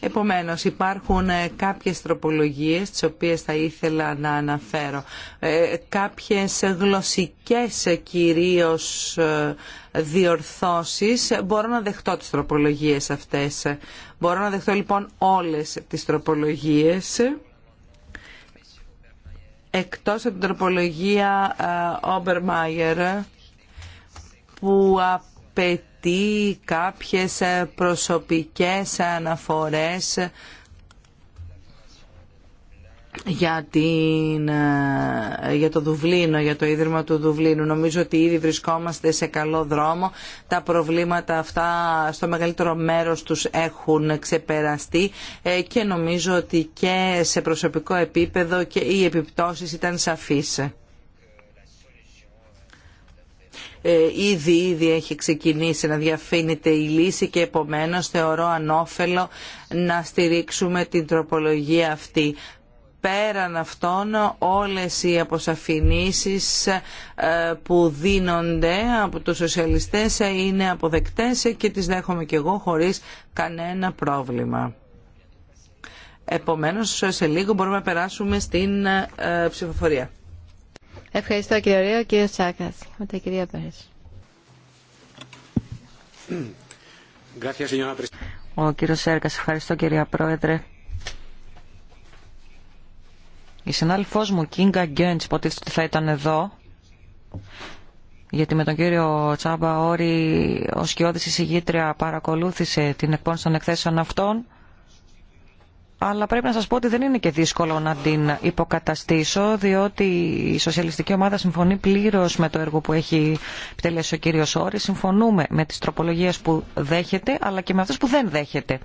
S4: Επομένως υπάρχουν ε, κάποιες τροπολογίες τις οποίες θα ήθελα να αναφέρω. Ε, κάποιες γλωσσικές ε, κυρίως διορθώσεις. Μπορώ να δεχτώ τις τροπολογίες αυτές. Μπορώ να δεχτώ λοιπόν όλες τις τροπολογίες εκτός από την τροπολογία Obermeier που απαιτεί γιατί κάποιες ε, προσωπικές αναφορές για, ε, για το Δουβλίνο, για το Ίδρυμα του Δουβλίνου. Νομίζω ότι ήδη βρισκόμαστε σε καλό δρόμο. Τα προβλήματα αυτά στο μεγαλύτερο μέρος τους έχουν ξεπεραστεί ε, και νομίζω ότι και σε προσωπικό επίπεδο και οι επιπτώσεις ήταν σαφείς. Ε, ήδη, ήδη έχει ξεκινήσει να διαφύνεται η λύση και επομένως θεωρώ ανώφελο να στηρίξουμε την τροπολογία αυτή. Πέραν αυτών όλες οι αποσαφηνήσεις ε, που δίνονται από τους σοσιαλιστές ε, είναι αποδεκτές και τις δέχομαι και εγώ χωρίς κανένα πρόβλημα. Επομένως σε λίγο μπορούμε να περάσουμε
S1: στην ψηφοφορία. Ευχαριστώ κύριε Ρέο, κύριο Τσάκας. Μετά κυρία Πέρες.
S3: Ο κύριος Σέρκα, ευχαριστώ κυρία Πρόεδρε. Η συνάδελφός μου, Κίνγκα Γκέντς, υποτίθεται ότι θα ήταν εδώ, γιατί με τον κύριο Τσάμπα Όρη ο Σκιώδης εισηγήτρια παρακολούθησε την εκπόνηση των εκθέσεων αυτών αλλά πρέπει να σας πω ότι δεν είναι και δύσκολο να την υποκαταστήσω, διότι η Σοσιαλιστική Ομάδα συμφωνεί πλήρως με το έργο που έχει επιτελέσει ο κύριος Όρη. Συμφωνούμε με τις τροπολογίες που δέχεται, αλλά και με αυτές που δεν δέχεται.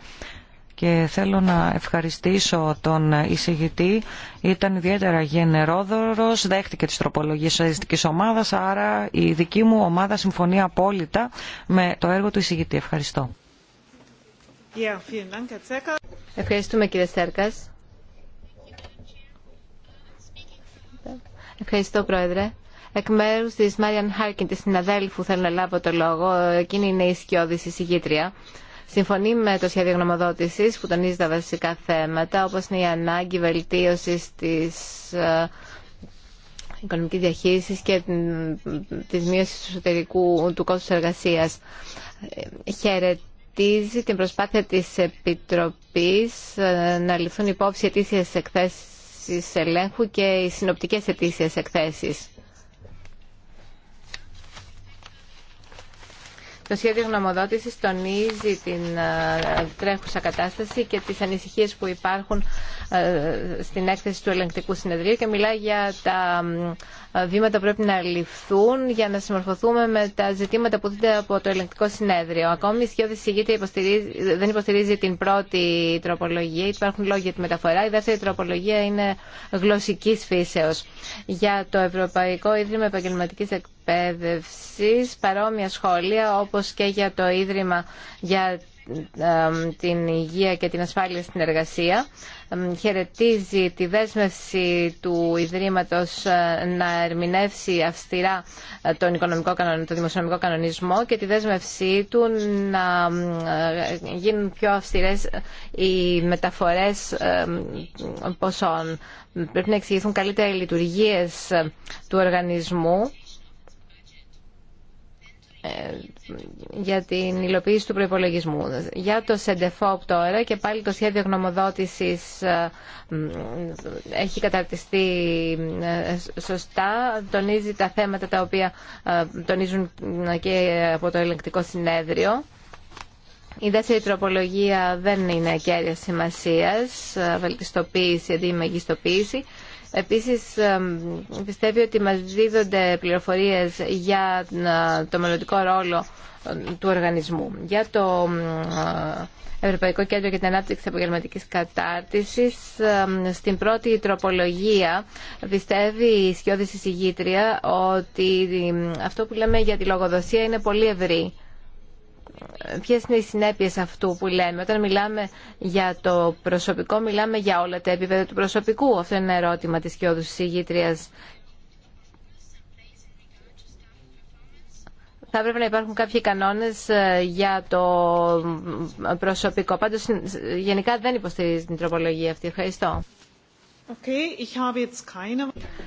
S3: Και θέλω να ευχαριστήσω τον εισηγητή. Ήταν ιδιαίτερα γενερόδωρος, δέχτηκε τις τροπολογίες της Σοσιαλιστικής Ομάδας, άρα η δική μου ομάδα συμφωνεί απόλυτα με το έργο του εισηγητή. Ευχαριστώ.
S1: Ευχαριστούμε κύριε Σέρκας. Ευχαριστώ πρόεδρε. Εκ μέρου τη Μάριαν Χάρκιν, τη συναδέλφου, θέλω να λάβω το λόγο. Εκείνη είναι η σκιώδη εισηγήτρια. Συμφωνεί με το σχέδιο γνωμοδότηση που τονίζει τα βασικά θέματα, όπω είναι η ανάγκη βελτίωση τη ε, οικονομική διαχείριση και τη μείωση του εσωτερικού του κόστου εργασία. Ε, την προσπάθεια της Επιτροπής ε, να ληφθούν υπόψη ετήσιες εκθέσεις ελέγχου και οι συνοπτικές ετήσιες εκθέσεις. Το σχέδιο γνωμοδότησης τονίζει την ε, τρέχουσα κατάσταση και τις ανησυχίες που υπάρχουν ε, στην έκθεση του ελεγκτικού συνεδρίου και μιλάει για τα ε, βήματα πρέπει να ληφθούν για να συμμορφωθούμε με τα ζητήματα που δείτε από το ελεγκτικό συνέδριο. Ακόμη η σχεδόν δεν υποστηρίζει την πρώτη τροπολογία. Υπάρχουν λόγια για τη μεταφορά. Η δεύτερη τροπολογία είναι γλωσσική φύσεω. Για το Ευρωπαϊκό Ίδρυμα Επαγγελματική Εκπαίδευση, παρόμοια σχόλια όπω και για το Ίδρυμα για ε, την υγεία και την ασφάλεια στην εργασία χαιρετίζει τη δέσμευση του Ιδρύματος ε, να ερμηνεύσει αυστηρά ε, τον, οικονομικό, δημοσιονομικό κανονισμό και τη δέσμευσή του να ε, γίνουν πιο αυστηρές οι μεταφορές ποσών. Πρέπει να εξηγηθούν καλύτερα οι λειτουργίες του οργανισμού ε, για την υλοποίηση του προϋπολογισμού. Για το ΣΕΝΤΕΦΟΠ τώρα και πάλι το σχέδιο γνωμοδότησης ε, έχει καταρτιστεί ε, σωστά. Τονίζει τα θέματα τα οποία τονίζουν και από το ελεγκτικό συνέδριο. Η δεύτερη τροπολογία δεν είναι κέρια σημασία, βελτιστοποίηση αντί μεγιστοποίηση. Επίσης πιστεύει ότι μας δίδονται πληροφορίες για το μελλοντικό ρόλο του οργανισμού. Για το ε, Ευρωπαϊκό Κέντρο για την Ανάπτυξη Επαγγελματικής Κατάρτισης στην πρώτη τροπολογία πιστεύει η Σκιώδης Συγγήτρια ότι αυτό που λέμε για τη λογοδοσία είναι πολύ ευρύ ποιες είναι οι συνέπειες αυτού που λέμε. Όταν μιλάμε για το προσωπικό, μιλάμε για όλα τα επίπεδα του προσωπικού. Αυτό είναι ένα ερώτημα της κοιόδους συγγήτριας. Θα πρέπει να υπάρχουν κάποιοι κανόνες ε, για το προσωπικό. Πάντως, γενικά δεν υποστηρίζει την τροπολογία αυτή. Ευχαριστώ.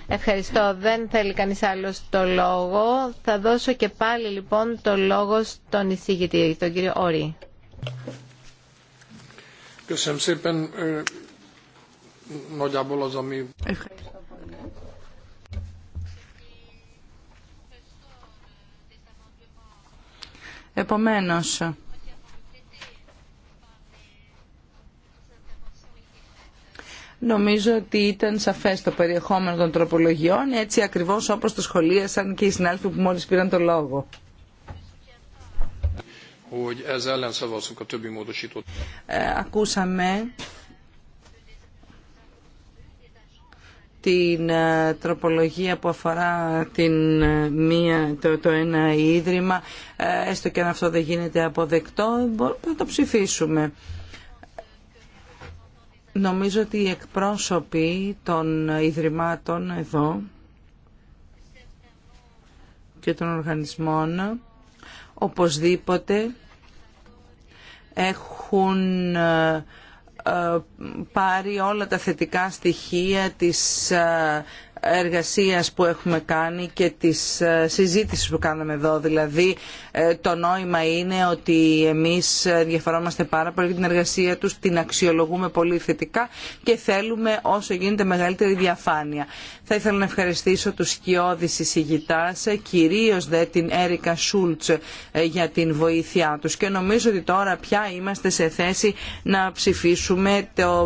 S1: Ευχαριστώ. Δεν θέλει κανείς άλλος το λόγο. Θα δώσω και πάλι λοιπόν το λόγο στον εισηγητή, τον κύριο Όρη.
S4: Επομένως, Νομίζω ότι ήταν σαφές το περιεχόμενο των τροπολογιών, έτσι ακριβώς όπως το σχολίασαν και οι συνάδελφοι που μόλις πήραν το λόγο. Ε, ακούσαμε την ε, τροπολογία που αφορά την, ε, μία, το, ένα ίδρυμα, έστω και αν αυτό δεν γίνεται αποδεκτό, μπορούμε να το ψηφίσουμε. Νομίζω ότι οι εκπρόσωποι των Ιδρυμάτων εδώ και των οργανισμών οπωσδήποτε έχουν ε, ε, πάρει όλα τα θετικά στοιχεία της ε, εργασίας που έχουμε κάνει και της ε, συζήτησης που κάναμε εδώ. Δηλαδή ε, το νόημα είναι ότι εμείς ε, διαφορόμαστε πάρα πολύ για την εργασία τους, την αξιολογούμε πολύ θετικά και θέλουμε όσο γίνεται μεγαλύτερη διαφάνεια. Θα ήθελα να ευχαριστήσω τους σκιώδης εισηγητάς, κυρίως δε την Έρικα Σούλτς για την βοήθειά τους και νομίζω ότι τώρα πια είμαστε σε θέση να ψηφίσουμε το,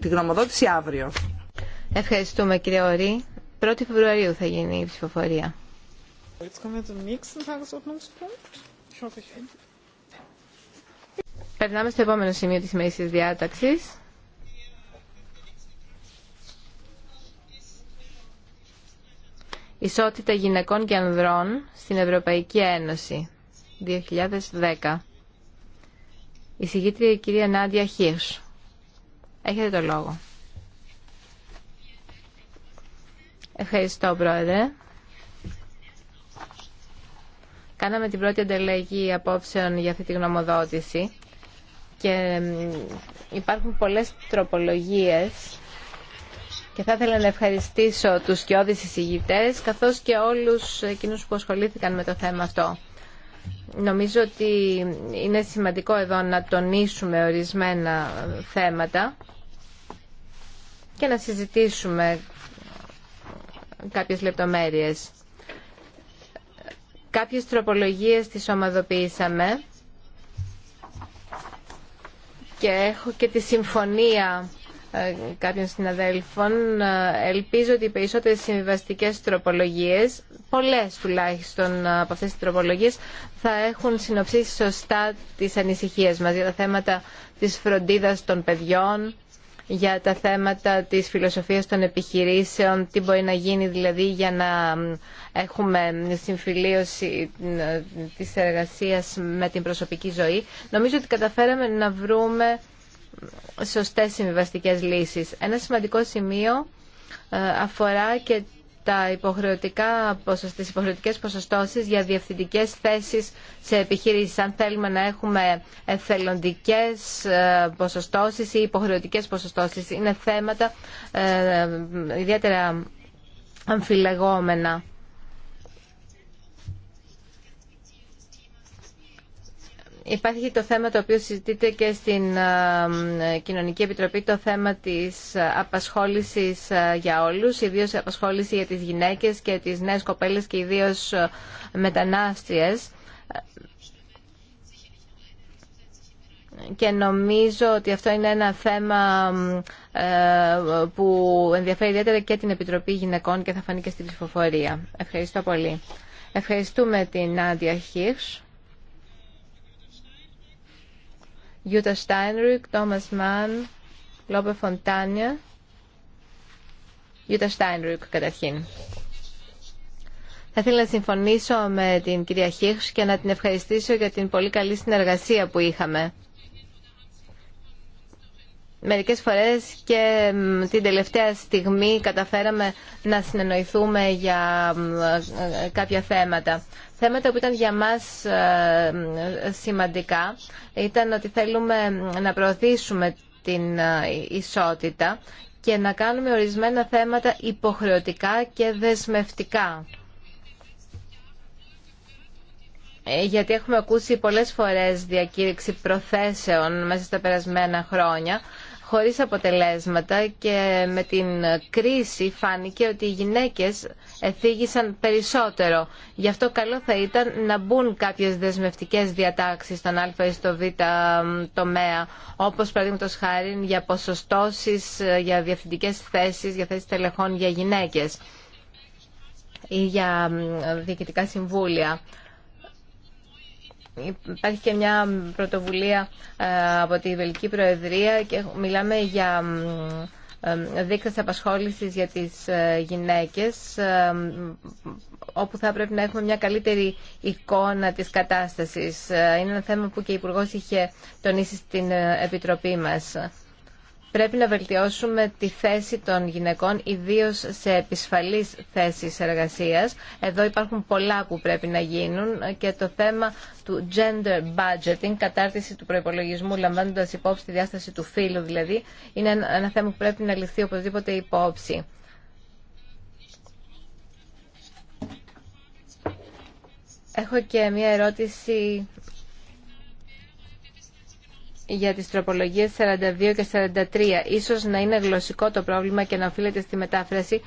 S4: τη γνωμοδότηση αύριο.
S1: Ευχαριστούμε κύριε Ορή. 1η Φεβρουαρίου θα γίνει η ψηφοφορία. Περνάμε στο επόμενο σημείο της μέσης διάταξης. Ισότητα γυναικών και ανδρών στην Ευρωπαϊκή Ένωση 2010. Η συγκίτρια η κυρία Νάντια Χίρς. Έχετε το λόγο. Ευχαριστώ, Πρόεδρε. Κάναμε την πρώτη ανταλλαγή απόψεων για αυτή τη γνωμοδότηση και υπάρχουν πολλές τροπολογίες και θα ήθελα να ευχαριστήσω τους σκιώδεις εισηγητές καθώς και όλους εκείνους που ασχολήθηκαν με το θέμα αυτό. Νομίζω ότι είναι σημαντικό εδώ να τονίσουμε ορισμένα θέματα και να συζητήσουμε κάποιες λεπτομέρειες. Κάποιες τροπολογίες τις ομαδοποιήσαμε και έχω και τη συμφωνία ε, κάποιων συναδέλφων. Ε, ελπίζω ότι οι περισσότερες συμβιβαστικές τροπολογίες, πολλές τουλάχιστον από αυτές τις τροπολογίες, θα έχουν συνοψίσει σωστά τις ανησυχίες μας για τα θέματα της φροντίδας των παιδιών, για τα θέματα της φιλοσοφίας των επιχειρήσεων, τι μπορεί να γίνει δηλαδή για να έχουμε συμφιλίωση της εργασίας με την προσωπική ζωή. Νομίζω ότι καταφέραμε να βρούμε σωστές συμβιβαστικέ λύσεις. Ένα σημαντικό σημείο ε, αφορά και τα υποχρεωτικά, τις υποχρεωτικές ποσοστώσεις για διευθυντικές θέσεις σε επιχειρήσεις. Αν θέλουμε να έχουμε εθελοντικές ε, ποσοστώσεις ή υποχρεωτικές ποσοστώσεις. Είναι θέματα ε, ε, ιδιαίτερα αμφιλεγόμενα. Υπάρχει το θέμα το οποίο συζητείται και στην ε, ε, Κοινωνική Επιτροπή, το θέμα της ε, απασχόλησης για όλους, ιδίως η απασχόληση για τις γυναίκες και τις νέες κοπέλες και ιδίως μετανάστριες. και νομίζω ότι αυτό είναι ένα θέμα που ενδιαφέρει ιδιαίτερα και την Επιτροπή Γυναικών και θα φανεί και στην ψηφοφορία. Ευχαριστώ πολύ. Ευχαριστούμε την Άντια Χίρς. Jutta Steinrück, Thomas Mann, Λόπε Φοντάνια, Jutta Steinrück καταρχήν. Θα ήθελα να συμφωνήσω με την κυρία Χίχς και να την ευχαριστήσω για την πολύ καλή συνεργασία που είχαμε μερικές φορές και την τελευταία στιγμή καταφέραμε να συνεννοηθούμε για ε, κάποια θέματα. Θέματα που ήταν για μας ε, σημαντικά ήταν ότι θέλουμε να προωθήσουμε την ε, ισότητα και να κάνουμε ορισμένα θέματα υποχρεωτικά και δεσμευτικά. Γιατί έχουμε ακούσει πολλές φορές διακήρυξη προθέσεων μέσα στα περασμένα χρόνια χωρίς αποτελέσματα και με την κρίση φάνηκε ότι οι γυναίκες εθίγησαν περισσότερο. Γι' αυτό καλό θα ήταν να μπουν κάποιες δεσμευτικές διατάξεις στον α ή στο β τομέα, όπως παραδείγματος χάρη για ποσοστώσεις, για διευθυντικές θέσεις, για θέσεις τελεχών για γυναίκες ή για διοικητικά συμβούλια. Υπάρχει και μια πρωτοβουλία ε, από τη Βελική Προεδρία και μιλάμε για ε, δείκτες απασχόλησης για τις ε, γυναίκες όπου θα πρέπει να έχουμε μια καλύτερη εικόνα της κατάστασης. Είναι ένα θέμα που και ο Υπουργός είχε τονίσει στην Επιτροπή μας. Πρέπει να βελτιώσουμε τη θέση των γυναικών, ιδίω σε επισφαλείς θέσεις εργασίας. Εδώ υπάρχουν πολλά που πρέπει να γίνουν και το θέμα του gender budgeting, κατάρτιση του προπολογισμού, λαμβάνοντας υπόψη τη διάσταση του φύλου δηλαδή, είναι ένα θέμα που πρέπει να ληφθεί οπωσδήποτε υπόψη. Έχω και μία ερώτηση για τις τροπολογίες 42 και 43. Ίσως να είναι γλωσσικό το πρόβλημα και να οφείλεται στη μετάφραση.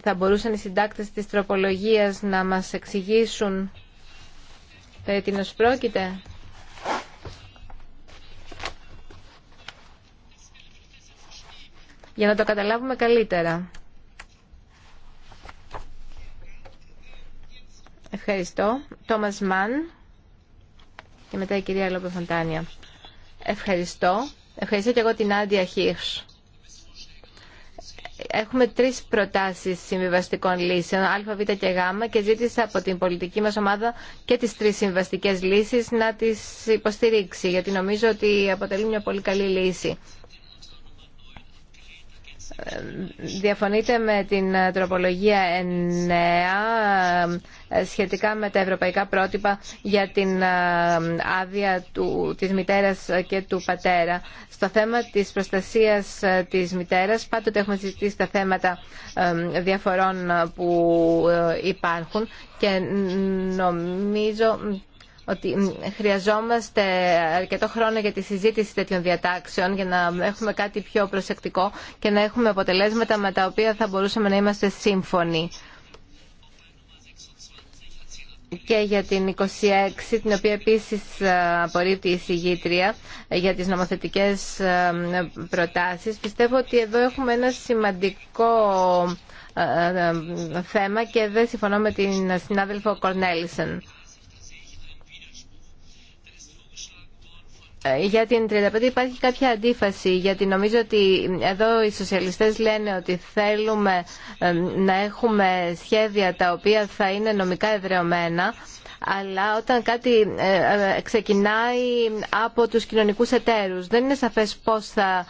S1: Θα μπορούσαν οι συντάκτες της τροπολογίας να μας εξηγήσουν περί την Για να το καταλάβουμε καλύτερα. Ευχαριστώ. Τόμας Μαν και μετά η κυρία Λόπε Φαντάνια. Ευχαριστώ. Ευχαριστώ και εγώ την Άντια Χίρς. Έχουμε τρεις προτάσεις συμβιβαστικών λύσεων, α, β και γ και ζήτησα από την πολιτική μας ομάδα και τις τρεις συμβαστικές λύσεις να τις υποστηρίξει γιατί νομίζω ότι αποτελεί μια πολύ καλή λύση. Διαφωνείτε με την ε, τροπολογία 9 ε, σχετικά με τα ευρωπαϊκά πρότυπα για την ε, άδεια του, της μητέρας και του πατέρα. Στο θέμα της προστασίας της μητέρας πάντοτε έχουμε συζητήσει τα θέματα διαφορών που υπάρχουν και νομίζω ότι χρειαζόμαστε αρκετό χρόνο για τη συζήτηση τέτοιων διατάξεων για να έχουμε κάτι πιο προσεκτικό και να έχουμε αποτελέσματα με τα οποία θα μπορούσαμε να είμαστε σύμφωνοι. Και για την 26, την οποία επίσης ε, απορρίπτει η συγγήτρια ε, για τις νομοθετικές ε, προτάσεις, πιστεύω ότι εδώ έχουμε ένα σημαντικό θέμα και δεν συμφωνώ με την συνάδελφο Κορνέλισεν. Ε, για την 35 υπάρχει κάποια αντίφαση, γιατί νομίζω ότι εδώ οι σοσιαλιστές λένε ότι θέλουμε ε, να έχουμε σχέδια τα οποία θα είναι νομικά εδρεωμένα, αλλά όταν κάτι ε, ξεκινάει από τους κοινωνικούς εταίρους δεν είναι σαφές πώς θα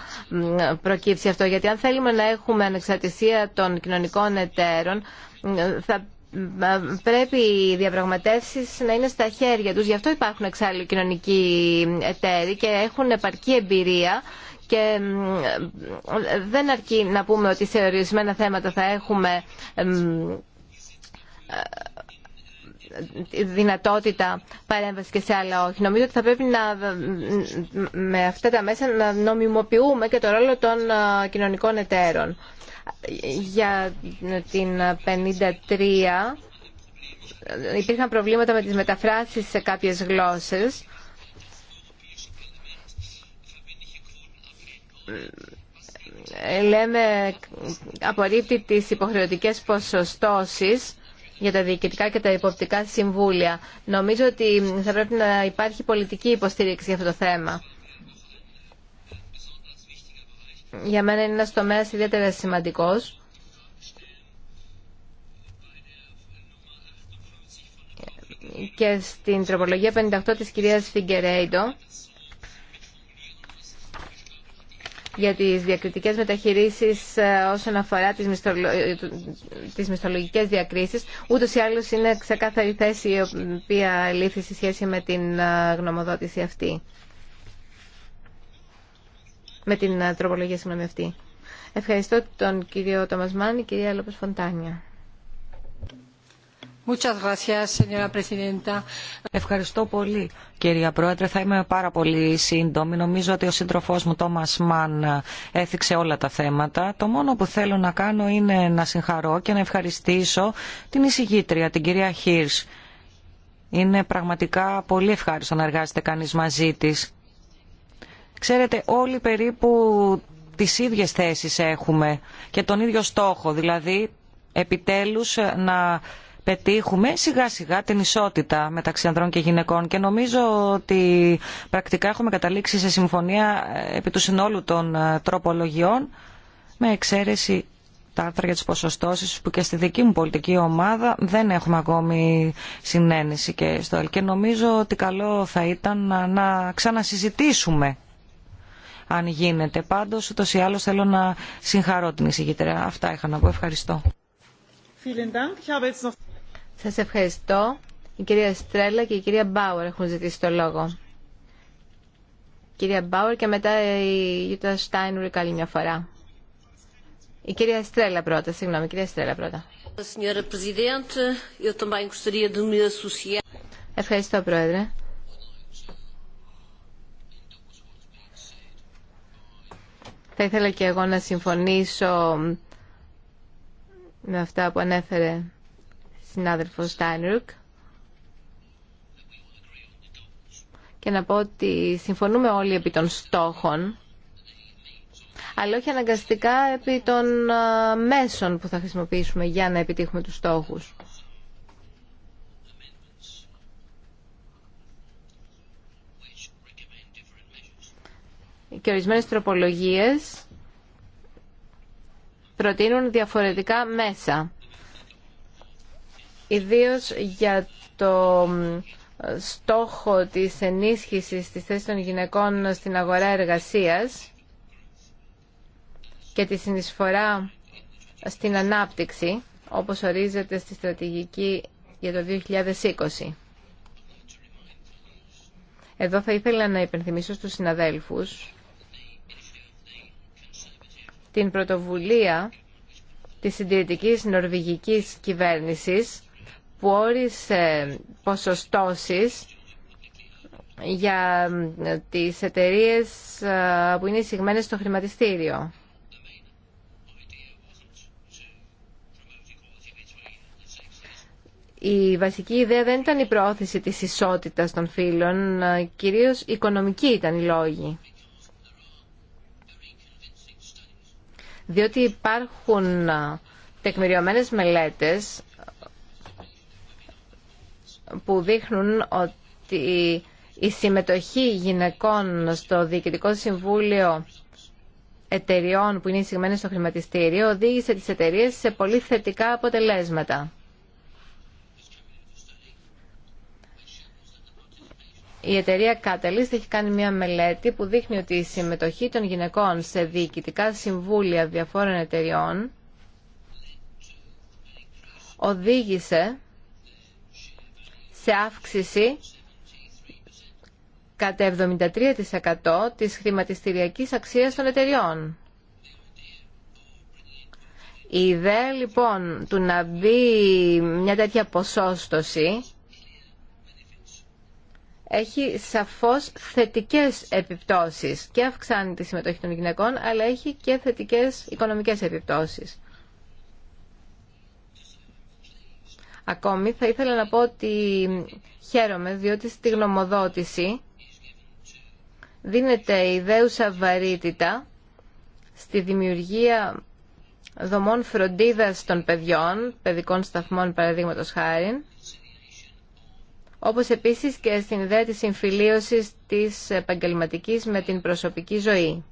S1: προκύψει αυτό γιατί αν θέλουμε να έχουμε ανεξαρτησία των κοινωνικών εταίρων θα πρέπει οι διαπραγματεύσεις να είναι στα χέρια τους. Γι' αυτό υπάρχουν εξάλλου κοινωνικοί εταίροι και έχουν επαρκή εμπειρία και δεν αρκεί να πούμε ότι σε ορισμένα θέματα θα έχουμε ε, δυνατότητα παρέμβαση και σε άλλα όχι. Νομίζω ότι θα πρέπει να, με αυτά τα μέσα να νομιμοποιούμε και το ρόλο των κοινωνικών εταίρων για την 53 υπήρχαν προβλήματα με τις μεταφράσεις σε κάποιες γλώσσες. Λέμε απορρίπτει τις υποχρεωτικές ποσοστώσεις για τα διοικητικά και τα υποπτικά συμβούλια. Νομίζω ότι θα πρέπει να υπάρχει πολιτική υποστήριξη για αυτό το θέμα για μένα είναι ένας τομέας ιδιαίτερα σημαντικός. Και στην τροπολογία 58 της κυρίας Φιγκερέιντο για τις διακριτικές μεταχειρήσεις ε, όσον αφορά τις, μισθολο... τις μισθολογικές διακρίσεις. Ούτως ή άλλως είναι ξεκάθαρη θέση η οποία λήφθη σε σχέση με την ε, γνωμοδότηση αυτή με την ε, τροπολογία συγγνώμη αυτή. Ευχαριστώ τον κύριο Τομασμάν, η κυρία Λόπες Φοντάνια. Ευχαριστώ πολύ
S3: κυρία Πρόεδρε. Θα είμαι πάρα πολύ σύντομη. Νομίζω ότι ο σύντροφό μου Τόμα Μαν έθιξε όλα τα θέματα. Το μόνο που θέλω να κάνω είναι να συγχαρώ και να ευχαριστήσω την εισηγήτρια, την κυρία Χίρς. Είναι πραγματικά πολύ ευχάριστο να εργάζεται κανείς μαζί της Ξέρετε, όλοι περίπου τις ίδιες θέσεις έχουμε και τον ίδιο στόχο, δηλαδή επιτέλους να πετύχουμε σιγά σιγά την ισότητα μεταξύ ανδρών και γυναικών και νομίζω ότι πρακτικά έχουμε καταλήξει σε συμφωνία ε, επί του συνόλου των ε, τροπολογιών με εξαίρεση τα άρθρα για τις ποσοστώσεις που και στη δική μου πολιτική ομάδα δεν έχουμε ακόμη συνένεση και στο Και νομίζω ότι καλό θα ήταν να ξανασυζητήσουμε αν γίνεται. πάντω, ούτω ή άλλω θέλω να συγχαρώ την εισηγήτρια. Αυτά είχα να πω. Ευχαριστώ.
S1: Σα ευχαριστώ. Η κυρία Στρέλα και η κυρία Μπάουερ έχουν ζητήσει το λόγο. κυρία Μπάουερ και μετά η Γιούτα Στάινουρικ άλλη μια φορά. Η κυρία Στρέλα πρώτα, συγγνώμη, η κυρία Στρέλα πρώτα. Ευχαριστώ, Πρόεδρε. Θα ήθελα και εγώ να συμφωνήσω με αυτά που ανέφερε συνάδελφος Στάινρουκ και να πω ότι συμφωνούμε όλοι επί των στόχων αλλά όχι αναγκαστικά επί των μέσων που θα χρησιμοποιήσουμε για να επιτύχουμε τους στόχους. και ορισμένες τροπολογίες προτείνουν διαφορετικά μέσα. Ιδίως για το στόχο της ενίσχυσης της θέσης των γυναικών στην αγορά εργασίας και τη συνεισφορά στην ανάπτυξη, όπως ορίζεται στη στρατηγική για το 2020. Εδώ θα ήθελα να υπενθυμίσω στους συναδέλφους την πρωτοβουλία της συντηρητικής νορβηγικής κυβέρνησης που όρισε ποσοστώσεις για τις εταιρείες που είναι εισηγμένες στο χρηματιστήριο. Η βασική ιδέα δεν ήταν η πρόθεση της ισότητας των φύλων, κυρίως οικονομική ήταν η λόγη. διότι υπάρχουν τεκμηριωμένες μελέτες που δείχνουν ότι η συμμετοχή γυναικών στο Διοικητικό Συμβούλιο εταιριών που είναι εισηγμένες στο χρηματιστήριο οδήγησε τις εταιρείες σε πολύ θετικά αποτελέσματα. Η εταιρεία Catalyst έχει κάνει μια μελέτη που δείχνει ότι η συμμετοχή των γυναικών σε διοικητικά συμβούλια διαφόρων εταιριών οδήγησε σε αύξηση κατά 73% της χρηματιστηριακής αξίας των εταιριών. Η ιδέα λοιπόν του να μπει μια τέτοια ποσόστοση έχει σαφώς θετικές επιπτώσεις και αυξάνει τη συμμετοχή των γυναικών αλλά έχει και θετικές οικονομικές επιπτώσεις. Ακόμη θα ήθελα να πω ότι χαίρομαι διότι στη γνωμοδότηση δίνεται ιδέουσα βαρύτητα στη δημιουργία δομών φροντίδας των παιδιών, παιδικών σταθμών παραδείγματος χάριν, όπως επίσης και στην ιδέα της συμφιλίωσης της επαγγελματική με την προσωπική ζωή.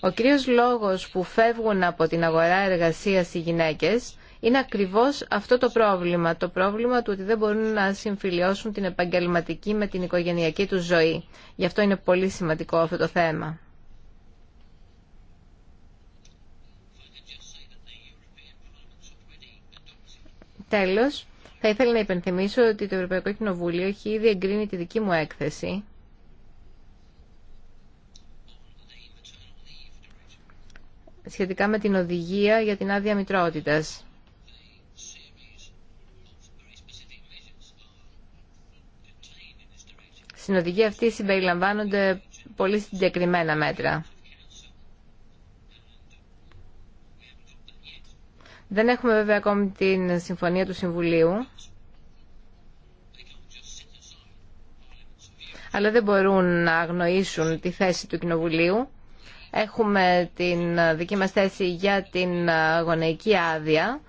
S1: Ο κύριος λόγος που φεύγουν από την αγορά εργασίας οι γυναίκες είναι ακριβώς αυτό το πρόβλημα, το πρόβλημα του ότι δεν μπορούν να συμφιλιώσουν την επαγγελματική με την οικογενειακή τους ζωή. Γι' αυτό είναι πολύ σημαντικό αυτό το θέμα. Τέλος, θα ήθελα να υπενθυμίσω ότι το Ευρωπαϊκό Κοινοβούλιο έχει ήδη εγκρίνει τη δική μου έκθεση σχετικά με την οδηγία για την άδεια μητρότητας. Στην οδηγία αυτή συμπεριλαμβάνονται πολύ συγκεκριμένα μέτρα. Δεν έχουμε βέβαια ακόμη την συμφωνία του Συμβουλίου. Αλλά δεν μπορούν να αγνοήσουν τη θέση του Κοινοβουλίου. Έχουμε την δική μας θέση για την γονεϊκή άδεια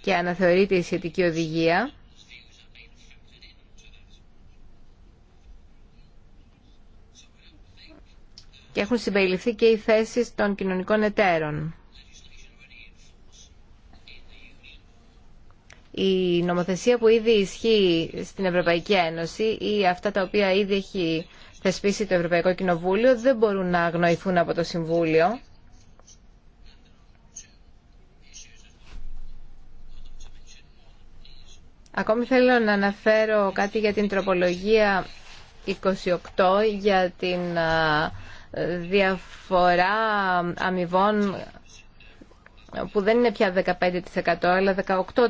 S1: και αναθεωρείται η σχετική οδηγία. Και έχουν συμπεριληφθεί και οι θέσεις των κοινωνικών εταίρων. η νομοθεσία που ήδη ισχύει στην Ευρωπαϊκή Ένωση ή αυτά τα οποία ήδη έχει θεσπίσει το Ευρωπαϊκό Κοινοβούλιο δεν μπορούν να αγνοηθούν από το Συμβούλιο. Ακόμη θέλω να αναφέρω κάτι για την τροπολογία 28 για την διαφορά αμοιβών που δεν είναι πια 15% αλλά 18%.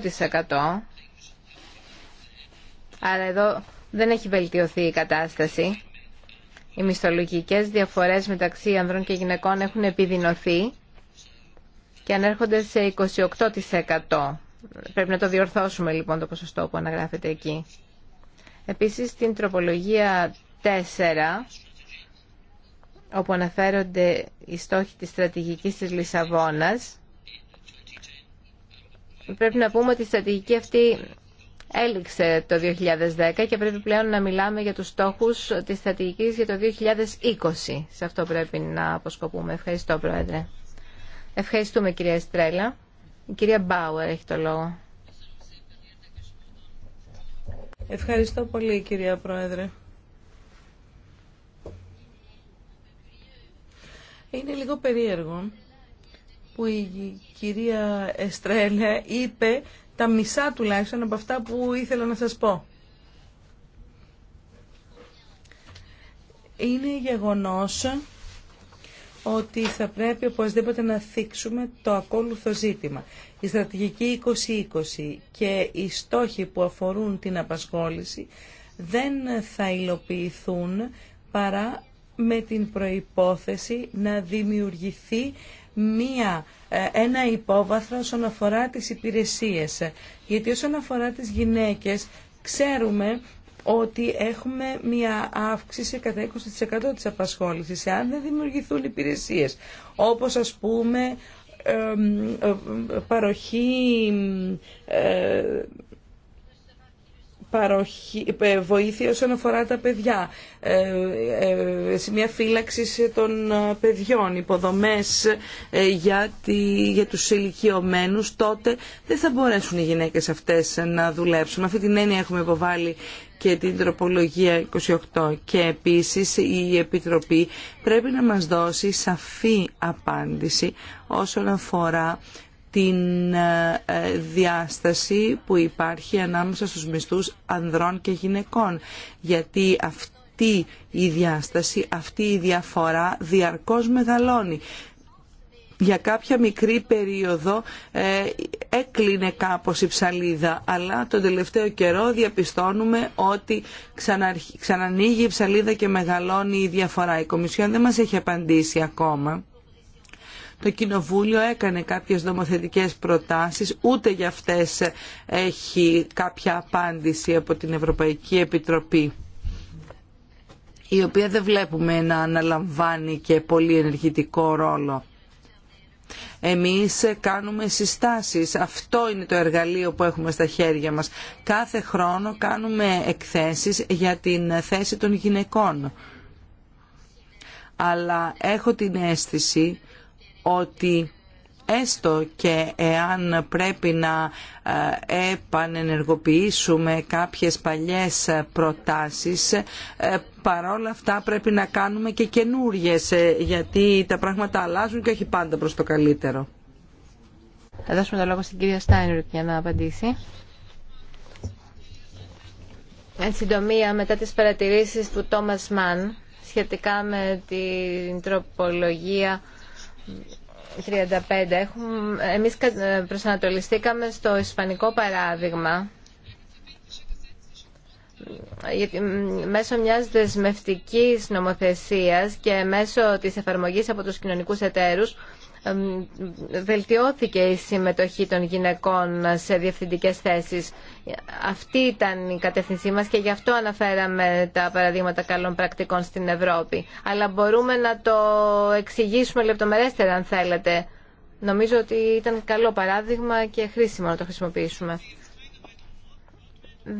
S1: Άρα εδώ δεν έχει βελτιωθεί η κατάσταση. Οι μισθολογικές διαφορές μεταξύ ανδρών και γυναικών έχουν επιδεινωθεί και ανέρχονται σε 28%. Πρέπει να το διορθώσουμε λοιπόν το ποσοστό που αναγράφεται εκεί. Επίσης στην τροπολογία 4 όπου αναφέρονται οι στόχοι της στρατηγικής της Λισαβόνας πρέπει να πούμε ότι η στρατηγική αυτή έληξε το 2010 και πρέπει πλέον να μιλάμε για τους στόχους της στρατηγικής για το 2020. Σε αυτό πρέπει να αποσκοπούμε. Ευχαριστώ, Πρόεδρε. Ευχαριστούμε, κυρία Στρέλα. Η κυρία Μπάουερ έχει το λόγο. Ευχαριστώ πολύ, κυρία Πρόεδρε.
S4: Είναι λίγο περίεργο που η κυρία Εστρέλε είπε τα μισά τουλάχιστον από αυτά που ήθελα να σας πω. Είναι γεγονός ότι θα πρέπει οπωσδήποτε να θίξουμε το ακόλουθο ζήτημα. Η στρατηγική 2020 και οι στόχοι που αφορούν την απασχόληση δεν θα υλοποιηθούν παρά με την προϋπόθεση να δημιουργηθεί μία, ε, ένα υπόβαθρο όσον αφορά τις υπηρεσίες. Γιατί όσον αφορά τις γυναίκες ξέρουμε ότι έχουμε μία αύξηση κατά 20% της απασχόλησης, εάν δεν δημιουργηθούν υπηρεσίες, όπως ας πούμε ε, παροχή ε, παροχή, ε, βοήθεια όσον αφορά τα παιδιά, ε, ε, σημεία φύλαξη των παιδιών, υποδομές για, για τους ηλικιωμένους, τότε δεν θα μπορέσουν οι γυναίκες αυτές να δουλέψουν. Με αυτή την έννοια έχουμε υποβάλει και την τροπολογία 28 και επίσης η Επιτροπή πρέπει να μας δώσει σαφή απάντηση όσον αφορά την ε, ε, διάσταση που υπάρχει ανάμεσα στους μισθούς ανδρών και γυναικών. Γιατί αυτή η διάσταση, αυτή η διαφορά διαρκώς μεγαλώνει. Για κάποια μικρή περίοδο ε, έκλεινε κάπως η ψαλίδα, αλλά τον τελευταίο καιρό διαπιστώνουμε ότι ξανανοίγει η ψαλίδα και μεγαλώνει η διαφορά. Η Κομισιόν δεν μας έχει απαντήσει ακόμα το Κοινοβούλιο έκανε κάποιες νομοθετικές προτάσεις, ούτε για αυτές έχει κάποια απάντηση από την Ευρωπαϊκή Επιτροπή η οποία δεν βλέπουμε να αναλαμβάνει και πολύ ενεργητικό ρόλο. Εμείς κάνουμε συστάσεις. Αυτό είναι το εργαλείο που έχουμε στα χέρια μας. Κάθε χρόνο κάνουμε εκθέσεις για την θέση των γυναικών. Αλλά έχω την αίσθηση ότι έστω και εάν πρέπει να ε, επανενεργοποιήσουμε κάποιες παλιές προτάσεις ε, παρόλα αυτά πρέπει να κάνουμε και καινούριες ε, γιατί τα πράγματα αλλάζουν και όχι πάντα προς το καλύτερο.
S1: Θα δώσουμε το λόγο στην κυρία Στάινρουκ για να απαντήσει. Εν συντομία, μετά τις παρατηρήσεις του Τόμας Μαν σχετικά με την τροπολογία 35. Έχουμε, εμείς ε, προσανατολιστήκαμε στο ισπανικό παράδειγμα μέσω μιας δεσμευτικής νομοθεσίας και μέσω της εφαρμογής από τους κοινωνικούς εταίρους βελτιώθηκε η συμμετοχή των γυναικών σε διευθυντικές θέσεις. Αυτή ήταν η κατεύθυνσή μας και γι' αυτό αναφέραμε τα παραδείγματα καλών πρακτικών στην Ευρώπη. Αλλά μπορούμε να το εξηγήσουμε λεπτομερέστερα αν θέλετε. Νομίζω ότι ήταν καλό παράδειγμα και χρήσιμο να το χρησιμοποιήσουμε.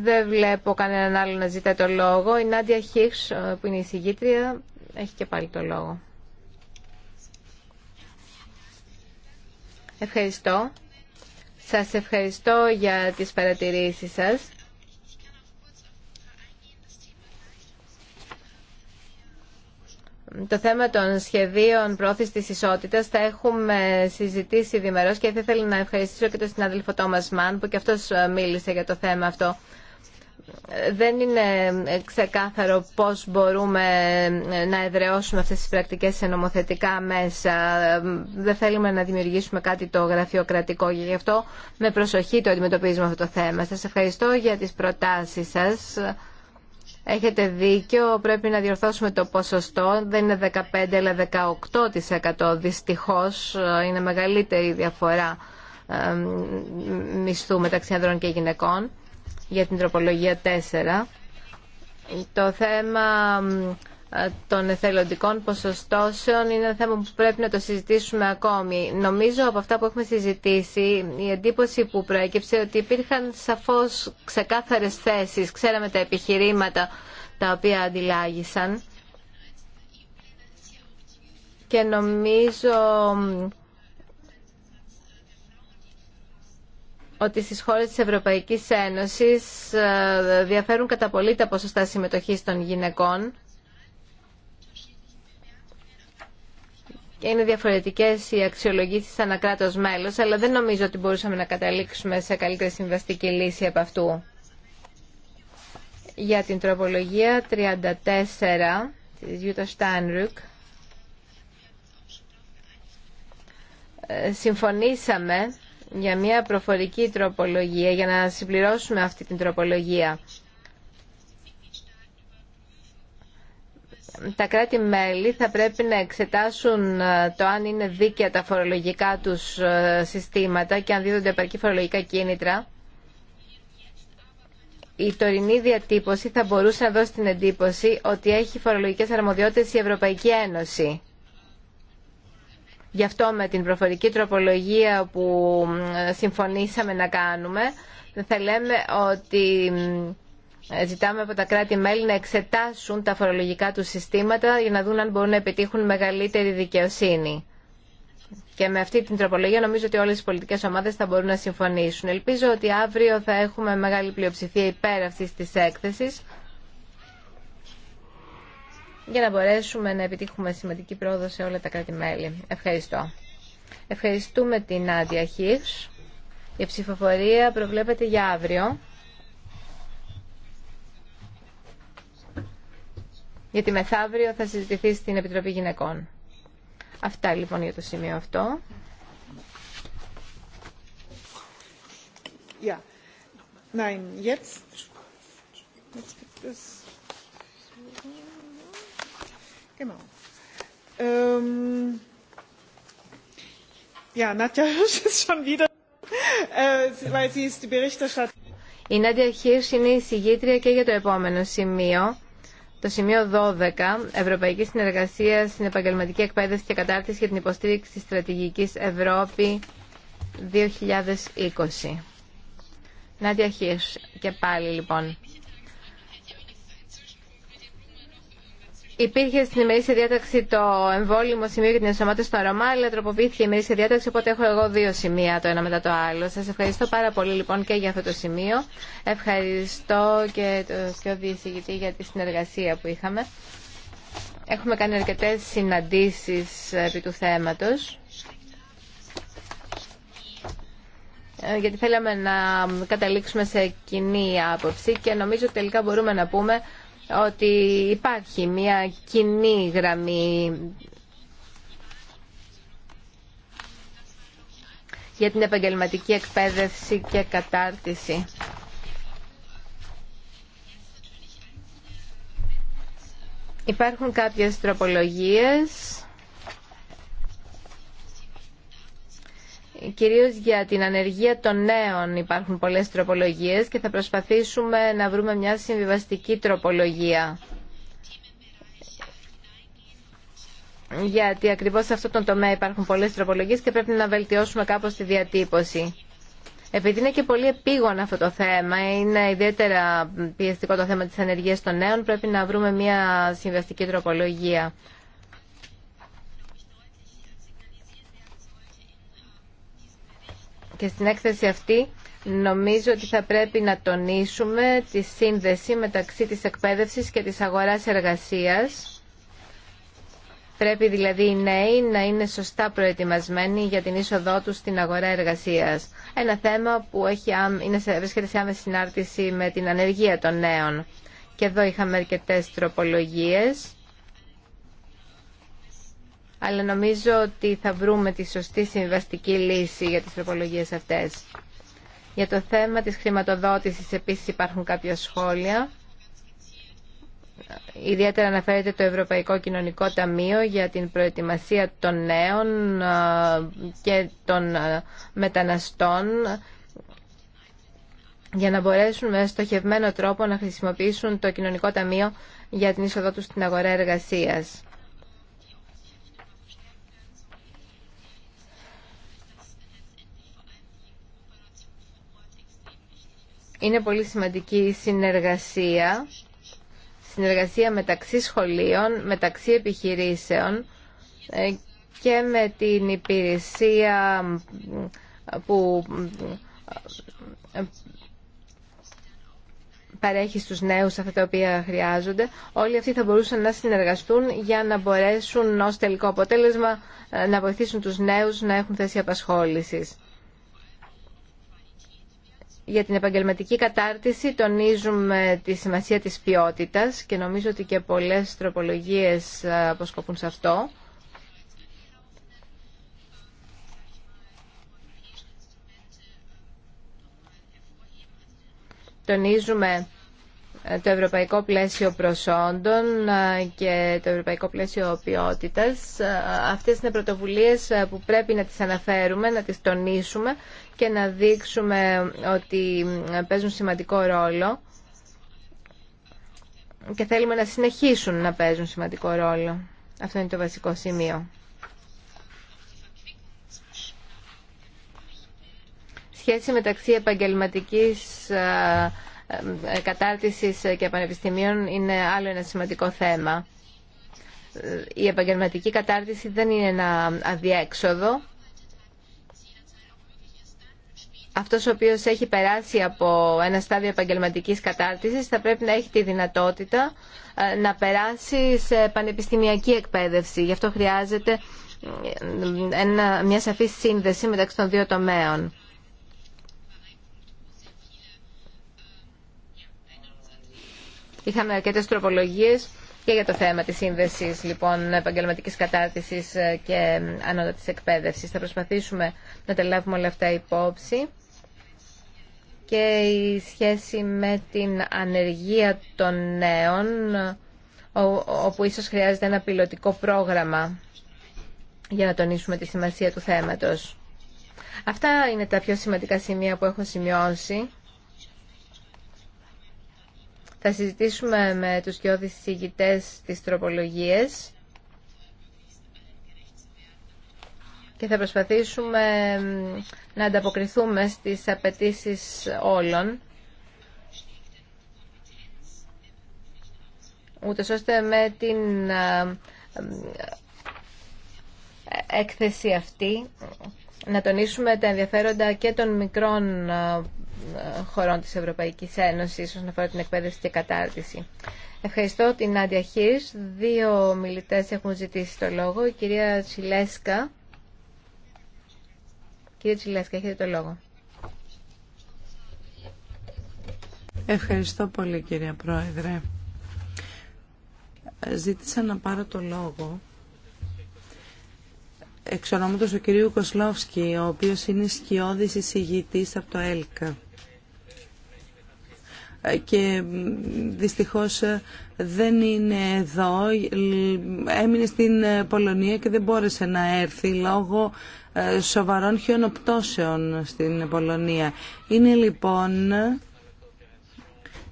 S1: Δεν βλέπω κανέναν άλλο να ζητάει το λόγο. Η Νάντια Χίξ, ε, που είναι η συγγήτρια, έχει και πάλι το λόγο. Ευχαριστώ. Σας ευχαριστώ για τις παρατηρήσεις σας. Το θέμα των σχεδίων πρόθεσης της ισότητας θα έχουμε συζητήσει διμερώς και θα ήθελα να ευχαριστήσω και τον συνάδελφο Τόμας Μαν που και αυτός μίλησε για το θέμα αυτό δεν είναι ξεκάθαρο πώς μπορούμε να εδραιώσουμε αυτές τις πρακτικές σε νομοθετικά μέσα. Δεν θέλουμε να δημιουργήσουμε κάτι το γραφειοκρατικό και γι' αυτό με προσοχή το αντιμετωπίζουμε αυτό το θέμα. Σας ευχαριστώ για τις προτάσεις σας. Έχετε δίκιο, πρέπει να διορθώσουμε το ποσοστό. Δεν είναι 15 αλλά 18% δυστυχώς. Είναι μεγαλύτερη διαφορά μισθού μεταξύ ανδρών και γυναικών για την τροπολογία 4 το θέμα ε, των εθελοντικών ποσοστώσεων είναι ένα θέμα που πρέπει να το συζητήσουμε ακόμη. Νομίζω από αυτά που έχουμε συζητήσει η εντύπωση που προέκυψε ότι υπήρχαν σαφώς ξεκάθαρες θέσεις. Ξέραμε τα επιχειρήματα τα οποία αντιλάγησαν και νομίζω ότι στις χώρες της Ευρωπαϊκής Ένωσης ε, διαφέρουν κατά πολύ τα ποσοστά συμμετοχής των γυναικών και είναι διαφορετικές οι αξιολογήσεις κράτος μέλος, αλλά δεν νομίζω ότι μπορούσαμε να καταλήξουμε σε καλύτερη συμβαστική λύση από αυτού. Για την τροπολογία 34 της Γιούτα Στάνρουκ, ε, συμφωνήσαμε για μια προφορική τροπολογία, για να συμπληρώσουμε αυτή την τροπολογία. Τα κράτη-μέλη θα πρέπει να εξετάσουν ε, το αν είναι δίκαια τα φορολογικά τους ε, συστήματα και αν δίδονται επαρκή φορολογικά κίνητρα. Η τωρινή διατύπωση θα μπορούσε να δώσει την εντύπωση ότι έχει φορολογικές αρμοδιότητες η Ευρωπαϊκή Ένωση. Γι' αυτό με την προφορική τροπολογία που ε, συμφωνήσαμε να κάνουμε, θα λέμε ότι ε, ζητάμε από τα κράτη-μέλη να εξετάσουν τα φορολογικά του συστήματα για να δουν αν μπορούν να επιτύχουν μεγαλύτερη δικαιοσύνη. Και με αυτή την τροπολογία νομίζω ότι όλες οι πολιτικές ομάδες θα μπορούν να συμφωνήσουν. Ελπίζω ότι αύριο θα έχουμε μεγάλη πλειοψηφία υπέρ αυτής της έκθεσης για να μπορέσουμε να επιτύχουμε σημαντική πρόοδο σε όλα τα κράτη-μέλη. Ευχαριστώ. Ευχαριστούμε την Άντια Χίρς. Η ψηφοφορία προβλέπεται για αύριο. Γιατί μεθαύριο θα συζητηθεί στην Επιτροπή Γυναικών. Αυτά λοιπόν για το σημείο αυτό.
S2: Yeah. Nein, jetzt.
S1: Η Νάντια Χίρς είναι η συγγήτρια και για το επόμενο σημείο, το σημείο 12, Ευρωπαϊκή Συνεργασία στην Επαγγελματική Εκπαίδευση και Κατάρτιση για την Υποστήριξη Στρατηγικής Ευρώπη 2020. Νάντια Χίρς, και πάλι λοιπόν. Υπήρχε στην ημερήσια διάταξη το εμβόλυμο σημείο για την ενσωμάτωση των Ρωμά, αλλά τροποποιήθηκε η ημερήσια διάταξη, οπότε έχω εγώ δύο σημεία το ένα μετά το άλλο. Σα ευχαριστώ πάρα πολύ λοιπόν και για αυτό το σημείο. Ευχαριστώ και τον πιο Εισηγητή για τη συνεργασία που είχαμε. Έχουμε κάνει αρκετέ συναντήσει επί του θέματο. Ε, γιατί θέλαμε να καταλήξουμε σε κοινή άποψη και νομίζω τελικά μπορούμε να πούμε ότι υπάρχει μια κοινή γραμμή για την επαγγελματική εκπαίδευση και κατάρτιση. Υπάρχουν κάποιες τροπολογίες κυρίως για την ανεργία των νέων υπάρχουν πολλές τροπολογίες και θα προσπαθήσουμε να βρούμε μια συμβιβαστική τροπολογία. Γιατί ακριβώς σε αυτό τον τομέα υπάρχουν πολλές τροπολογίες και πρέπει να βελτιώσουμε κάπως τη διατύπωση. Επειδή είναι και πολύ επίγον αυτό το θέμα, είναι ιδιαίτερα πιεστικό το θέμα της ανεργίας των νέων, πρέπει να βρούμε μια συμβιβαστική τροπολογία. και στην έκθεση αυτή νομίζω ότι θα πρέπει να τονίσουμε τη σύνδεση μεταξύ της εκπαίδευσης και της αγοράς εργασίας. Πρέπει δηλαδή οι νέοι να είναι σωστά προετοιμασμένοι για την είσοδό του στην αγορά εργασίας. Ένα θέμα που έχει, είναι, βρίσκεται σε άμεση συνάρτηση με την ανεργία των νέων. Και εδώ είχαμε αρκετέ τροπολογίες αλλά νομίζω ότι θα βρούμε τη σωστή συμβαστική λύση για τις τροπολογίες αυτές. Για το θέμα της χρηματοδότησης επίσης υπάρχουν κάποια σχόλια. Ιδιαίτερα αναφέρεται το Ευρωπαϊκό Κοινωνικό Ταμείο για την προετοιμασία των νέων ε, και των ε, μεταναστών για να μπορέσουν με στοχευμένο τρόπο να χρησιμοποιήσουν το Κοινωνικό Ταμείο για την είσοδό τους στην αγορά εργασίας. Είναι πολύ σημαντική η συνεργασία, συνεργασία μεταξύ σχολείων, μεταξύ επιχειρήσεων ε, και με την υπηρεσία που ε, παρέχει στους νέους αυτά τα οποία χρειάζονται, όλοι αυτοί θα μπορούσαν να συνεργαστούν για να μπορέσουν ως τελικό αποτέλεσμα ε, να βοηθήσουν τους νέους να έχουν θέση απασχόλησης για την επαγγελματική κατάρτιση τονίζουμε τη σημασία της ποιότητας και νομίζω ότι και πολλές τροπολογίες ε, αποσκοπούν σε αυτό. Τονίζουμε ε, το ευρωπαϊκό πλαίσιο προσόντων ε, και το ευρωπαϊκό πλαίσιο ποιότητας. Αυτές είναι πρωτοβουλίες που πρέπει να τις αναφέρουμε, να τις τονίσουμε και να δείξουμε ότι παίζουν σημαντικό ρόλο και θέλουμε να συνεχίσουν να παίζουν σημαντικό ρόλο. Αυτό είναι το βασικό σημείο. Σχέση μεταξύ επαγγελματικής ε, ε, κατάρτισης και πανεπιστημίων είναι άλλο ένα σημαντικό θέμα. Η επαγγελματική κατάρτιση δεν είναι ένα αδιέξοδο αυτός ο οποίος έχει περάσει από ένα στάδιο επαγγελματικής κατάρτισης θα πρέπει να έχει τη δυνατότητα ε, να περάσει σε πανεπιστημιακή εκπαίδευση. Γι' αυτό χρειάζεται ε, ένα, μια σαφή σύνδεση μεταξύ των δύο τομέων. Είχαμε αρκετέ τροπολογίε και για το θέμα τη σύνδεση λοιπόν επαγγελματική κατάρτιση ε, και ανώτατη εκπαίδευση. Θα προσπαθήσουμε να τα λάβουμε όλα αυτά υπόψη και η σχέση με την ανεργία των νέων, όπου ίσως χρειάζεται ένα πιλωτικό πρόγραμμα για να τονίσουμε τη σημασία του θέματος. Αυτά είναι τα πιο σημαντικά σημεία που έχω σημειώσει. Θα συζητήσουμε με τους κοιόδης της της τροπολογίες και θα προσπαθήσουμε να ανταποκριθούμε στις απαιτήσει όλων ούτως ώστε με την έκθεση αυτή να τονίσουμε τα ενδιαφέροντα και των μικρών χωρών της Ευρωπαϊκής Ένωσης όσον αφορά την εκπαίδευση και κατάρτιση. Ευχαριστώ την Άντια Χίρς. Δύο μιλητές έχουν ζητήσει το λόγο. Η κυρία Τσιλέσκα Κύριε Τσιλέσκα, έχετε το λόγο.
S4: Ευχαριστώ πολύ κύριε Πρόεδρε. Ζήτησα να πάρω το λόγο εξ ονόματος του κυρίου Κοσλόφσκι, ο οποίος είναι σκιώδης εισηγητής από το ΕΛΚΑ και δυστυχώς δεν είναι εδώ. Έμεινε στην Πολωνία και δεν μπόρεσε να έρθει λόγω ε, σοβαρών χιονοπτώσεων στην Πολωνία. Είναι λοιπόν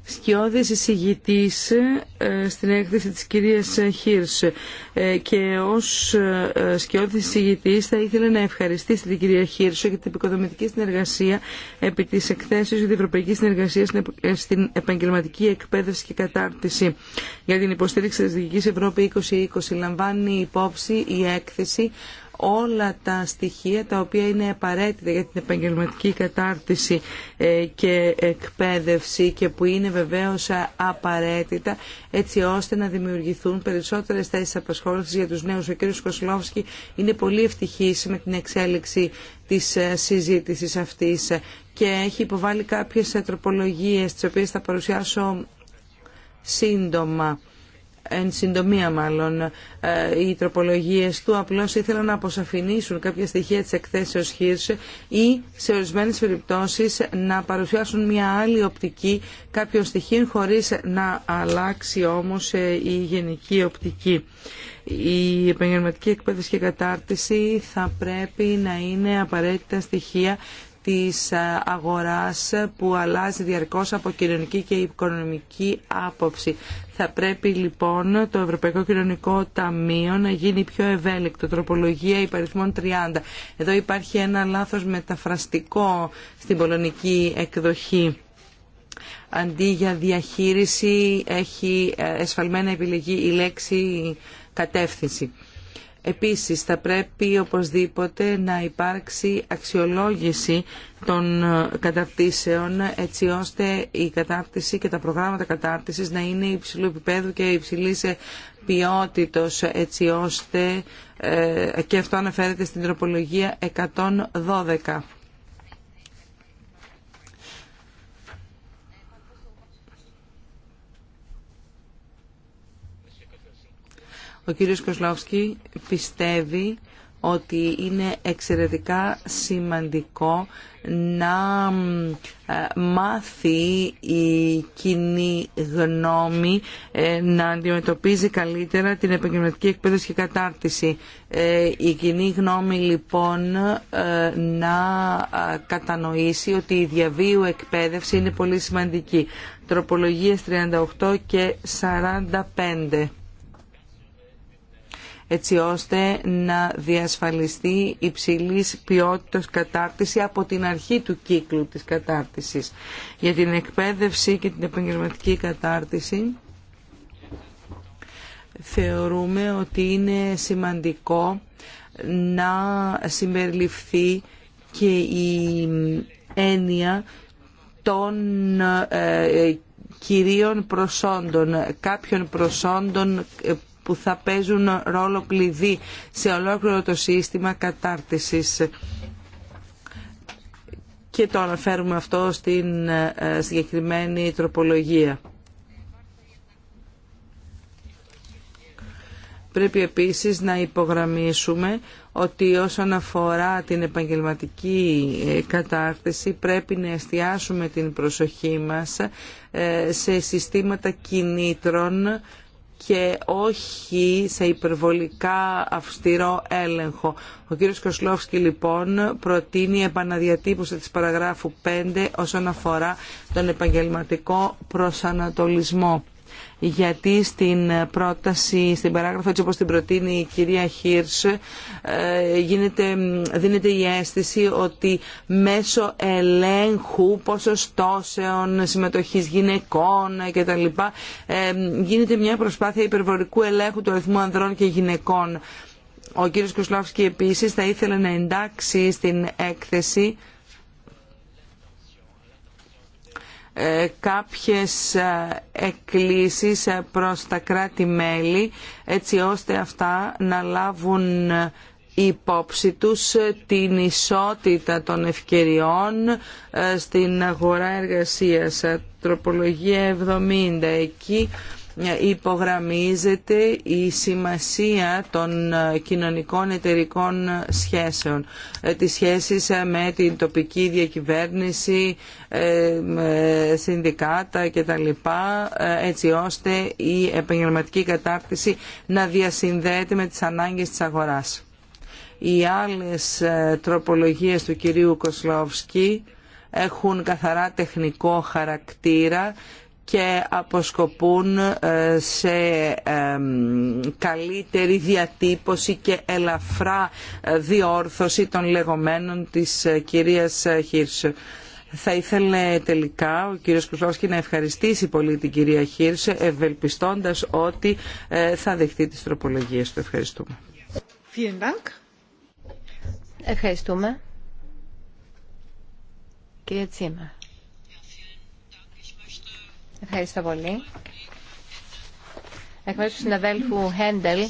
S4: σκιώδης εισηγητής ε, στην έκθεση της κυρίας Χίρς ε, και ως σκιώδης εισηγητής θα ήθελα να ευχαριστήσει την κυρία Χίρς για την επικοδομητική συνεργασία επί της εκθέσεως για την Ευρωπαϊκή Συνεργασία στην Επαγγελματική Εκπαίδευση και Κατάρτιση για την υποστήριξη της Δυτικής Ευρώπη 2020. Λαμβάνει υπόψη η έκθεση όλα τα στοιχεία τα οποία είναι απαραίτητα για την επαγγελματική κατάρτιση ε, και εκπαίδευση και που είναι βεβαίως απαραίτητα έτσι ώστε να δημιουργηθούν περισσότερες θέσεις απασχόλησης για τους νέους. Ο κ. Κοσλόφσκι είναι πολύ ευτυχής με την εξέλιξη της ε, συζήτησης αυτής και έχει υποβάλει κάποιες ε, τροπολογίες τις οποίες θα παρουσιάσω σύντομα εν συντομία μάλλον ε, οι τροπολογίες του απλώς ήθελαν να αποσαφηνίσουν κάποια στοιχεία της εκθέσεως Χίρς ή σε ορισμένες περιπτώσεις να παρουσιάσουν μια άλλη οπτική κάποιων στοιχείων χωρίς να αλλάξει όμως ε, η γενική οπτική. Η επαγγελματική εκπαίδευση και κατάρτιση θα πρέπει να είναι απαραίτητα στοιχεία της ε, αγοράς που αλλάζει διαρκώς από κοινωνική και οικονομική άποψη. Θα πρέπει λοιπόν το Ευρωπαϊκό Κοινωνικό Ταμείο να γίνει πιο ευέλικτο. Τροπολογία υπαριθμών 30. Εδώ υπάρχει ένα λάθος μεταφραστικό στην πολωνική εκδοχή. Αντί για διαχείριση έχει ε, εσφαλμένα επιλεγεί η λέξη κατεύθυνση. Επίσης θα πρέπει οπωσδήποτε να υπάρξει αξιολόγηση των ε, καταρτήσεων έτσι ώστε η κατάρτιση και τα προγράμματα κατάρτισης να είναι υψηλού επίπεδου και υψηλής ε, ποιότητος έτσι ώστε ε, και αυτό αναφέρεται στην τροπολογία 112. Ο κύριος Κοσλόφσκι πιστεύει ότι είναι εξαιρετικά σημαντικό να ε, μάθει η κοινή γνώμη ε, να αντιμετωπίζει καλύτερα την επαγγελματική εκπαίδευση και κατάρτιση. Ε, η κοινή γνώμη λοιπόν να κατανοήσει ότι η διαβίου εκπαίδευση είναι πολύ σημαντική. Τροπολογίες 38 και 45 έτσι ώστε να διασφαλιστεί υψηλής ποιότητας κατάρτιση από την αρχή του κύκλου της κατάρτισης. Για την εκπαίδευση και την επαγγελματική κατάρτιση θεωρούμε ότι είναι σημαντικό να συμπεριληφθεί και η έννοια των ε, κυρίων προσόντων, κάποιων προσόντων ε, που θα παίζουν ρόλο κλειδί σε ολόκληρο το σύστημα κατάρτισης και το αναφέρουμε αυτό στην ε, συγκεκριμένη τροπολογία. Πρέπει επίσης να υπογραμμίσουμε ότι όσον αφορά την επαγγελματική ε, κατάρτιση πρέπει να εστιάσουμε την προσοχή μας ε, σε συστήματα κινήτρων και όχι σε υπερβολικά αυστηρό έλεγχο. Ο κύριος Κοσλόφσκι λοιπόν προτείνει επαναδιατύπωση της παραγράφου 5 όσον αφορά τον επαγγελματικό προσανατολισμό γιατί στην πρόταση, στην παράγραφο έτσι όπως την προτείνει η κυρία Χίρς, ε, δίνεται η αίσθηση ότι μέσω ελέγχου ποσοστώσεων, συμμετοχής γυναικών κτλ. Ε, γίνεται μια προσπάθεια υπερβολικού ελέγχου του αριθμού ανδρών και γυναικών. Ο κύριος Κουσλόφσκι επίσης θα ήθελε να εντάξει στην έκθεση Ε, κάποιες ε, εκκλήσεις ε, προς τα κράτη-μέλη έτσι ώστε αυτά να λάβουν υπόψη τους την ισότητα των ευκαιριών στην αγορά εργασίας. Τροπολογία 70 εκεί υπογραμμίζεται η σημασία των ε, κοινωνικών εταιρικών σχέσεων, ε, τις σχέσεις ε, με την τοπική διακυβέρνηση, συνδικάτα κτλ. έτσι ώστε η επαγγελματική κατάρτιση να διασυνδέεται με τις ανάγκες της αγοράς. Οι άλλες τροπολογίες του κυρίου Κοσλόφσκι έχουν καθαρά τεχνικό χαρακτήρα και αποσκοπούν ε, σε ε, καλύτερη διατύπωση και ελαφρά ε, διόρθωση των λεγόμενων της κυρίας Χίρσε. Θα ήθελε τελικά ο κύριος Κρουσόφσκι να ευχαριστήσει πολύ την κυρία Χίρσε ευελπιστώντας ότι θα δεχτεί τις τροπολογίες του. Ευχαριστούμε.
S1: Ευχαριστούμε. Κυρία Τσίμα. Ευχαριστώ πολύ. Εκ μέρους του συναδέλφου Χέντελ,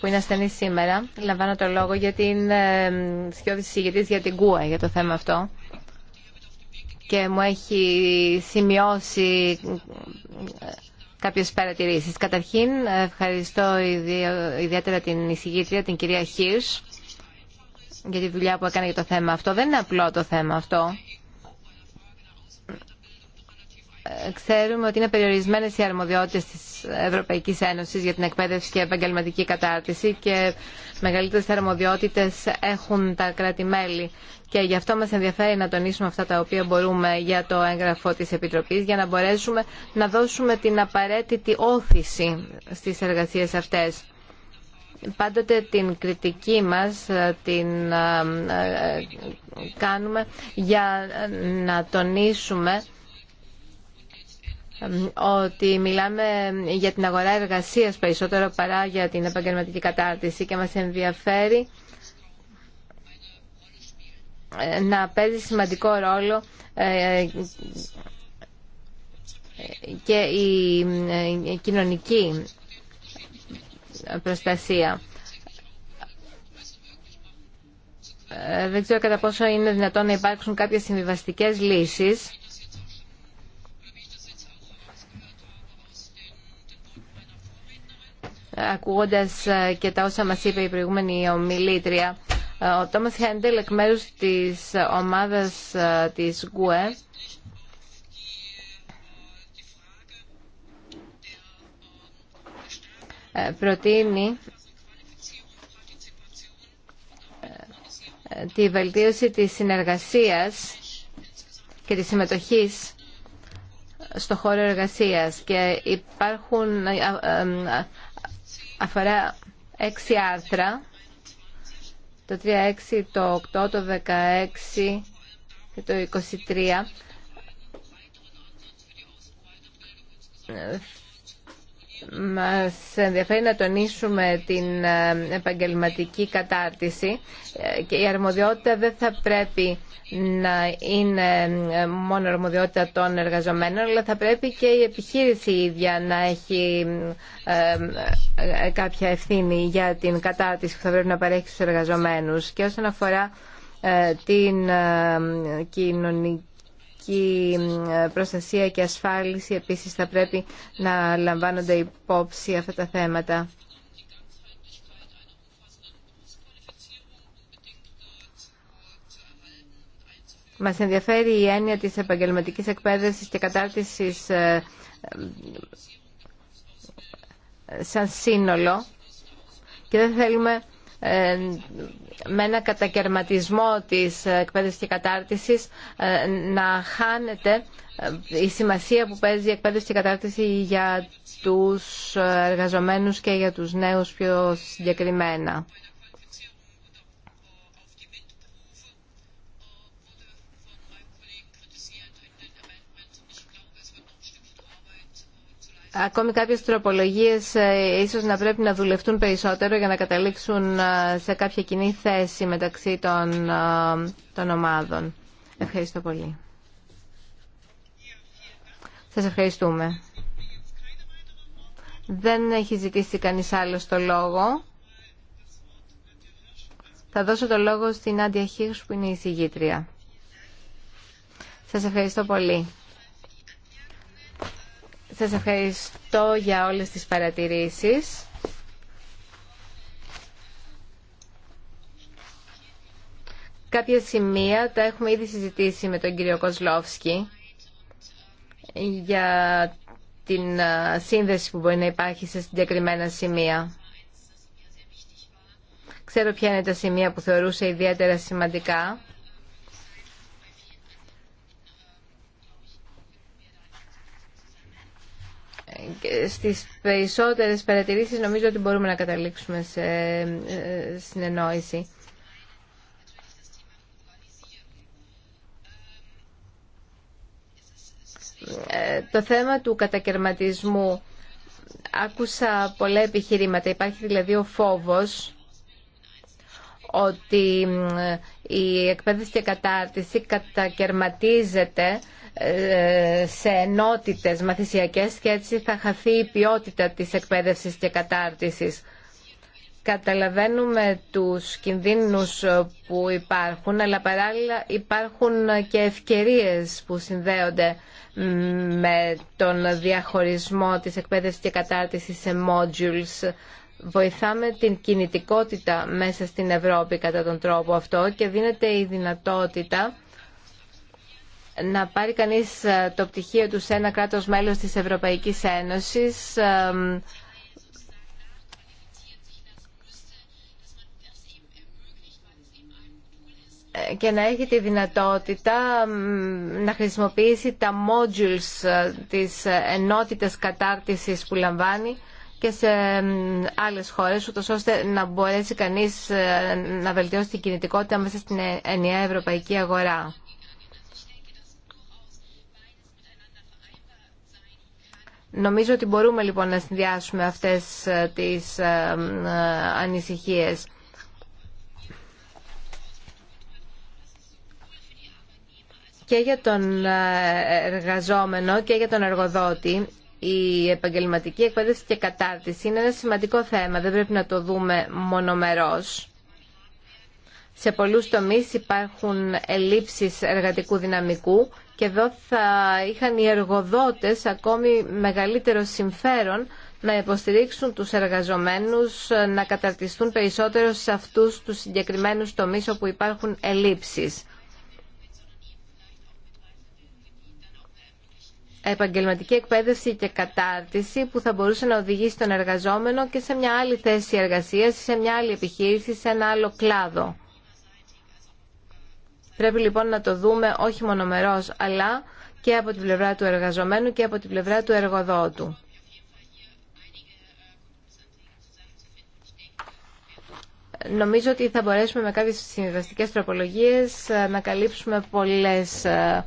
S1: που είναι ασθενή σήμερα, λαμβάνω το λόγο γιατί είναι σκιώδη συγγετής για την ΚΟΥΑ για το θέμα αυτό και μου έχει σημειώσει ε, κάποιες παρατηρήσει. Καταρχήν, ευχαριστώ ιδιαίτερα την εισηγήτρια, την κυρία Χίρς, για τη δουλειά που έκανε για το θέμα αυτό. Δεν είναι απλό το θέμα αυτό ξέρουμε ότι είναι περιορισμένες οι αρμοδιότητες της Ευρωπαϊκής Ένωσης για την εκπαίδευση και επαγγελματική κατάρτιση και μεγαλύτερες αρμοδιότητες έχουν τα κράτη-μέλη. Και γι' αυτό μας ενδιαφέρει να τονίσουμε αυτά τα οποία μπορούμε για το έγγραφο της Επιτροπής για να μπορέσουμε να δώσουμε την απαραίτητη όθηση στις εργασίες αυτές πάντοτε την κριτική μας ε, την ε, ε, κάνουμε για να τονίσουμε ότι μιλάμε για την αγορά εργασίας περισσότερο παρά για την επαγγελματική κατάρτιση και μας ενδιαφέρει ε, να παίζει σημαντικό ρόλο ε, και ε, η κοινωνική προστασία. Δεν ξέρω κατά πόσο είναι δυνατόν να υπάρξουν κάποιες συμβιβαστικές λύσεις ακούγοντας ε, και τα όσα μας είπε η προηγούμενη ομιλήτρια. Ε, ο Τόμας Χέντελ εκ μέρους της ομάδας ε, της ΓΚΟΕ προτείνει τη βελτίωση της συνεργασίας και της συμμετοχής στο χώρο εργασίας και υπάρχουν αφορά έξι άρθρα, το 36, το 8, το 16 και το 23 μας ενδιαφέρει να τονίσουμε την ε, επαγγελματική κατάρτιση ε, και η αρμοδιότητα δεν θα πρέπει να είναι ε, μόνο αρμοδιότητα των εργαζομένων, αλλά θα πρέπει και η επιχείρηση ίδια να έχει κάποια ευθύνη για την κατάρτιση που θα πρέπει να παρέχει στους εργαζομένους. Και όσον αφορά την κοινωνική η ε, προστασία και ασφάλιση επίσης θα πρέπει να λαμβάνονται υπόψη αυτά τα θέματα. Μας ενδιαφέρει η έννοια της επαγγελματικής εκπαίδευσης και κατάρτισης ε, ε, σαν σύνολο και δεν θέλουμε με ένα κατακαιρματισμό της εκπαίδευσης και κατάρτισης ε, να χάνεται ε, η σημασία που παίζει η εκπαίδευση και κατάρτιση για τους ε, εργαζομένους και για τους νέους πιο συγκεκριμένα. Ακόμη κάποιες τροπολογίες ε, ίσως να πρέπει να δουλευτούν περισσότερο για να καταλήξουν ε, σε κάποια κοινή θέση μεταξύ των, ε, των ομάδων. Ευχαριστώ πολύ. Σας ευχαριστούμε. Δεν έχει ζητήσει κανείς άλλος το λόγο. Θα δώσω το λόγο στην Άντια Χίρς που είναι η συγγήτρια. Σας ευχαριστώ πολύ. Σας ευχαριστώ για όλες τις παρατηρήσεις. Κάποια σημεία τα έχουμε ήδη συζητήσει με τον κύριο Κοσλόφσκι για την σύνδεση που μπορεί να υπάρχει σε συγκεκριμένα σημεία. Ξέρω ποια είναι τα σημεία που θεωρούσε ιδιαίτερα σημαντικά. στις περισσότερες παρατηρήσεις νομίζω ότι μπορούμε να καταλήξουμε σε ε, συνεννόηση. Ε, το θέμα του κατακαιρματισμού άκουσα πολλά επιχειρήματα. Υπάρχει δηλαδή ο φόβος ότι ε, η εκπαίδευση και κατάρτιση κατακαιρματίζεται ε, σε ενότητες μαθησιακές και έτσι θα χαθεί η ποιότητα της εκπαίδευσης και κατάρτισης. Καταλαβαίνουμε τους κινδύνους που υπάρχουν, αλλά παράλληλα υπάρχουν και ευκαιρίες που συνδέονται με τον διαχωρισμό της εκπαίδευσης και κατάρτισης σε modules. Βοηθάμε την κινητικότητα μέσα στην Ευρώπη κατά τον τρόπο αυτό και δίνεται η δυνατότητα να πάρει κανείς ε, το πτυχίο του σε ένα κράτος μέλος της Ευρωπαϊκής Ένωσης και να έχει τη δυνατότητα να χρησιμοποιήσει τα modules ε, της ενότητας κατάρτισης που λαμβάνει και σε άλλες χώρες, ούτως ώστε να μπορέσει κανείς ε, να βελτιώσει την κινητικότητα μέσα στην ενιαία ευρωπαϊκή αγορά. Νομίζω ότι μπορούμε λοιπόν να συνδυάσουμε αυτές ε, τις ε, ε, ανησυχίες. Και για τον εργαζόμενο και για τον εργοδότη η επαγγελματική εκπαίδευση και κατάρτιση είναι ένα σημαντικό θέμα. Δεν πρέπει να το δούμε μονομερός. Σε πολλούς τομείς υπάρχουν ελλείψεις εργατικού δυναμικού και εδώ θα είχαν οι εργοδότες ακόμη μεγαλύτερο συμφέρον να υποστηρίξουν τους εργαζομένους να καταρτιστούν περισσότερο σε αυτούς τους συγκεκριμένους τομείς όπου υπάρχουν ελλείψεις. επαγγελματική εκπαίδευση και κατάρτιση που θα μπορούσε να οδηγήσει τον εργαζόμενο και σε μια άλλη θέση εργασίας, σε μια άλλη επιχείρηση, σε ένα άλλο κλάδο. Πρέπει λοιπόν να το δούμε όχι μονομερός, αλλά και από την πλευρά του εργαζομένου και από την πλευρά του εργοδότου. Νομίζω ότι θα μπορέσουμε με κάποιες συμβαστικές τροπολογίες ε, να καλύψουμε πολλές ε,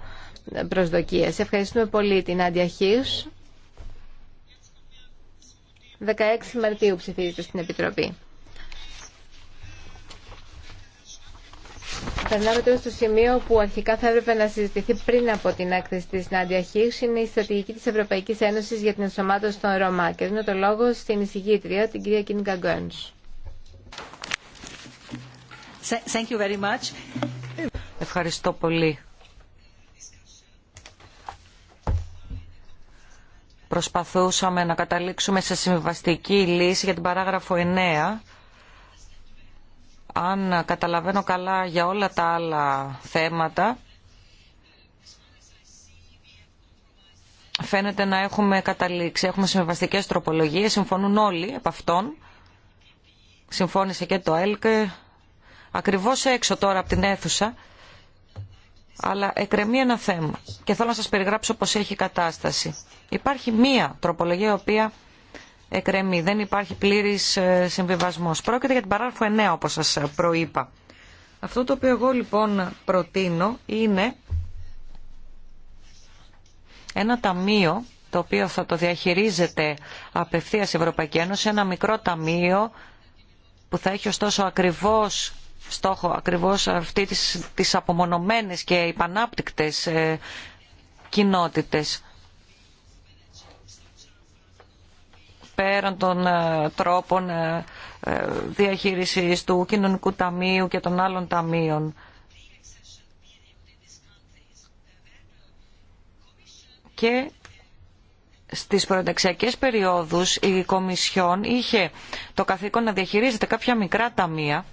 S1: προσδοκίες. Ευχαριστούμε πολύ την Άντια Χίους. 16 Μαρτίου ψηφίζεται στην Επιτροπή. Περνάμε τώρα στο σημείο που αρχικά θα έπρεπε να συζητηθεί πριν από την έκθεση τη Νάντια Χίξ είναι η στρατηγική της Ευρωπαϊκής Ένωσης για την ενσωμάτωση των Ρωμά. Και δίνω το λόγο στην εισηγήτρια, την κυρία Κίνγκα Γκόντ.
S3: Ευχαριστώ πολύ. Προσπαθούσαμε να καταλήξουμε σε συμβαστική λύση για την παράγραφο 9 αν καταλαβαίνω καλά για όλα τα άλλα θέματα, φαίνεται να έχουμε καταλήξει. Έχουμε συμβαστικές τροπολογίες, συμφωνούν όλοι από Συμφώνησε και το ΕΛΚΕ. ακριβώς έξω τώρα από την αίθουσα, αλλά εκρεμεί ένα θέμα και θέλω να σας περιγράψω πώς έχει η κατάσταση. Υπάρχει μία τροπολογία η οποία εκρεμεί. Δεν υπάρχει πλήρης ε, συμβιβασμός. Πρόκειται για την παράγραφο 9 όπως σας προείπα. Αυτό το οποίο εγώ λοιπόν προτείνω είναι ένα ταμείο το οποίο θα το διαχειρίζεται απευθείας η Ευρωπαϊκή Ένωση, ένα μικρό ταμείο που θα έχει ωστόσο ακριβώς στόχο, ακριβώς αυτή της της και υπανάπτυκτες ε, κοινότητε. πέραν των ε, τρόπων ε, ε, διαχείρισης του κοινωνικού ταμείου και των άλλων ταμείων. Και στις προενταξιακές περιόδους η Κομισιόν είχε το καθήκον να διαχειρίζεται κάποια μικρά ταμεία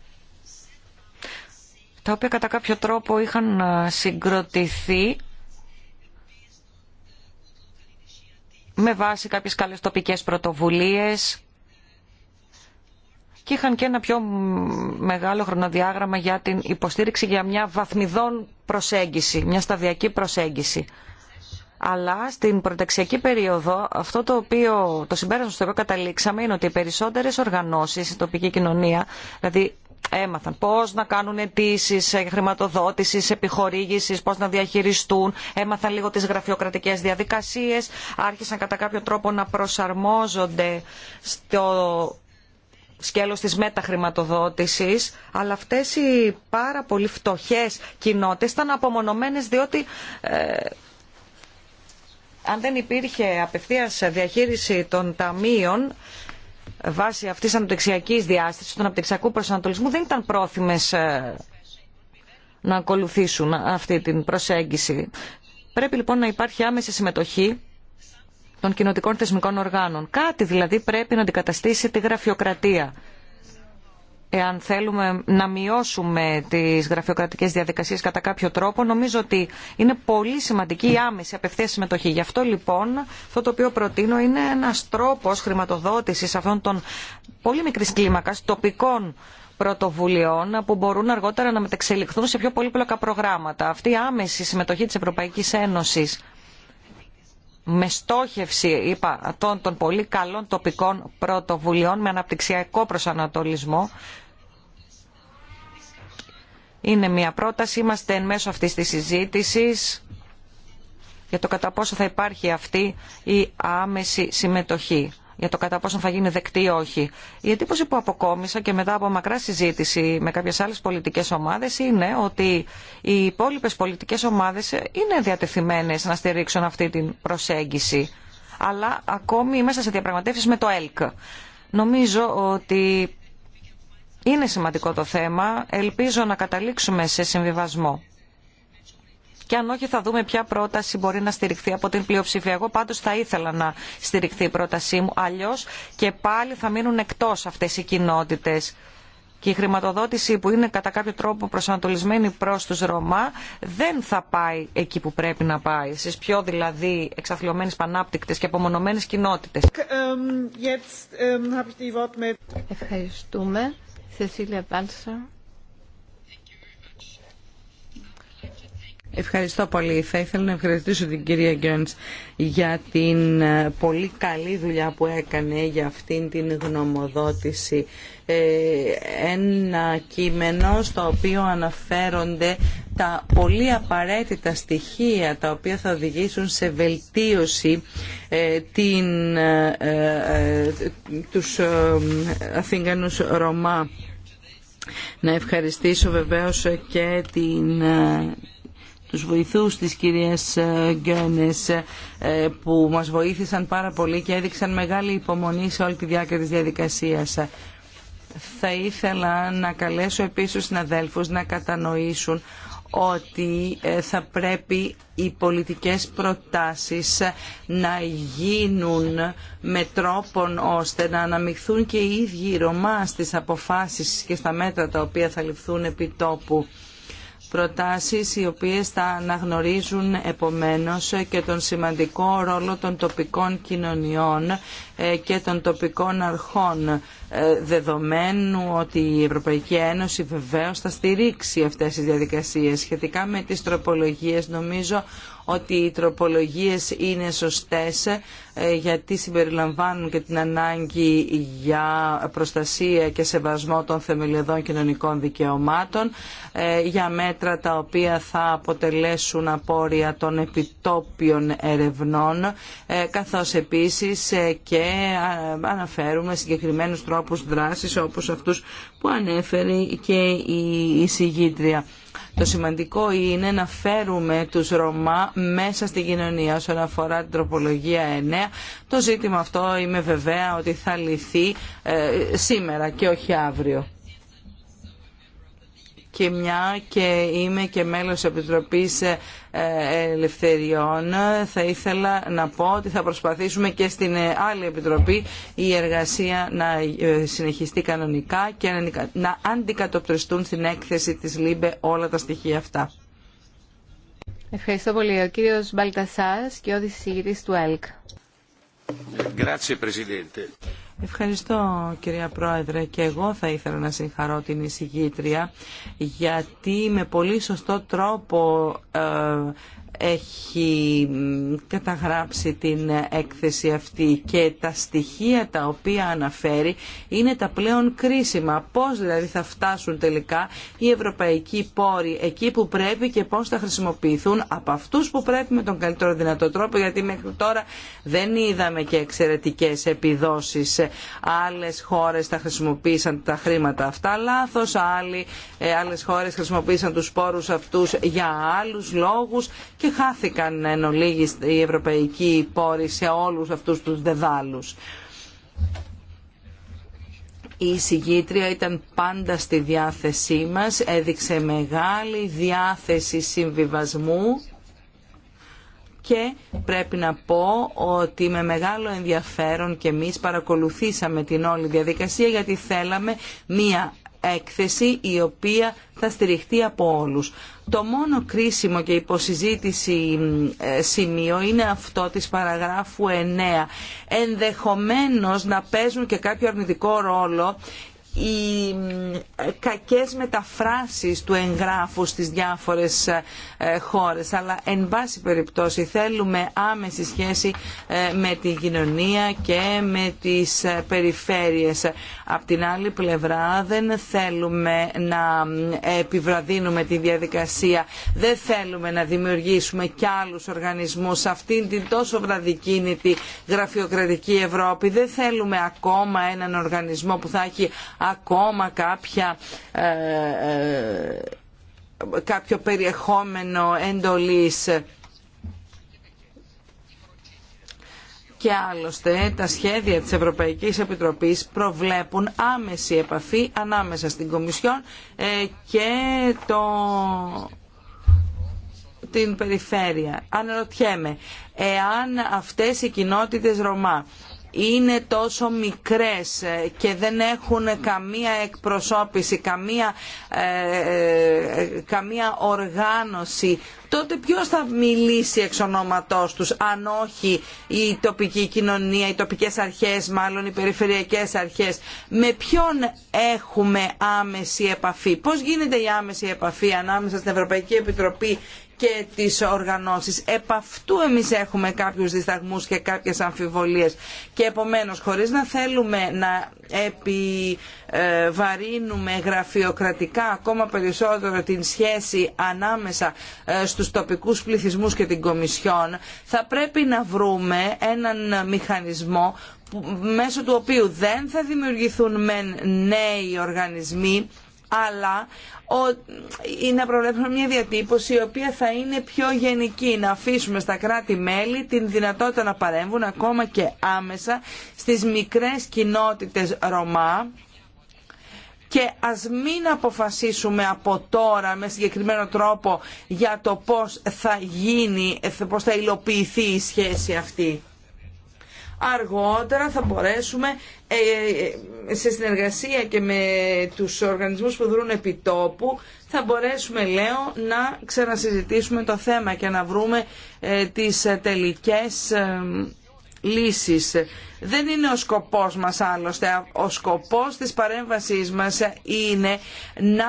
S3: τα οποία κατά κάποιο τρόπο είχαν συγκροτηθεί με βάση κάποιες καλές τοπικές πρωτοβουλίες και είχαν και ένα πιο μεγάλο χρονοδιάγραμμα για την υποστήριξη για μια βαθμιδόν προσέγγιση, μια σταδιακή προσέγγιση. Αλλά στην προτεξιακή περίοδο αυτό το οποίο το συμπέρασμα στο οποίο καταλήξαμε είναι ότι οι περισσότερες οργανώσεις, η τοπική κοινωνία, δηλαδή έμαθαν Πώ να κάνουν αιτήσει ε, χρηματοδότηση, επιχορήγηση, πώς να διαχειριστούν, έμαθαν λίγο τις γραφειοκρατικέ διαδικασίες, άρχισαν κατά κάποιο τρόπο να προσαρμόζονται στο σκέλος της μεταχρηματοδότησης, αλλά αυτές οι πάρα πολύ φτωχές κοινότητες ήταν απομονωμένες διότι ε, αν δεν υπήρχε απευθείας διαχείριση των ταμείων βάσει αυτής της αναπτυξιακής διάστασης, του αναπτυξιακού προσανατολισμού, δεν ήταν πρόθυμες ε, να ακολουθήσουν αυτή την προσέγγιση. Πρέπει λοιπόν να υπάρχει άμεση συμμετοχή των κοινοτικών θεσμικών οργάνων. Κάτι δηλαδή πρέπει να αντικαταστήσει τη γραφειοκρατία εάν θέλουμε να μειώσουμε τις γραφειοκρατικές διαδικασίες κατά κάποιο τρόπο, νομίζω ότι είναι πολύ σημαντική η άμεση απευθεία συμμετοχή. Γι' αυτό λοιπόν αυτό το οποίο προτείνω είναι ένας τρόπος χρηματοδότησης αυτών των πολύ μικρής κλίμακας τοπικών πρωτοβουλειών που μπορούν αργότερα να μετεξελιχθούν σε πιο πολύπλοκα προγράμματα. Αυτή η άμεση συμμετοχή της Ευρωπαϊκής Ένωσης με στόχευση είπα, των, των πολύ καλών τοπικών πρωτοβουλειών με αναπτυξιακό προσανατολισμό είναι μια πρόταση, είμαστε εν μέσω αυτής της συζήτησης για το κατά πόσο θα υπάρχει αυτή η άμεση συμμετοχή για το κατά πόσο θα γίνει δεκτή ή όχι. Η εντύπωση που αποκόμισα και μετά από μακρά συζήτηση με κάποιε άλλε πολιτικέ ομάδε είναι ότι οι υπόλοιπε πολιτικέ ομάδε είναι διατεθειμένε να στηρίξουν αυτή την προσέγγιση. Αλλά ακόμη μέσα σε διαπραγματεύσει με το ΕΛΚ. Νομίζω ότι είναι σημαντικό το θέμα. Ελπίζω να καταλήξουμε σε συμβιβασμό. Και αν όχι θα δούμε ποια πρόταση μπορεί να στηριχθεί από την πλειοψηφία. Εγώ πάντως θα ήθελα να στηριχθεί η πρότασή μου. αλλιώ, και πάλι θα μείνουν εκτός αυτές οι κοινότητες. Και η χρηματοδότηση που είναι κατά κάποιο τρόπο προσανατολισμένη προ του Ρωμά δεν θα πάει εκεί που πρέπει να πάει. στι πιο δηλαδή εξαθλειωμένε, πανάπτυκτε και απομονωμένε κοινότητε.
S1: Ευχαριστούμε. Cecilia Balsa
S4: Ευχαριστώ πολύ. Θα ήθελα να ευχαριστήσω την κυρία Γκέρντς για την ε, πολύ καλή δουλειά που έκανε για αυτήν την γνωμοδότηση. Ε, ένα κείμενο στο οποίο αναφέρονται τα πολύ απαραίτητα στοιχεία τα οποία θα οδηγήσουν σε βελτίωση ε, την, τους Αθήγανους Ρωμά. Να ευχαριστήσω βεβαίως και την τους βοηθούς της κυρίας ε, Γκιόνες ε, που μας βοήθησαν πάρα πολύ και έδειξαν μεγάλη υπομονή σε όλη τη διάρκεια της διαδικασίας. Θα ήθελα να καλέσω επίσης τους συναδέλφους να κατανοήσουν ότι ε, θα πρέπει οι πολιτικές προτάσεις να γίνουν με τρόπον ώστε να αναμειχθούν και οι ίδιοι οι Ρωμά στις αποφάσεις και στα μέτρα τα οποία θα ληφθούν επί τόπου προτάσεις οι οποίες θα αναγνωρίζουν επομένως και τον σημαντικό ρόλο των τοπικών κοινωνιών ε, και των τοπικών αρχών ε, δεδομένου ότι η Ευρωπαϊκή Ένωση βεβαίως θα στηρίξει αυτές τις διαδικασίες. Σχετικά με τις τροπολογίες νομίζω ότι οι τροπολογίες είναι σωστές ε, γιατί συμπεριλαμβάνουν και την ανάγκη για προστασία και σεβασμό των θεμελιωδών κοινωνικών δικαιωμάτων, για μέτρα τα οποία θα αποτελέσουν απόρρια των επιτόπιων ερευνών, καθώς επίσης και και αναφέρουμε συγκεκριμένους τρόπους δράσης όπως αυτούς που ανέφερε και η συγγήτρια. Το σημαντικό είναι να φέρουμε τους Ρωμά μέσα στην κοινωνία όσον αφορά την τροπολογία 9. Το ζήτημα αυτό είμαι βεβαία ότι θα λυθεί ε, σήμερα και όχι αύριο και μια και είμαι και μέλος Επιτροπής ε, Ελευθεριών θα ήθελα να πω ότι θα προσπαθήσουμε και στην ε, άλλη Επιτροπή η εργασία να ε, συνεχιστεί κανονικά και να αντικατοπτριστούν στην έκθεση της ΛΥΜΠΕ όλα τα στοιχεία αυτά.
S1: Ευχαριστώ πολύ. Ο κύριος και ο του ΕΛΚ. Ευχαριστώ κυρία Πρόεδρε και εγώ θα
S4: ήθελα να συγχαρώ την εισηγήτρια γιατί με πολύ σωστό τρόπο ε, έχει καταγράψει την έκθεση αυτή και τα στοιχεία τα οποία αναφέρει είναι τα πλέον κρίσιμα. Πώς δηλαδή θα φτάσουν τελικά οι ευρωπαϊκοί πόροι εκεί που πρέπει και πώς θα χρησιμοποιηθούν από αυτούς που πρέπει με τον καλύτερο δυνατό τρόπο γιατί μέχρι τώρα δεν είδαμε και εξαιρετικές επιδόσεις. Άλλες χώρες τα χρησιμοποίησαν τα χρήματα αυτά λάθος, άλλοι, ε, άλλες χώρες χρησιμοποίησαν τους πόρους αυτούς για άλλους λόγους και χάθηκαν εν ολίγης οι ευρωπαϊκοί πόροι σε όλους αυτούς τους δεδάλους. Η συγγήτρια ήταν πάντα στη διάθεσή μας, έδειξε μεγάλη διάθεση συμβιβασμού και πρέπει να πω ότι με μεγάλο ενδιαφέρον και εμείς παρακολουθήσαμε την όλη διαδικασία γιατί θέλαμε μία έκθεση η οποία θα στηριχτεί από όλους. Το μόνο κρίσιμο και υποσυζήτηση ε, σημείο είναι αυτό της παραγράφου 9. Ενδεχομένως να παίζουν και κάποιο αρνητικό ρόλο οι ε, κακές μεταφράσεις του εγγράφου στις διάφορες ε, χώρες. Αλλά, εν πάση περιπτώσει, θέλουμε άμεση σχέση ε, με την κοινωνία και με τις περιφέρειες. Απ' την άλλη πλευρά δεν θέλουμε να επιβραδύνουμε τη διαδικασία. Δεν θέλουμε να δημιουργήσουμε κι άλλους οργανισμούς σε αυτήν την τόσο βραδικίνητη γραφειοκρατική Ευρώπη. Δεν θέλουμε ακόμα έναν οργανισμό που θα έχει ακόμα κάποια ε, ε, κάποιο περιεχόμενο εντολής και άλλωστε τα σχέδια της Ευρωπαϊκής Επιτροπής προβλέπουν άμεση επαφή ανάμεσα στην Κομισιόν ε, και το την περιφέρεια. Αναρωτιέμαι, εάν αυτές οι κοινότητες Ρωμά είναι τόσο μικρές ε, και δεν έχουν καμία εκπροσώπηση, καμία, ε, ε, καμία οργάνωση, τότε ποιος θα μιλήσει εξ ονόματός τους, αν όχι η τοπική κοινωνία, οι τοπικές αρχές, μάλλον οι περιφερειακές αρχές. Με ποιον έχουμε άμεση επαφή, πώς γίνεται η άμεση επαφή ανάμεσα στην Ευρωπαϊκή Επιτροπή και τις οργανώσεις. Επ' αυτού εμείς έχουμε κάποιους δισταγμούς και κάποιες αμφιβολίες. Και επομένως, χωρίς να θέλουμε να επιβαρύνουμε γραφειοκρατικά ακόμα περισσότερο την σχέση ανάμεσα ε, στους τοπικούς πληθυσμούς και την Κομισιόν, θα πρέπει να βρούμε έναν μηχανισμό μέσω του οποίου δεν θα δημιουργηθούν νέοι οργανισμοί αλλά ή να προβλέψουμε μια διατύπωση η οποία θα είναι πιο γενική, να αφήσουμε στα κράτη-μέλη την δυνατότητα να παρέμβουν ακόμα και άμεσα στις μικρές κοινότητες Ρωμά και ας μην αποφασίσουμε από τώρα με συγκεκριμένο τρόπο για το πώς θα γίνει, πώς θα υλοποιηθεί η σχέση αυτή αργότερα θα μπορέσουμε ε, ε, σε συνεργασία και με τους οργανισμούς που δρούν επιτόπου θα μπορέσουμε λέω να ξανασυζητήσουμε το θέμα και να βρούμε ε, τις τελικές λύσεις. Δεν είναι ο σκοπός μας άλλωστε. Ο σκοπός της παρέμβασής μας είναι να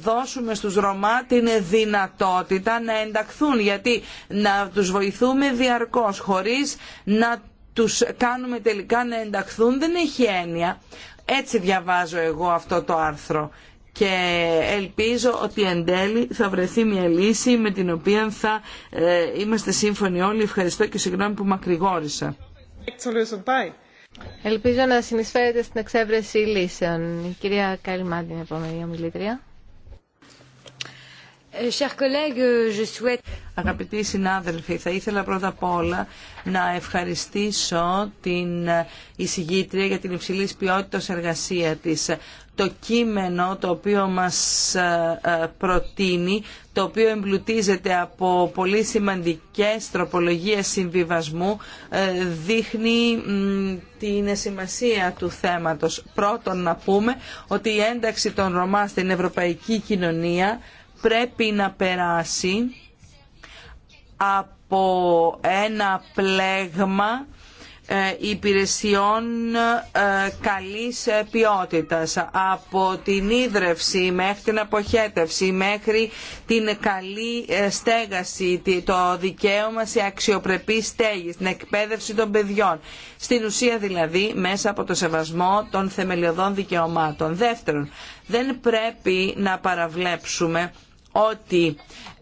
S4: δώσουμε στους Ρωμά την δυνατότητα να ενταχθούν γιατί να τους βοηθούμε διαρκώς χωρίς να τους κάνουμε τελικά να ενταχθούν δεν έχει έννοια. Έτσι διαβάζω εγώ αυτό το άρθρο και ελπίζω ότι εν τέλει θα βρεθεί μια λύση με την οποία θα ε, είμαστε σύμφωνοι όλοι. Ευχαριστώ και συγγνώμη που μακρηγόρησα.
S1: Ελπίζω να συνεισφέρετε στην εξέβρεση λύσεων. Η κυρία η επόμενη ομιλήτρια. Ε, euh,
S4: Αγαπητοί συνάδελφοι, θα ήθελα πρώτα απ' όλα να ευχαριστήσω την ε, εισηγήτρια για την υψηλή ποιότητα εργασία της. Το κείμενο το οποίο μας ε, προτείνει, το οποίο εμπλουτίζεται από πολύ σημαντικές τροπολογίες συμβιβασμού, δείχνει την σημασία του θέματος. Πρώτον να πούμε ότι η ένταξη των Ρωμά στην ευρωπαϊκή κοινωνία πρέπει να περάσει από ένα πλέγμα ε, υπηρεσιών ε, καλής ε, ποιότητας από την ίδρευση μέχρι την αποχέτευση μέχρι την καλή στέγαση το δικαίωμα σε αξιοπρεπή στέγη την εκπαίδευση των παιδιών στην ουσία δηλαδή μέσα από το σεβασμό των θεμελιωδών δικαιωμάτων. Δεύτερον, δεν πρέπει να παραβλέψουμε ότι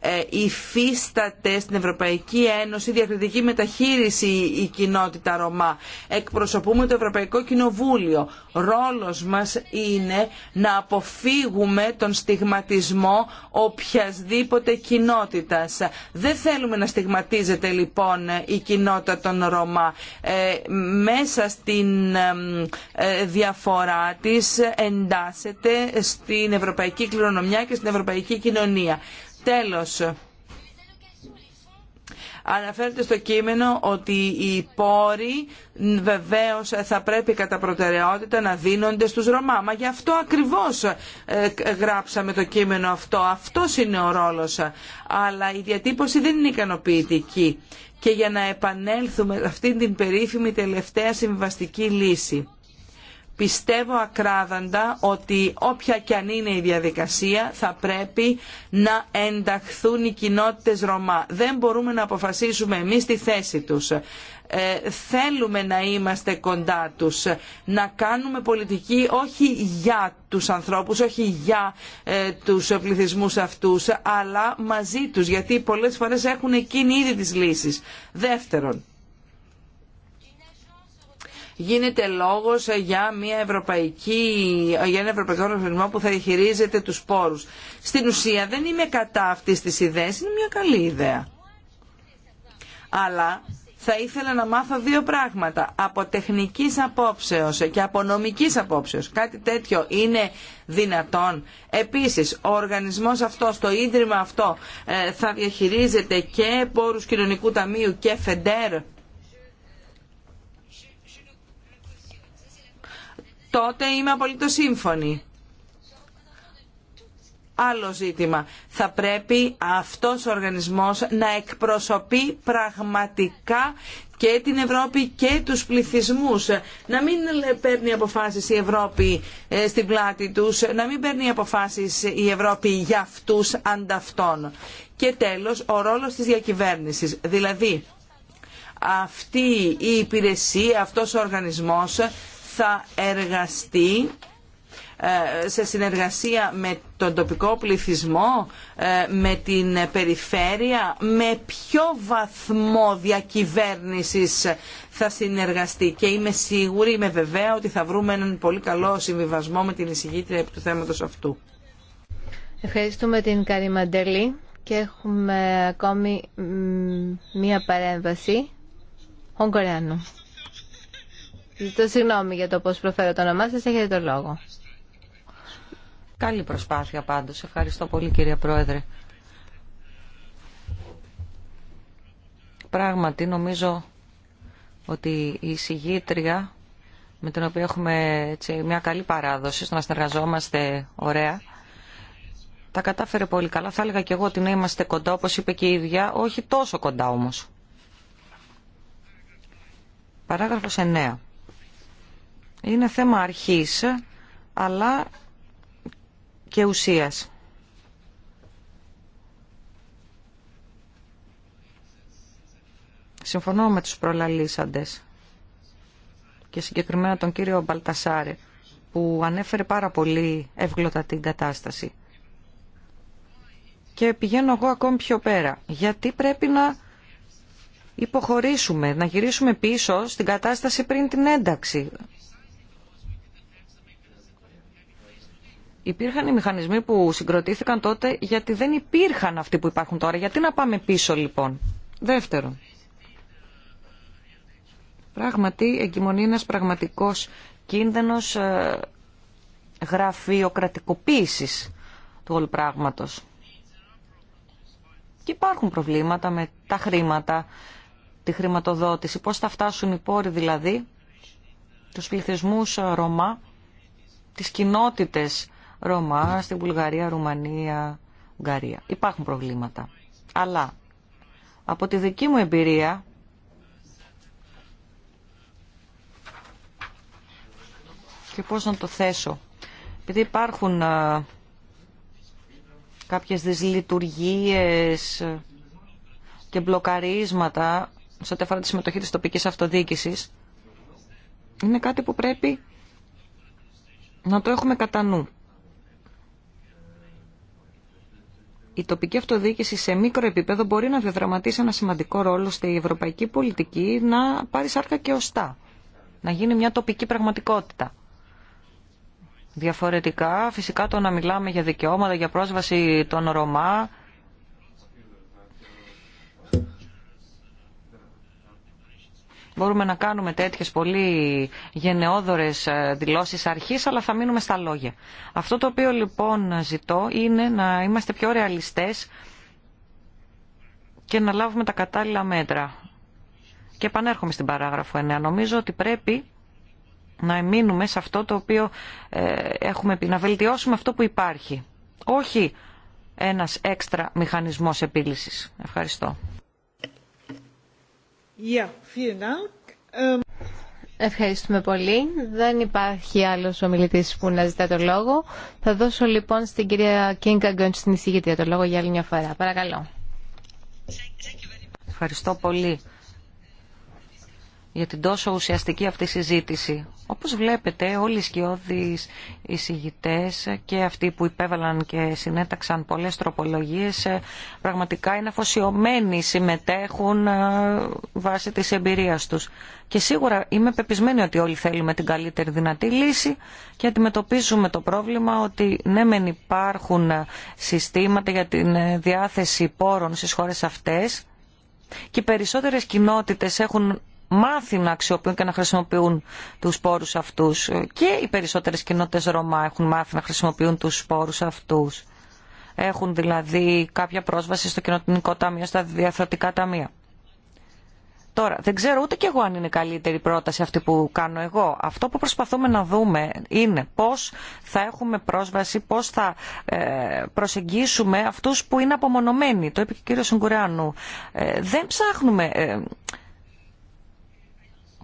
S4: ε, υφίσταται στην Ευρωπαϊκή Ένωση διακριτική μεταχείριση η κοινότητα Ρωμά. Εκπροσωπούμε το Ευρωπαϊκό Κοινοβούλιο. Ρόλος μας είναι να αποφύγουμε τον στιγματισμό οποιασδήποτε κοινότητας. Δεν θέλουμε να στιγματίζεται λοιπόν η κοινότητα των Ρωμά. Ε, μέσα στην ε, διαφορά της εντάσσεται στην ευρωπαϊκή κληρονομιά και στην ευρωπαϊκή κοινωνία. Τέλος. Αναφέρεται στο κείμενο ότι οι πόροι βεβαίως θα πρέπει κατά προτεραιότητα να δίνονται στους Ρωμά. Μα γι' αυτό ακριβώς ε, ε, γράψαμε το κείμενο αυτό. Αυτό είναι ο ρόλος. Αλλά η διατύπωση δεν είναι ικανοποιητική. Και για να επανέλθουμε αυτήν την περίφημη τελευταία συμβαστική λύση. Πιστεύω ακράδαντα ότι όποια και αν είναι η διαδικασία θα πρέπει να ενταχθούν οι κοινότητες Ρωμά. Δεν μπορούμε να αποφασίσουμε εμείς τη θέση τους. Ε, θέλουμε να είμαστε κοντά τους, να κάνουμε πολιτική όχι για τους ανθρώπους, όχι για ε, τους πληθυσμούς αυτούς, αλλά μαζί τους, γιατί πολλές φορές έχουν εκείνη ήδη τις λύσεις. Δεύτερον, γίνεται λόγος για, μια ευρωπαϊκή, για ένα ευρωπαϊκό οργανισμό που θα διαχειρίζεται τους πόρους. Στην ουσία δεν είμαι κατά αυτής της ιδέας, είναι μια καλή ιδέα. Αλλά θα ήθελα να μάθω δύο πράγματα. Από τεχνικής απόψεως και από νομικής απόψεως. Κάτι τέτοιο είναι δυνατόν. Επίσης, ο οργανισμός αυτός, το ίδρυμα αυτό, ε, θα διαχειρίζεται και πόρους κοινωνικού ταμείου και ΦΕΝΤΕΡ. τότε είμαι απολύτως σύμφωνη. Άλλο ζήτημα. Θα πρέπει αυτός ο οργανισμός να εκπροσωπεί πραγματικά και την Ευρώπη και τους πληθυσμούς. Να μην παίρνει αποφάσεις η Ευρώπη ε, στην πλάτη τους, να μην παίρνει αποφάσεις η Ευρώπη για αυτούς ανταυτών. Και τέλος, ο ρόλος της διακυβέρνησης. Δηλαδή, αυτή η υπηρεσία, αυτός ο οργανισμός θα εργαστεί ε, σε συνεργασία με τον τοπικό πληθυσμό, ε, με την περιφέρεια, με ποιο βαθμό διακυβέρνησης θα συνεργαστεί. Και είμαι σίγουρη, είμαι βεβαία ότι θα βρούμε έναν πολύ καλό συμβιβασμό με την εισηγήτρια του θέματος αυτού.
S1: Ευχαριστούμε την Μαντελή και έχουμε ακόμη μία παρέμβαση. Ογκορεάνου. Ζητώ συγγνώμη για το πώς προφέρω το όνομά σας. Έχετε το λόγο. Καλή
S3: προσπάθεια πάντως. Ευχαριστώ πολύ κύριε Πρόεδρε. Πράγματι νομίζω ότι η συγγήτρια με την οποία έχουμε έτσι, μια καλή παράδοση στο να συνεργαζόμαστε ωραία τα κατάφερε πολύ καλά. Θα έλεγα και εγώ ότι να είμαστε κοντά όπως είπε και η ίδια, όχι τόσο κοντά όμως. Παράγραφος 9. Είναι θέμα αρχής, αλλά και ουσίας. Συμφωνώ με τους προλαλήσαντες και συγκεκριμένα τον κύριο Μπαλτασάρη που ανέφερε πάρα πολύ εύγλωτα την κατάσταση. Και πηγαίνω εγώ ακόμη πιο πέρα. Γιατί πρέπει να υποχωρήσουμε, να γυρίσουμε πίσω στην κατάσταση πριν την ένταξη. υπήρχαν οι μηχανισμοί που συγκροτήθηκαν τότε γιατί δεν υπήρχαν αυτοί που υπάρχουν τώρα. Γιατί να πάμε πίσω λοιπόν. Δεύτερον, πράγματι εγκυμονεί ένας πραγματικός κίνδυνος ε, γραφειοκρατικοποίησης του όλου πράγματος. Και υπάρχουν προβλήματα με τα χρήματα, τη χρηματοδότηση, πώς θα φτάσουν οι πόροι δηλαδή, τους πληθυσμούς ε, Ρωμά, τις κοινότητες Ρωμά, στην Βουλγαρία, Ρουμανία, Ουγγαρία. Υπάρχουν προβλήματα. Αλλά από τη δική μου εμπειρία και πώς να το θέσω. Επειδή υπάρχουν ε, κάποιες δυσλειτουργίες ε, και μπλοκαρίσματα σε ό,τι αφορά τη συμμετοχή της τοπικής αυτοδιοίκησης, είναι κάτι που πρέπει να το έχουμε κατά νου. η τοπική αυτοδιοίκηση σε μικρό επίπεδο μπορεί να διαδραματίσει ένα σημαντικό ρόλο στη ευρωπαϊκή πολιτική να πάρει σάρκα και οστά, να γίνει μια τοπική πραγματικότητα. Διαφορετικά, φυσικά το να μιλάμε για δικαιώματα, για πρόσβαση των Ρωμά, Μπορούμε να κάνουμε τέτοιες πολύ γενναιόδορες ε, δηλώσεις αρχής, αλλά θα μείνουμε στα λόγια. Αυτό το οποίο λοιπόν ζητώ είναι να είμαστε πιο ρεαλιστές και να λάβουμε τα κατάλληλα μέτρα. Και επανέρχομαι στην παράγραφο 9. Νομίζω ότι πρέπει να εμείνουμε σε αυτό το οποίο ε, έχουμε πει, να βελτιώσουμε αυτό που υπάρχει. Όχι ένας έξτρα μηχανισμός επίλυσης. Ευχαριστώ.
S2: Ähm,
S1: Ευχαριστούμε πολύ. Δεν υπάρχει άλλος ομιλητής που να ζητά το λόγο. Θα δώσω λοιπόν στην κυρία Κίνκα Γκόντ στην εισηγήτρια το λόγο για άλλη μια φορά. Παρακαλώ.
S3: Ευχαριστώ πολύ για την τόσο ουσιαστική αυτή συζήτηση. Όπως βλέπετε όλοι οι σκιώδεις εισηγητές και αυτοί που υπέβαλαν και συνέταξαν πολλές τροπολογίες ε, πραγματικά είναι αφοσιωμένοι, συμμετέχουν ε, βάσει της εμπειρίας τους. Και σίγουρα είμαι πεπισμένη ότι όλοι θέλουμε την καλύτερη δυνατή λύση και αντιμετωπίζουμε το πρόβλημα ότι ναι μεν υπάρχουν συστήματα για την διάθεση πόρων στις χώρες αυτές και οι περισσότερες κοινότητες έχουν μάθει να αξιοποιούν και να χρησιμοποιούν τους σπόρους αυτούς. Και οι περισσότερες κοινότητες Ρωμά έχουν μάθει να χρησιμοποιούν τους σπόρους αυτούς. Έχουν δηλαδή κάποια πρόσβαση στο κοινωνικό ταμείο, στα διαθροτικά ταμεία. Τώρα, δεν ξέρω ούτε κι εγώ αν είναι καλύτερη πρόταση αυτή που κάνω εγώ. Αυτό που προσπαθούμε να δούμε είναι πώς θα έχουμε πρόσβαση, πώς θα ε, προσεγγίσουμε αυτούς που είναι απομονωμένοι. Το είπε και ο κύριος Ε, δεν ψάχνουμε ε,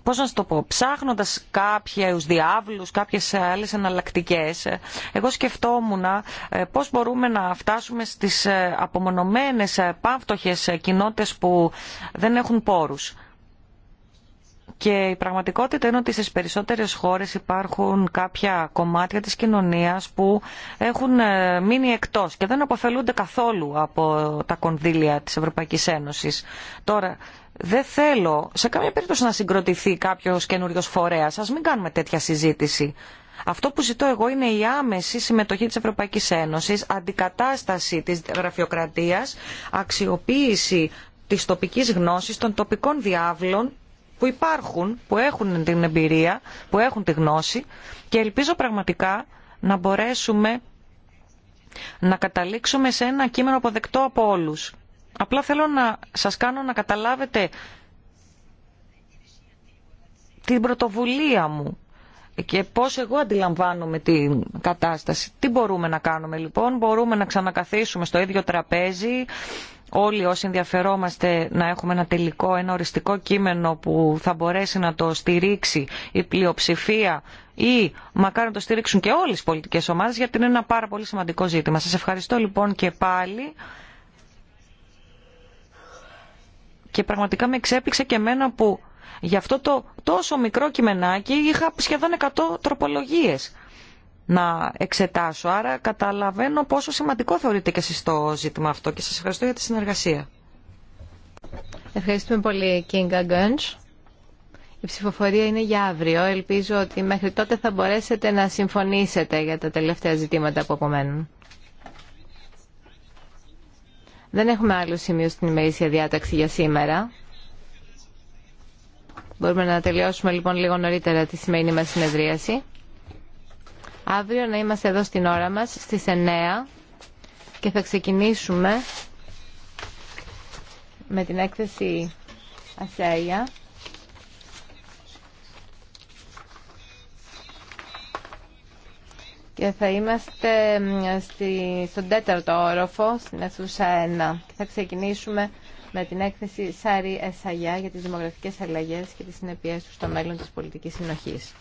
S3: πώς να σου το πω, ψάχνοντας κάποιους διάβλους, κάποιες άλλες εναλλακτικέ, εγώ σκεφτόμουν ε, πώς μπορούμε να φτάσουμε στις ε, απομονωμένες ε, πάμφτωχες κοινότητες που δεν έχουν πόρους. Και η πραγματικότητα είναι ότι στις περισσότερες χώρες υπάρχουν κάποια κομμάτια της κοινωνίας που έχουν μείνει εκτός και δεν αποφελούνται καθόλου από τα κονδύλια της Ευρωπαϊκής Ένωσης. Τώρα, δεν θέλω σε καμία περίπτωση να συγκροτηθεί κάποιο καινούριο φορέα. Α μην κάνουμε τέτοια συζήτηση. Αυτό που ζητώ εγώ είναι η άμεση συμμετοχή της Ευρωπαϊκής Ένωσης, αντικατάσταση της γραφειοκρατίας, αξιοποίηση της τοπικής γνώσης, των τοπικών διάβλων που υπάρχουν, που έχουν την εμπειρία, που έχουν τη γνώση και ελπίζω πραγματικά να μπορέσουμε να καταλήξουμε σε ένα κείμενο αποδεκτό από όλους. Απλά θέλω να σας κάνω να καταλάβετε την πρωτοβουλία μου και πώς εγώ αντιλαμβάνομαι την κατάσταση. Τι μπορούμε να κάνουμε λοιπόν, μπορούμε να ξανακαθίσουμε στο ίδιο τραπέζι, όλοι όσοι ενδιαφερόμαστε να έχουμε ένα τελικό, ένα οριστικό κείμενο που θα μπορέσει να το στηρίξει η πλειοψηφία ή μακάρι να το στηρίξουν και όλες οι πολιτικές ομάδες γιατί είναι ένα πάρα πολύ σημαντικό ζήτημα. Σας ευχαριστώ λοιπόν και πάλι. Και πραγματικά με εξέπληξε και εμένα που για αυτό το τόσο μικρό κειμενάκι είχα σχεδόν 100 τροπολογίες να εξετάσω. Άρα καταλαβαίνω πόσο σημαντικό θεωρείτε και εσείς το ζήτημα αυτό και σας ευχαριστώ για τη συνεργασία.
S1: Ευχαριστούμε πολύ, Κίνγκα Γκέντς. Η ψηφοφορία είναι για αύριο. Ελπίζω ότι μέχρι τότε θα μπορέσετε να συμφωνήσετε για τα τελευταία ζητήματα που απομένουν. Δεν έχουμε άλλο σημείο στην ημερήσια διάταξη για σήμερα. Μπορούμε να τελειώσουμε λοιπόν λίγο νωρίτερα τη σημερινή μας συνεδρίαση. Αύριο να είμαστε εδώ στην ώρα μας στις 9 και θα ξεκινήσουμε με την έκθεση Ασέια και θα είμαστε στη, στον τέταρτο όροφο, στην Αθουσα 1. Και θα ξεκινήσουμε με την έκθεση Σάρι Εσαγιά για τις δημογραφικές αλλαγές και τις συνεπιές του στο μέλλον της πολιτικής συνοχής.